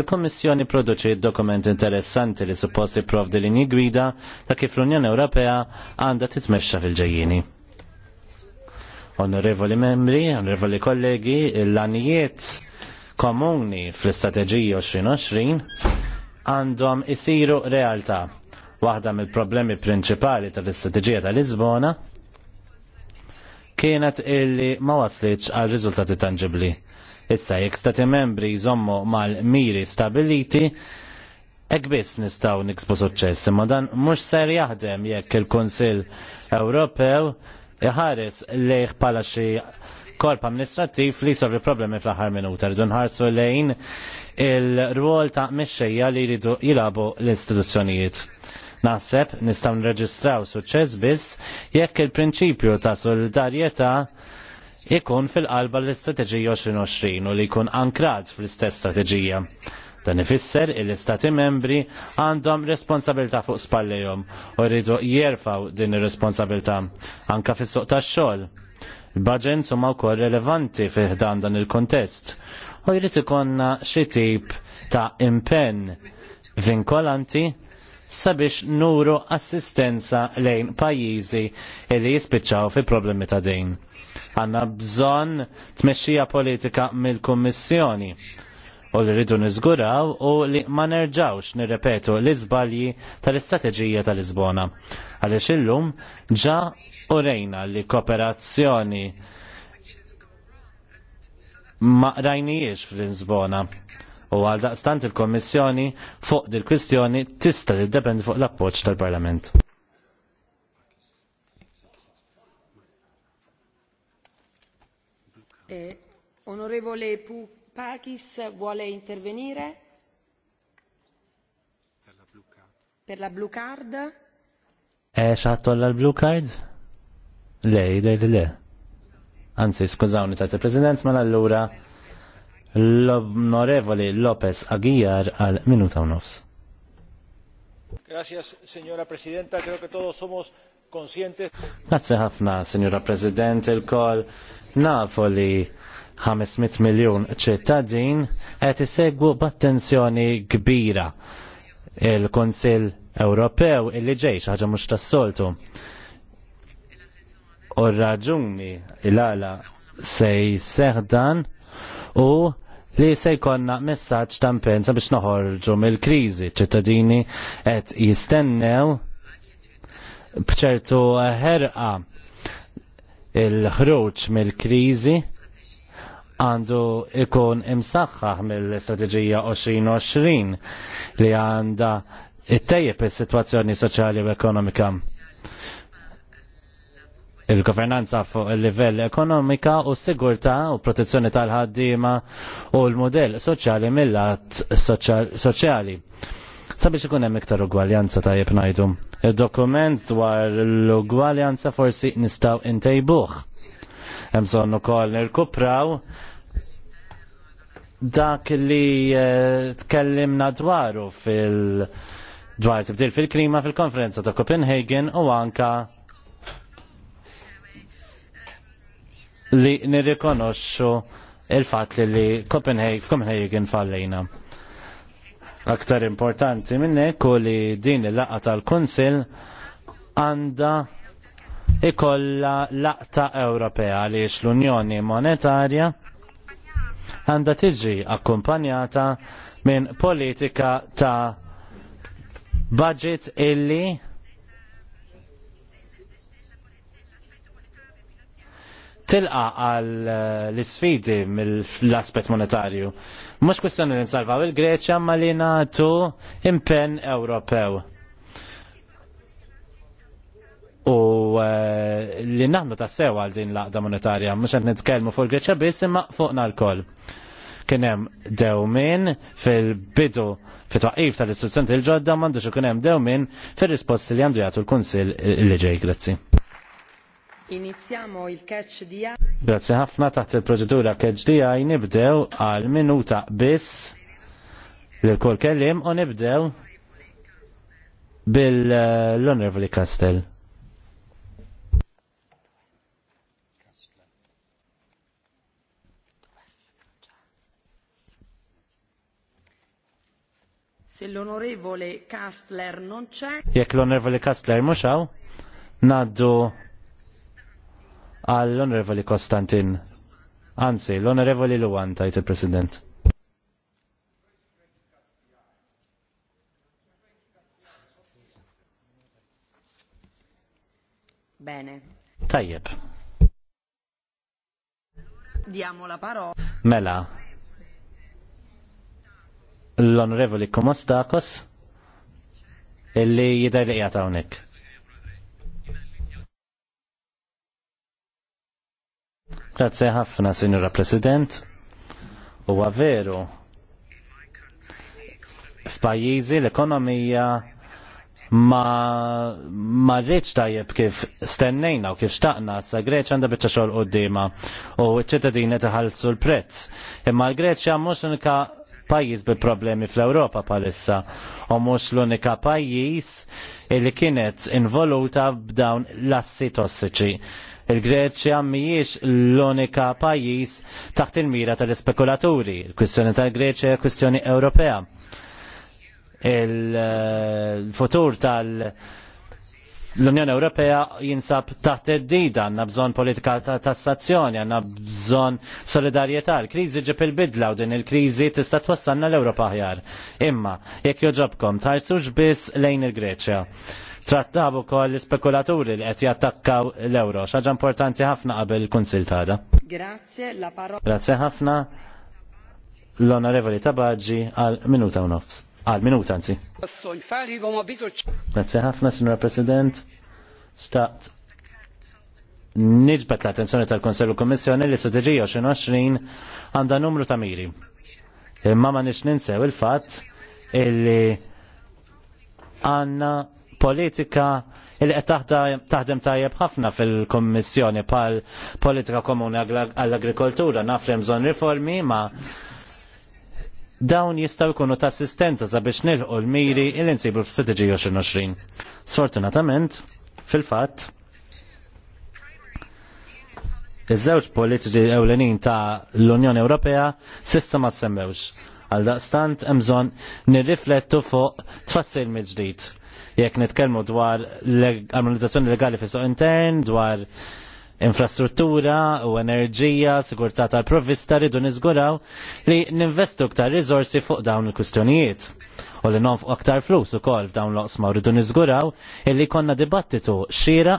S2: il-Kommissjoni produċi dokument interessanti li suppost provdi l gwida ta' kif l-Unjoni Ewropea għandha titmexxa fil-ġejjeni. Onorevoli membri, onorevoli kollegi, l-anijiet komuni fl-istrateġija 2020 għandhom isiru realtà Waħda mill-problemi prinċipali tal-istrateġija tal-Lisbona kienet illi ma waslitx għal riżultati tangibli. Issa jekk stati membri jżommu mal-miri stabiliti, Ek biss nistaw niksbu suċċess, imma dan mhux ser jaħdem jekk il-Kunsill Ewropew jħares lejh bħala xi korp amministrattiv li jsolvi problemi fl-aħħar minuta. Rridu nħarsu lejn il-rwol ta' mixxejja li jridu jilabu l-istituzzjonijiet. Naħseb nistgħu nreġistraw suċċess biss jekk il-prinċipju ta' solidarjetà ikun fil-qalba l-istrateġija 2020 u li jkun ankrat fl-istess strateġija. Dan ifisser il-istati membri għandhom responsabilità fuq spallejhom u rridu jerfaw din ir-responsabilità anka fis-suq tax-xogħol. Il-budgets huma wkoll relevanti fi dan dan il-kontest u jrid ikonna xi tip ta' impenn vinkolanti sabiex nuru assistenza lejn pajjiżi li jispiċċaw fi problemi ta' din. Għanna bżon tmexxija politika mill-Kummissjoni u li rridu niżguraw u li ma nerġawx nirrepetu l-iżbalji tal-istrateġija tal-Lisbona. Għaliex illum ġa urejna li kooperazzjoni ma rajnijiex fl-Lisbona u għal daqstant il-Kommissjoni fuq dil kwistjoni tista' tiddependi fuq l-appoġġ tal-Parlament.
S3: Eh, onorevole Pupakis vuole intervenire?
S2: Per la blue card. Per la blue card? Eh, xaħtolla l-blue card? Le, idej li Anzi, skużawni tajt il-President, ma mela allora. allura l-Onorevoli Lopez Aguilar għal minuta u nofs. Gracias, señora Presidenta. Creo que todos somos conscientes. Grazie ħafna, signora President, il-kol nafu li 500 miljon ċittadin qed jisegwu b'attenzjoni kbira il-Konsil Ewropew illi ġej ħaġa mhux tas-soltu. U r raġuni il-għala se jseħdan dan u li se jkonna messaġġ ta' mpensa biex noħorġu mill-kriżi ċittadini qed jistennew bċertu ħerqa il-ħruġ mill-kriżi għandu ikun imsaħħaħ mill-Strateġija 2020 li għanda it-tejjeb is-sitwazzjoni soċjali u ekonomika il-governanza fuq il-livell ekonomika u s-sigurtà u protezzjoni tal-ħaddiema u l-modell soċjali mill-att soċjali. Sabiex ikun hemm iktar ugwaljanza tajjeb ngħidu. Id-dokument dwar l-ugwaljanza forsi nistgħu intejbuh. Hemm bżonn ukoll nirkupraw dak li eh, tkellimna dwaru fil- dwar tibdil fil-klima fil-konferenza ta' Copenhagen u anka li nirrikonoxxu il-fatt li, li Copenhagen fallejna. Aktar importanti minne u li din il-laqa tal-Kunsil għanda ikolla laqta Ewropea li l-Unjoni Monetarja għanda tiġi akkumpanjata minn politika ta' budget illi tilqa għal eh, l-sfidi mill-aspet monetarju. Mux kwestjoni li nsalvaw il-Greċja ma li natu impen Ewropew. U eh, li naħnu ta' sewa għal din laqda monetarja, mux għed nitkelmu fuq il-Greċja biss imma fuqna l-koll. Kienem dewmin fil-bidu fit-twaqif tal-istituzzjoni il-ġodda mandu u kienem dewmin fil-risposti li għandu jgħatu l-Kunsil li ġej grazzi.
S3: Iniziamo il catch di A.
S2: Grazie ħafna taħt il-proċedura catch di A nibdew għal minuta biss l-kol kellim u nibdew bil eh, lonervoli Castell.
S3: Se l'onorevole Castler
S2: non c'è. Jekk l Kastler Castler mhux hawn, ngħaddu għall-Onorevoli Kostantin. Anzi, l-Onorevoli Luwan, tajt il-President. Bene. Tajjeb.
S3: Diamo la parola.
S2: Mela. L-Onorevoli Komostakos illi jidher li qiegħed hawnhekk. Grazie ħafna, Signora President. Huwa veru. F'pajjiżi l-ekonomija ma ma rridx tajjeb kif stennejna u kif xtaqna sa Greċja għandha biċċa xogħol dima u ċittadini taħallsu l-prezz. Imma l-Greċja mhux unika pajjiż bi problemi fl-Ewropa palissa u mhux l-unika pajjiż li kienet involuta b'dawn l-assi tossiċi Il-Greċja mhijiex l-unika pajjiż taħt il-mira tal-ispekulaturi. Il-kwistjoni tal-Greċja hija kwistjoni Ewropea. Il-futur tal- l-Unjoni Ewropea jinsab taħt id-dida, għanna bżon politika ta' tassazzjoni, għanna bżon solidarjetà. L-krizi ġib il-bidla u din il-krizi tista' twassalna l-Ewropa ħjar. Imma, jekk joġobkom, tarsux biss lejn il-Greċja trattab ukoll l-spekulaturi li qed jattakkaw l-euro. Xaġa importanti ħafna qabel il ta' da.
S3: Grazie, la parola.
S2: Grazie ħafna l-Onorevoli tabagġi għal minuta u nofs. Għal minuta nsi. Grazie ħafna, Signor President. Stat nġbet l-attenzjoni tal-Konsellu Kommissjoni li strategija 2020 għandha numru ta' miri. Imma ma nix ninsew il-fatt illi għanna politika il qed taħdem tajjeb ħafna fil-Kummissjoni pal politika komuni għall-agrikoltura naf li bżonn riformi ma dawn jistaw jkunu ta' assistenza sabiex nilħu l-miri il-insibu f-strategy 2020. Sfortunatament, fil-fat, iż-żewġ politiċi ewlenin ta' l-Unjoni Ewropea sista ma semmewx. Għal daqstant, emżon nirriflettu fuq tfassil mill-ġdid. Jekk nitkellmu dwar armonizzazzjoni legali fis suq intern, dwar infrastruttura u enerġija, sigurtà tal-provvista rridu niżguraw li ninvestu ktar riżorsi fuq dawn il-kwistjonijiet u li nonfu aktar flus ukoll f'dawn l-oqsma rridu niżguraw illi konna dibattitu xira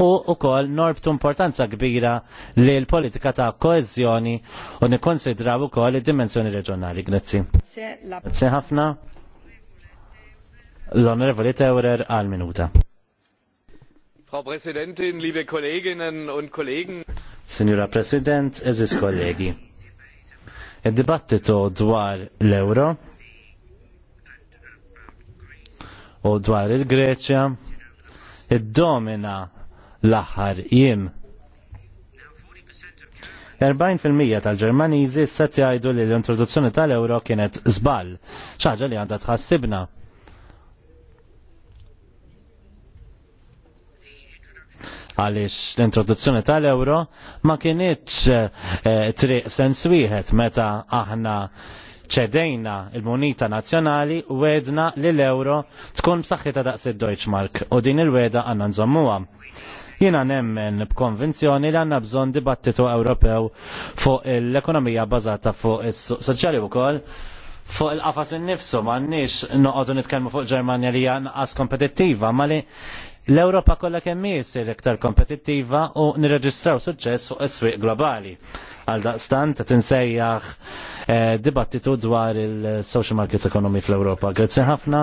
S2: u ukoll norbtu importanza kbira li l-politika ta' koezjoni u nikkonsidraw ukoll id-dimensjoni reġjonali. Grazie. Grazie ħafna. L-Onorevoli Teurer għal minuta. Frau Präsidentin, liebe Kolleginnen
S1: und Kollegen.
S2: Signora President, eżis kollegi. Id-dibattitu dwar l-euro u dwar il-Greċja id-domina l-aħħar jiem 40% tal-Ġermaniżi issa jgħidu li l-introduzzjoni tal-euro kienet żball, ċaġa li għandha tħassibna. għaliex l-introduzzjoni tal-euro ma kienieċ eh, eh, triq sens wieħed meta aħna ċedejna il-monita nazjonali u wedna li l-euro tkun b'saħħitha daqs id-Deutschmark u din il-weda għandna nżommuha. Jiena nemmen b'konvinzjoni li għandna bżonn dibattitu Ewropew fuq l-ekonomija bazata fuq is-suq soċjali wkoll fuq il-qafas innifsu m'għandniex noqogħdu nitkellmu fuq Ġermanja li hija inqas kompetittiva ma li l-Europa kollha kemm jisir iktar kompetittiva u nirreġistraw suċċess fuq is-swieq globali. Għal daqstant qed insejjaħ eh, dibattitu dwar il-social market economy fl-Ewropa. Grazzi ħafna.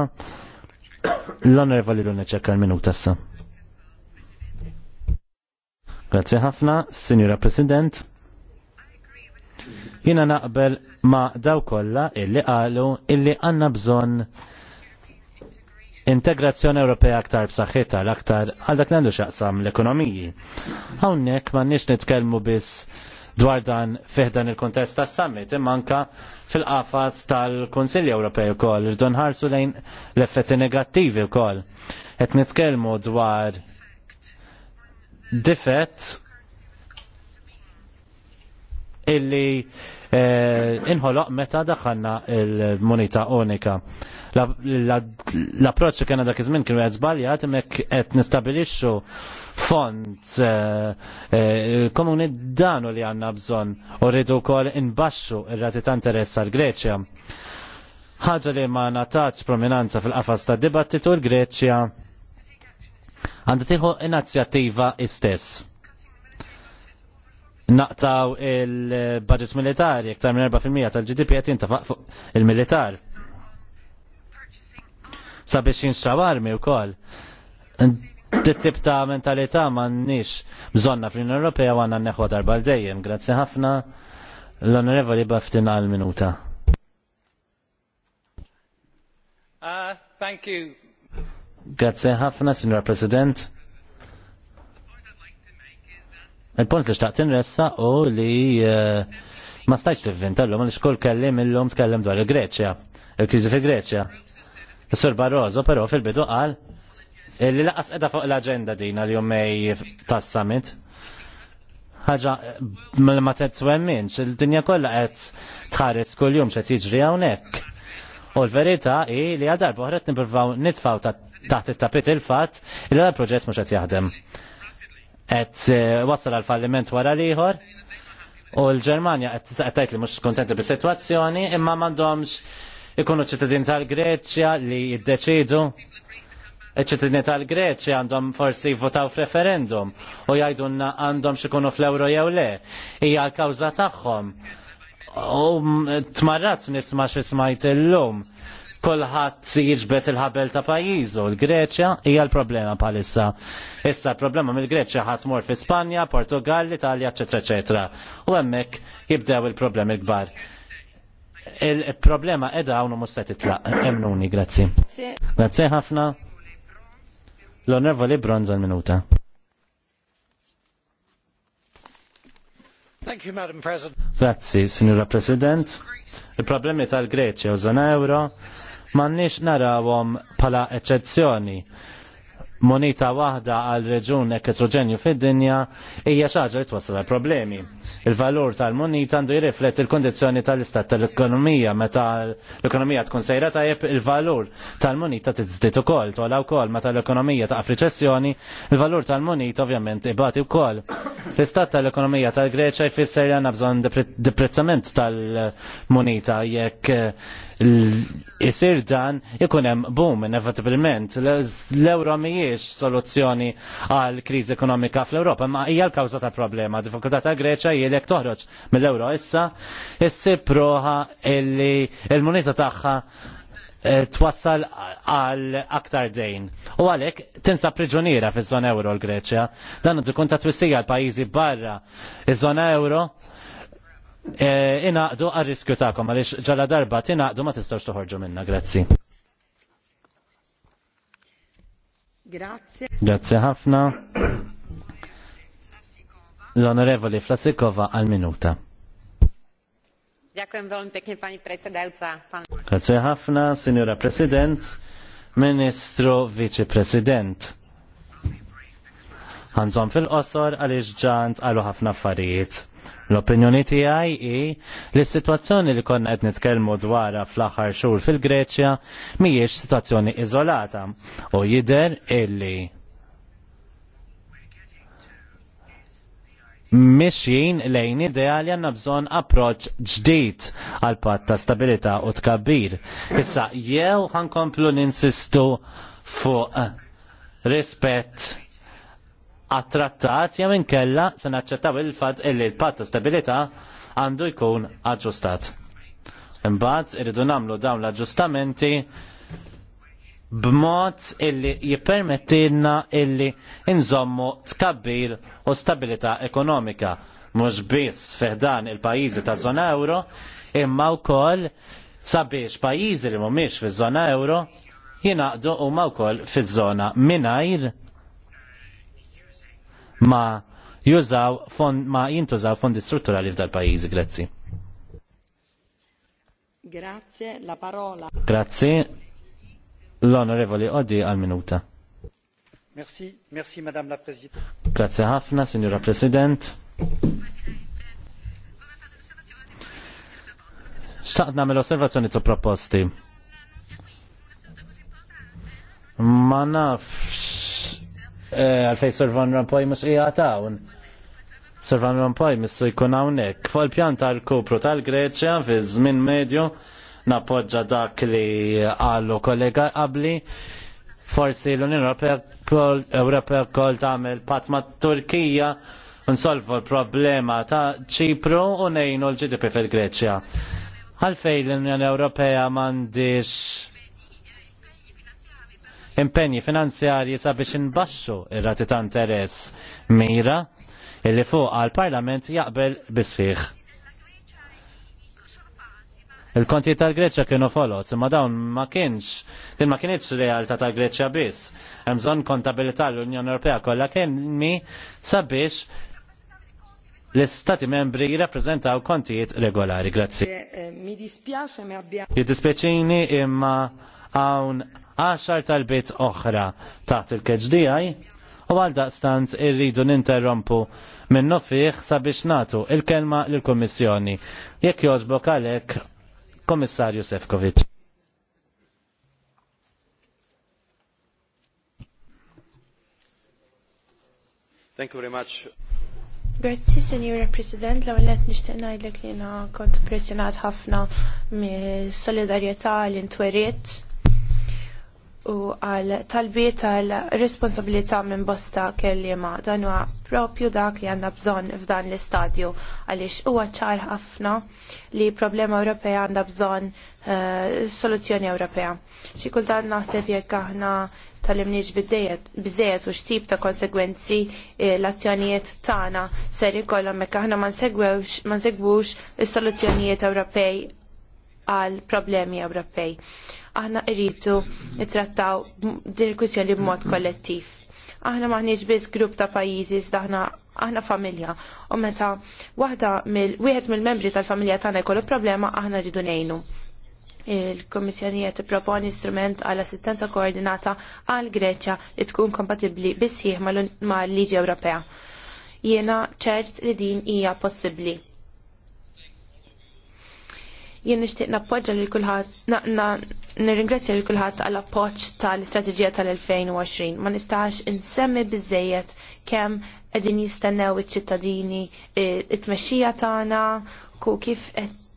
S2: L-onorevoli l-uneċekka l-minuta sa. Grazzi ħafna, Sinjura President. Jina naqbel ma' daw kollha illi qalu illi għandna bżonn integrazzjoni Ewropea aktar b'saħħitha l-aktar għal dak nandu xaqsam l-ekonomiji. Hawnhekk m'għandniex nitkellmu biss dwar dan fiħdan il-kontest tas summit imma anka fil-qafas tal-Kunsilli Ewropej ukoll irdu nħarsu lejn l-effetti negattivi wkoll. Qed nitkellmu dwar difett illi eh, inħoloq meta daħħalna il-munita unika l approċċu kena dak iż-żmien kienu qed żbaljat hemmhekk qed nistabilixxu fond eh, eh, komuni danu li għandna bżonn u rridu wkoll inbaxxu ir-rati ta' interess għall-Greċja. Ħaġa li ma nataċ prominanza fil-qafas ta' dibattitu l-Greċja għandha tieħu inizjattiva istess naqtaw il-budget militari, iktar minn 4% tal-GDP qed jintafaq fuq il-militar sabiex jinxtraw armi koll. Dit-tip ta' mentalità ma' nix bżonna fl-Unjoni Ewropea u għandna neħwa darba dejjem. Grazie ħafna l-Onorevoli Baftin għal-minuta.
S1: Uh, thank you.
S2: Grazie ħafna, Signor President. Il-punt li xtaqt inressa u li uh, ma stajċ t vvint l-lum, li xkol kellim il-lum t-kellim dwar il-Greċja, il-krizi fil greċja Sur Barroso però fil-bidu qal li laqas edha fuq l-agenda dina li jommej tas-summit. Ħaġa mela ma tetwemminx, il-dinja kollha qed tħares kuljum x'qed jiġri hawnhekk. U l-verità hi li għal boħret oħra nippruvaw nitfgħu taħt it-tapit il-fatt li l-proġett mhux qed jaħdem. Qed eh, wassal għal falliment wara l-ieħor, U l-Germania għattajt li mux kontenti bi situazzjoni imma mandomx ikunu ċittadin tal-Greċja li jiddeċidu ċittadini tal-Greċja għandhom forsi votaw f'referendum u jgħidunna għandhom xikunu fl-euro jew le. Hija l-kawża tagħhom. U tmarrat nisma xi smajt illum. Kulħadd jiġbed il-ħabel ta' pajjiżu, l-Greċja hija l-problema bħalissa. Issa l-problema mill-Greċja ħadd mor fi Spanja, Portugal, Italja, eċetera, eċetera. U hemmhekk jibdew il-problemi kbar il-problema edha għawnu musta titlaq. Emnuni, grazzi. Grazzi ħafna. L-onervoli bronza l-minuta. Thank you, Madam President. Grazzi, Signora President. Il-problemi tal-Greċja u zona euro nix narawom pala eccezzjoni moneta waħda għal reġun eketroġenju fid-dinja hija xi ħaġa li twassal għal problemi. Il-valur tal-moneta għandu jirriflet il kondizjoni tal-istat tal-ekonomija meta l-ekonomija tkun sejra tajjeb il-valur tal-moneta tiżdied ukoll tola wkoll meta l-ekonomija ta' riċessjoni, il-valur tal-moneta ovvjament ibati ukoll. L-istat tal-ekonomija tal-Greċja jfisser li għandna bżonn deprezzament tal-moneta jekk isir dan ikun hemm boom inevitabilment. L-euro mhijiex soluzzjoni għal kriżi ekonomika fl-Ewropa, ma hija l-kawża ta' problema. Difikultà ta' Greċja hija jekk toħroġ mill-euro issa, issib roħa illi il-munita tagħha eh, twassal għal aktar dejn. U għalek, tinsa priġuniera fi żona euro l-Greċja. Dan għandu ta' twissija l-pajizi barra iż żona euro Eh, inaqdu għal-riskju ta'kom, għalix ġala darba tinaqdu ma tistawx toħorġu minna, grazzi.
S1: Grazie.
S2: Grazie ħafna. L-Onorevoli Flasikova għal-minuta.
S1: Dziękuję bardzo pięknie
S2: Pani Grazie ħafna, Signora President, Ministru Viċi-President. Għanżom fil-qosor għaliex ġant għal ħafna affarijiet L-opinjoni tiegħi i li s-sitwazzjoni li konna qed nitkellmu dwarha fl-aħħar xhur fil-Greċja mhijiex sitwazzjoni iżolata u jidher illi mixjin lejn idea li għanna bżon approċ ġdid għal patt ta' stabilita u tkabbir. Issa jew ħankomplu ninsistu fuq rispett Attrattat trattat jew inkella se naċċettaw il-fatt illi l pat ta' stabilità għandu jkun aġġustat. Imbagħad irridu nagħmlu dawn l-aġġustamenti b'mod illi jippermettilna illi nżommu tkabbir u stabilità ekonomika mhux biss fiħdan il-pajjiżi ta' żona euro imma wkoll sabiex pajjiżi li mhumiex fiż-żona euro jingħaqdu huma wkoll fiż-żona mingħajr ma jużaw fond ma jintużaw fondi strutturali f'dal pajjiżi, grazzi. Grazie, la parola. Grazie. L'onorevole Odi għal minuta. Merci, merci Madame la Presidente. Grazie ħafna, Signora President. Xtaqt nagħmel osservazzjoni tu proposti. Ma nafx Eh, għalfej Sir Van Rompuy mux qiegħed hawn. Sir Van Rompuy mistu jkun hawnhekk. Fuq pjan tal-kupru tal-Greċja fi żmien medju nappoġġa dak li għallu kollega qabli forsi l-Unjoni Ewropea kol tagħmel patt ma' Turkija nsolvu l-problema ta' ċipru u nejnu l-GDP fil-Greċja. Għalfej l-Unjoni Ewropea mandiġ impenji finanzjarji sabiex inbaxxu ir-rati ta' interess mira illi fuq għall parlament jaqbel bisħiħ. Il-konti tal-Greċja kienu folot, imma dawn ma kienx, din ma kienx realtà tal-Greċja biss. Hemm bżonn kontabilità l-Unjoni Ewropea kollha kemmi sabiex l-istati membri jirrappreżentaw kontijiet regolari. Grazzi.
S1: Eh, eh, mi dispiace,
S2: imma hawn għaxar tal-bit oħra taħt il-keġdijaj u għal irridu ninterrompu minnu fiħ sabiex natu il-kelma l-Komissjoni. Jekk joġbok għalek, Komissarju Sefkovic.
S1: Thank you very much.
S3: Grazzi, Senjura President, l għallet nishtiq najdlek li na kont impressionat ħafna mi solidarieta li ntweriet u għal talbiet tal responsabilità minn bosta kelliema dan huwa propju dak li għandna bżonn f'dan l-istadju għaliex huwa ċar ħafna li problema Ewropea għandha bżonn uh, soluzzjoni Ewropea. Xi kultant naħseb jekk aħna tal-imniġ bizzejet u xtib ta' konsegwenzi eh, l-azzjonijiet tagħna ser ikollhom mekk aħna ma nsegwux is-soluzzjonijiet Ewropej għal problemi Ewropej. Aħna rritu nittrattaw din il-kwistjoni b'mod kollettiv. Aħna maħniġ biss grupp ta' pajjiżi daħna aħna familja. U meta waħda mill wieħed mill-membri tal-familja tagħna jkollu problema aħna rridu ngħinu. il kummissjoni qed tipproponi strument għal assistenza koordinata għal Greċja li tkun kompatibbli bisħieħ mal-liġi Ewropea. Jiena ċert li din hija possibbli Jien nixtieq nappoġġa lil kulħadd nirringrazzja lil kulħadd għall appoġġ tal-istrateġija tal-2020. Ma nistax insemmi biżejjed kemm qegħdin jistennew iċ-ċittadini eh, it-tmexxija tagħna kif qed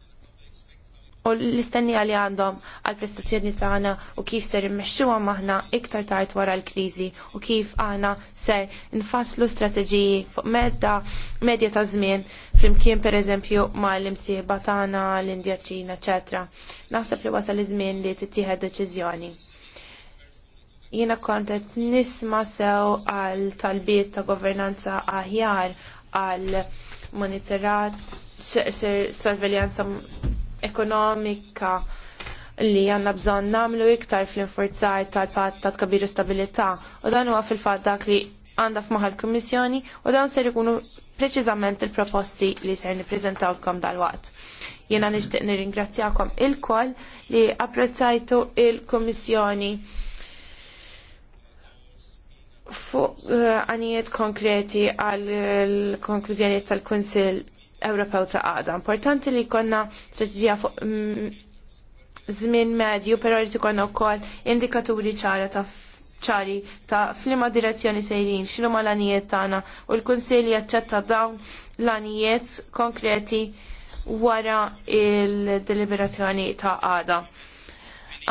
S3: u l-istennija li għandhom għal prestazzjoni tagħna u kif ser immexxuha maħna iktar tard wara l-kriżi u kif aħna ser nfasslu strateġiji fuq medda medja ta' żmien flimkien pereżempju mal-imsieħba tagħna l-Indja Ċina, eċetera. Naħseb li wasal iż-żmien li tittieħed deċiżjoni. Jiena kont nisma' sew għal talbiet ta' governanza aħjar għal monitorat sorveljanza ekonomika li għanna bżon namlu iktar fl inforzar tal-pat ta' kabir stabilità u dan huwa fil-fatt dak li għanda f'maħal kummissjoni u dan ser ikunu preċiżament il-proposti li ser nippreżentawkom dal-waqt. Jena nixtieq nirringrazzjakom il-koll li apprezzajtu il-kummissjoni fuq eh, għanijiet konkreti għal konklużjonijiet tal-Kunsill Ewropew ta' għada. Importanti li konna strategija fuq mm, żmien medju, però li u wkoll indikaturi ċara ta' ċari ta' flima direzzjoni sejrin, xinu ma l-anijiet tagħna u l-Kunsilli jaċċetta dawn l-anijiet konkreti wara il-deliberazzjoni ta' għada.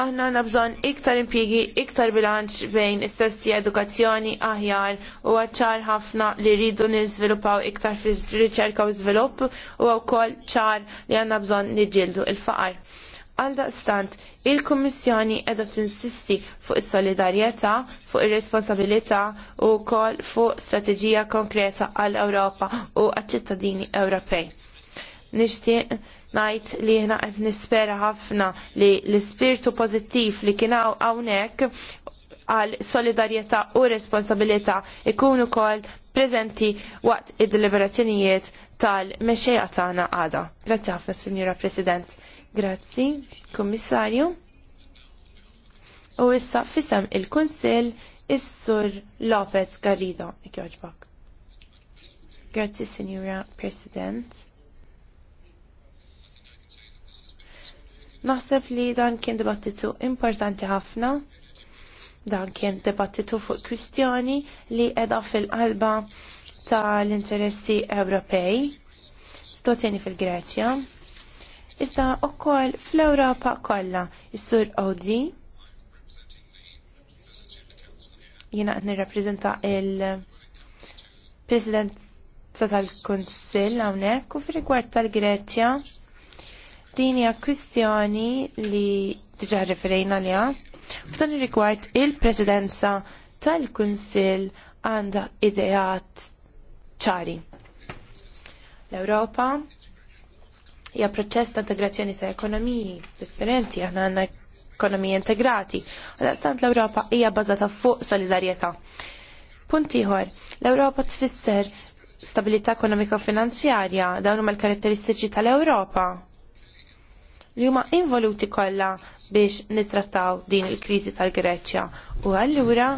S3: Aħna għandna bżonn iktar impjiegi, iktar bilanċ bejn istessi edukazzjoni aħjar u ċar ħafna li rridu nizvilupaw iktar fi riċerka u żvilupp u wkoll ċar li għandna bżonn niġġieldu il-faqar. Għaldaqstant, il-Kummissjoni qiegħda tinsisti fuq is-solidarjetà, fuq ir-responsabilità u wkoll fuq strateġija konkreta għall-Ewropa u għal ċittadini Ewropej nixtieq ngħid li ħna qed nispera ħafna li l-ispirtu pozittif li kien hawnhekk għal solidarjetà u responsabilità ikun ukoll prezenti waqt id-deliberazzjonijiet tal-mexxejja tagħna għada. Grazzi ħafna, Sinjura President. Grazzi, Kummissarju. U issa fisem il-Kunsill is-Sur Lopez Garrido. Ikjoġbak. Grazzi, Sinjura President. Naħseb li dan kien dibattitu importanti ħafna. Dan kien dibattitu fuq kwistjoni li edha fil-qalba tal-interessi Ewropej. Situazzjoni fil-Greċja. Iżda ukoll fl-Ewropa kollha jissur sur Audi jiena qed nirrappreżenta il-President tal-Kunsill hawnhekk u fir-rigward tal-Greċja Din hija kwistjoni li diġà referejna liha. F'dan ir-rigward il-Presidenza tal-Kunsill għandha ideat ċari. L-Ewropa hija proċess ta' integrazzjoni ta' ekonomiji differenti, aħna għandna ekonomiji integrati. Għal-istant l-Ewropa hija bbażata fuq solidarjetà. Punt ieħor, l-Ewropa tfisser stabilità ekonomika u finanzjarja dawn huma l-karatteristiċi tal-Ewropa li huma involuti kollha biex nittrattaw din il-kriżi tal-Greċja. U allura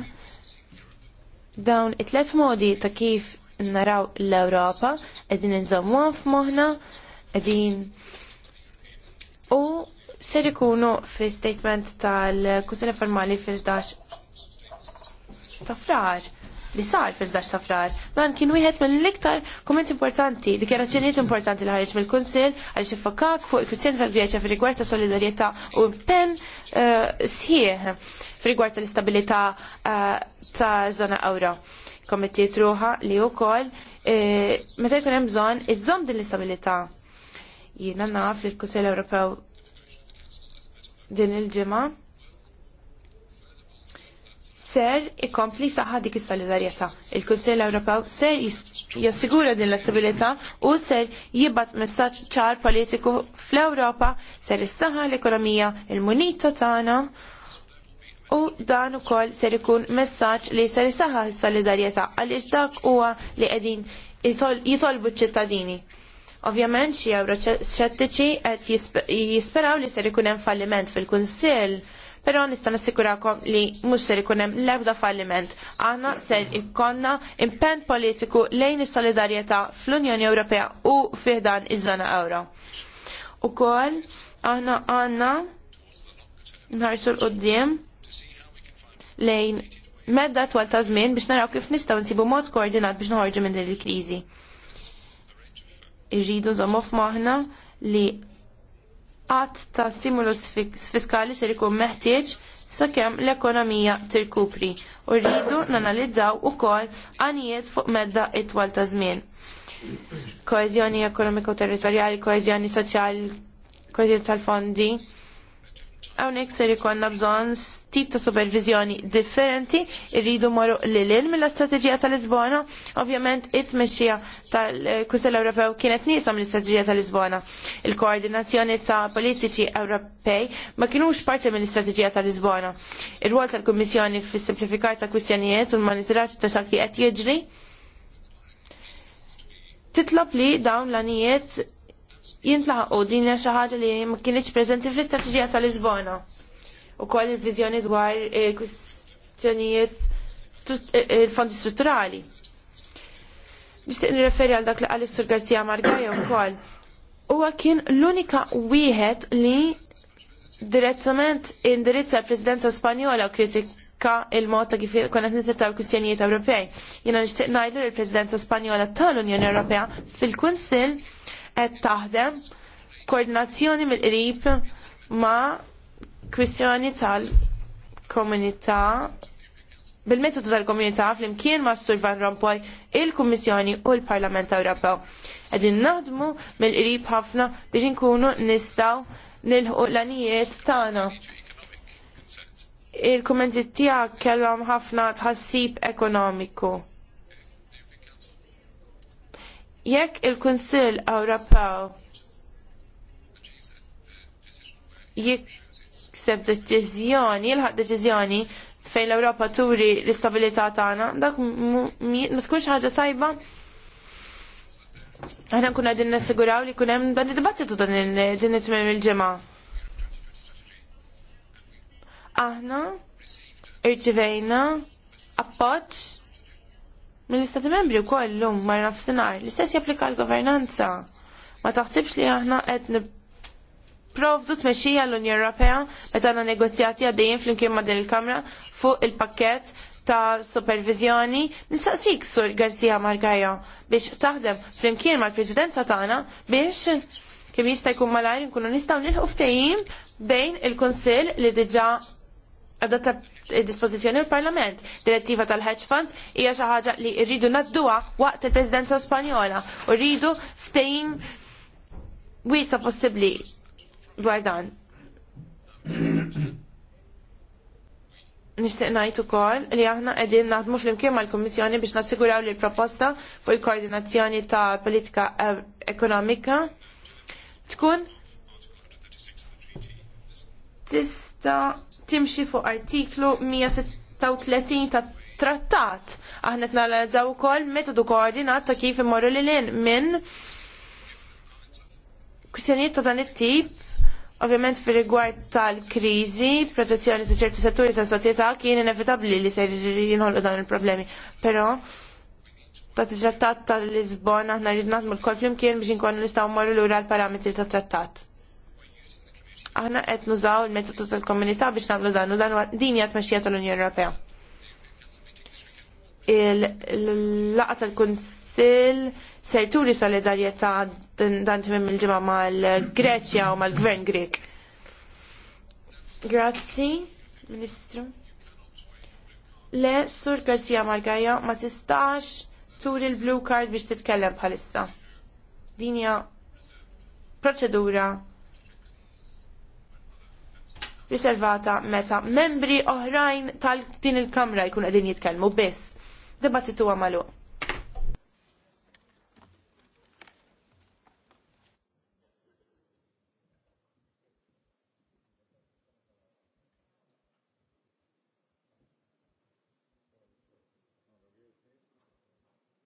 S3: dawn it-tlet modi ta' kif naraw l-Ewropa qegħdin inżommuhom f'moħħna, qegħdin u ser ikunu fi statement tal-Kunsell Informali fil-11 ta' frar li sar fil-11 ta' frar. Dan kien wieħed mill-iktar kumment importanti, dikjarazzjonijiet importanti li ħareġ mill-Kunsill għal xifakat fuq il-Kristjani tal-Greċja fir-rigward ta' solidarieta u pen eh, sħieħ fir-rigward tal-istabilità eh, ta' żona Ewro. Komittiet ruħa li wkoll eh, meta jkun hemm bżonn iżżomm din l-istabilità. Jiena naf li l-Kunsill Ewropew din il-ġimgħa ser ikompli saħħa dik is-solidarjetà. Il-Kunsill Ewropew ser jassigura din l-istabilità u ser jibgħat messaġġ ċar politiku fl-Ewropa ser issaħħa l-ekonomija il-munita tagħna u dan ukoll ser ikun messaġġ li ser isaħħa s-solidarjetà għaliex dak huwa li qegħdin jitolbu ċ-ċittadini. Ovvjament xi euro qed jisperaw li ser ikun hemm falliment fil-Kunsill però nista' nassikurakom li mhux ser ikun hemm l-ebda falliment. Aħna ser ikkonna impenn politiku lejn is-solidarjetà fl-Unjoni Ewropea u fiħdan iż-żona Ewro. kol, aħna għandna nħarsu l-qoddim lejn medda twal ta' żmien biex naraw kif nistgħu nsibu mod koordinat biex nħorġu minn din il-kriżi. Irridu zomof maħna li qatt ta' stimulus fiskali ser ikun meħtieġ sakemm l-ekonomija tirkupri u rridu nanalizzaw ukoll għanijiet fuq medda it-twal ta' żmien. Koezjoni ekonomiko territorjali, koezjoni soċjali, koezjoni tal-fondi, Hawnhekk ser ikonna bżonn tip ta' supervizjoni differenti, irridu l lil mill strategija tal-Lisbona. Ovvjament it-tmexxija tal kusel Ewropew kienet nieqsa mill-istrateġija tal-Lisbona. Il-koordinazzjoni ta' politiċi Ewropej ma kinux parti mill-istrateġija tal-Lisbona. il rwol tal-Kummissjoni fis-simplifikar ta' kwistjonijiet u l-monitoraġġ ta' xi qed jiġri titlob li dawn l-anijiet jintlaħqu din hija xi ħaġa li ma kienieċ prezenti fl-istrateġija tal-Lisbona. Ukoll il-viżjoni dwar il kwistjonijiet eh, eh, il-fondi strutturali. Nixtieq nirreferi għal dak li qal sur Garcia Margaja wkoll. Huwa kien l-unika wieħed li direttament indirizza l-Presidenza Spanjola u kritika il-mod ta' kif konet nitirtaw kustjonijiet Ewropej. Jiena nixtieq ngħidu l-Presidenza Spanjola tal-Unjoni Ewropea fil-Kunsill qed taħdem koordinazzjoni mill-qrib ma' kwistjoni tal-komunità bil-metodu tal-komunità fl-imkien ma' Sur Van Rompuy, il-Kummissjoni u l-Parlament Ewropew. Qegħdin naħdmu mill-qrib ħafna biex inkunu nistgħu nilħu l-anijiet tagħna. Il-kummenti tiegħek kellhom ħafna tħassib ekonomiku. Jekk il-Kunsill Ewropew jikseb deċiżjoni, jilħaq deċiżjoni fejn l-Ewropa turi l-istabilità tagħna, dak ma tkunx ħaġa tajba. Aħna nkun qegħdin nassiguraw li kun hemm dan id-dibattitu dan din it-tmiem il-ġimgħa. Aħna irċivejna appoġġ mill-istati membri u koll l-lum mar nafsinar, l-istess japplika l-governanza. Ma taħsibx li aħna qed provdu tmexxija l-Unjoni Ewropea meta għandna negozjati għaddejjin flimkien ma' din il-Kamra fuq il-pakkett ta' supervizjoni nistaqsik sur Garzija Margaja biex taħdem flimkien mal-Presidenza tagħna biex kemm jista' jkun malajr nkunu nistgħu nilħu ftehim bejn il-Kunsill li diġà adatta dispozizjoni il parlament Direttiva tal-hedge funds hija xi ħaġa li rridu nadduha waqt il-Presidenza Spanjola u rridu ftehim wiesa possibbli dwar dan. Nixtieq ngħid ukoll li aħna qegħdin naħdmu flimkien mal-Kummissjoni biex nassiguraw li l-proposta fuq il-koordinazzjoni ta' politika e- ekonomika tkun tista' timxi fuq artiklu 136 ta' trattat. Aħna qed nagħlaqgħu ukoll metodu koordinat ta' kif imorru lil hinn minn kwistjonijiet ta' dan it-tip Ovvjament fir rigward tal-kriżi, protezzjoni su ċerti setturi tas-soċjetà kien inevitabbli li se jinħolqu dawn il-problemi. Però ta' trattat tal-Lisbon aħna rrid naħdmu l-kol flimkien biex inkunu nistgħu mmorru lura l-parametri tat trattat aħna qed nużaw il-metodu tal-komunità biex nagħmlu dan u dan din hija tmexxija tal-Unjoni Ewropea. il laqgħa tal-Kunsill ser turi solidarjetà dan timim il-ġimgħa mal-Greċja u mal-Gvern Grek. Grazzi, Ministru. Le, Sur Garcia Margaja, ma tistax turi l-blue card biex titkellem bħalissa. Dinja proċedura riservata meta membri oħrajn tal-din il-Kamra jkun qegħdin jitkellmu biss. Debattitu għamalu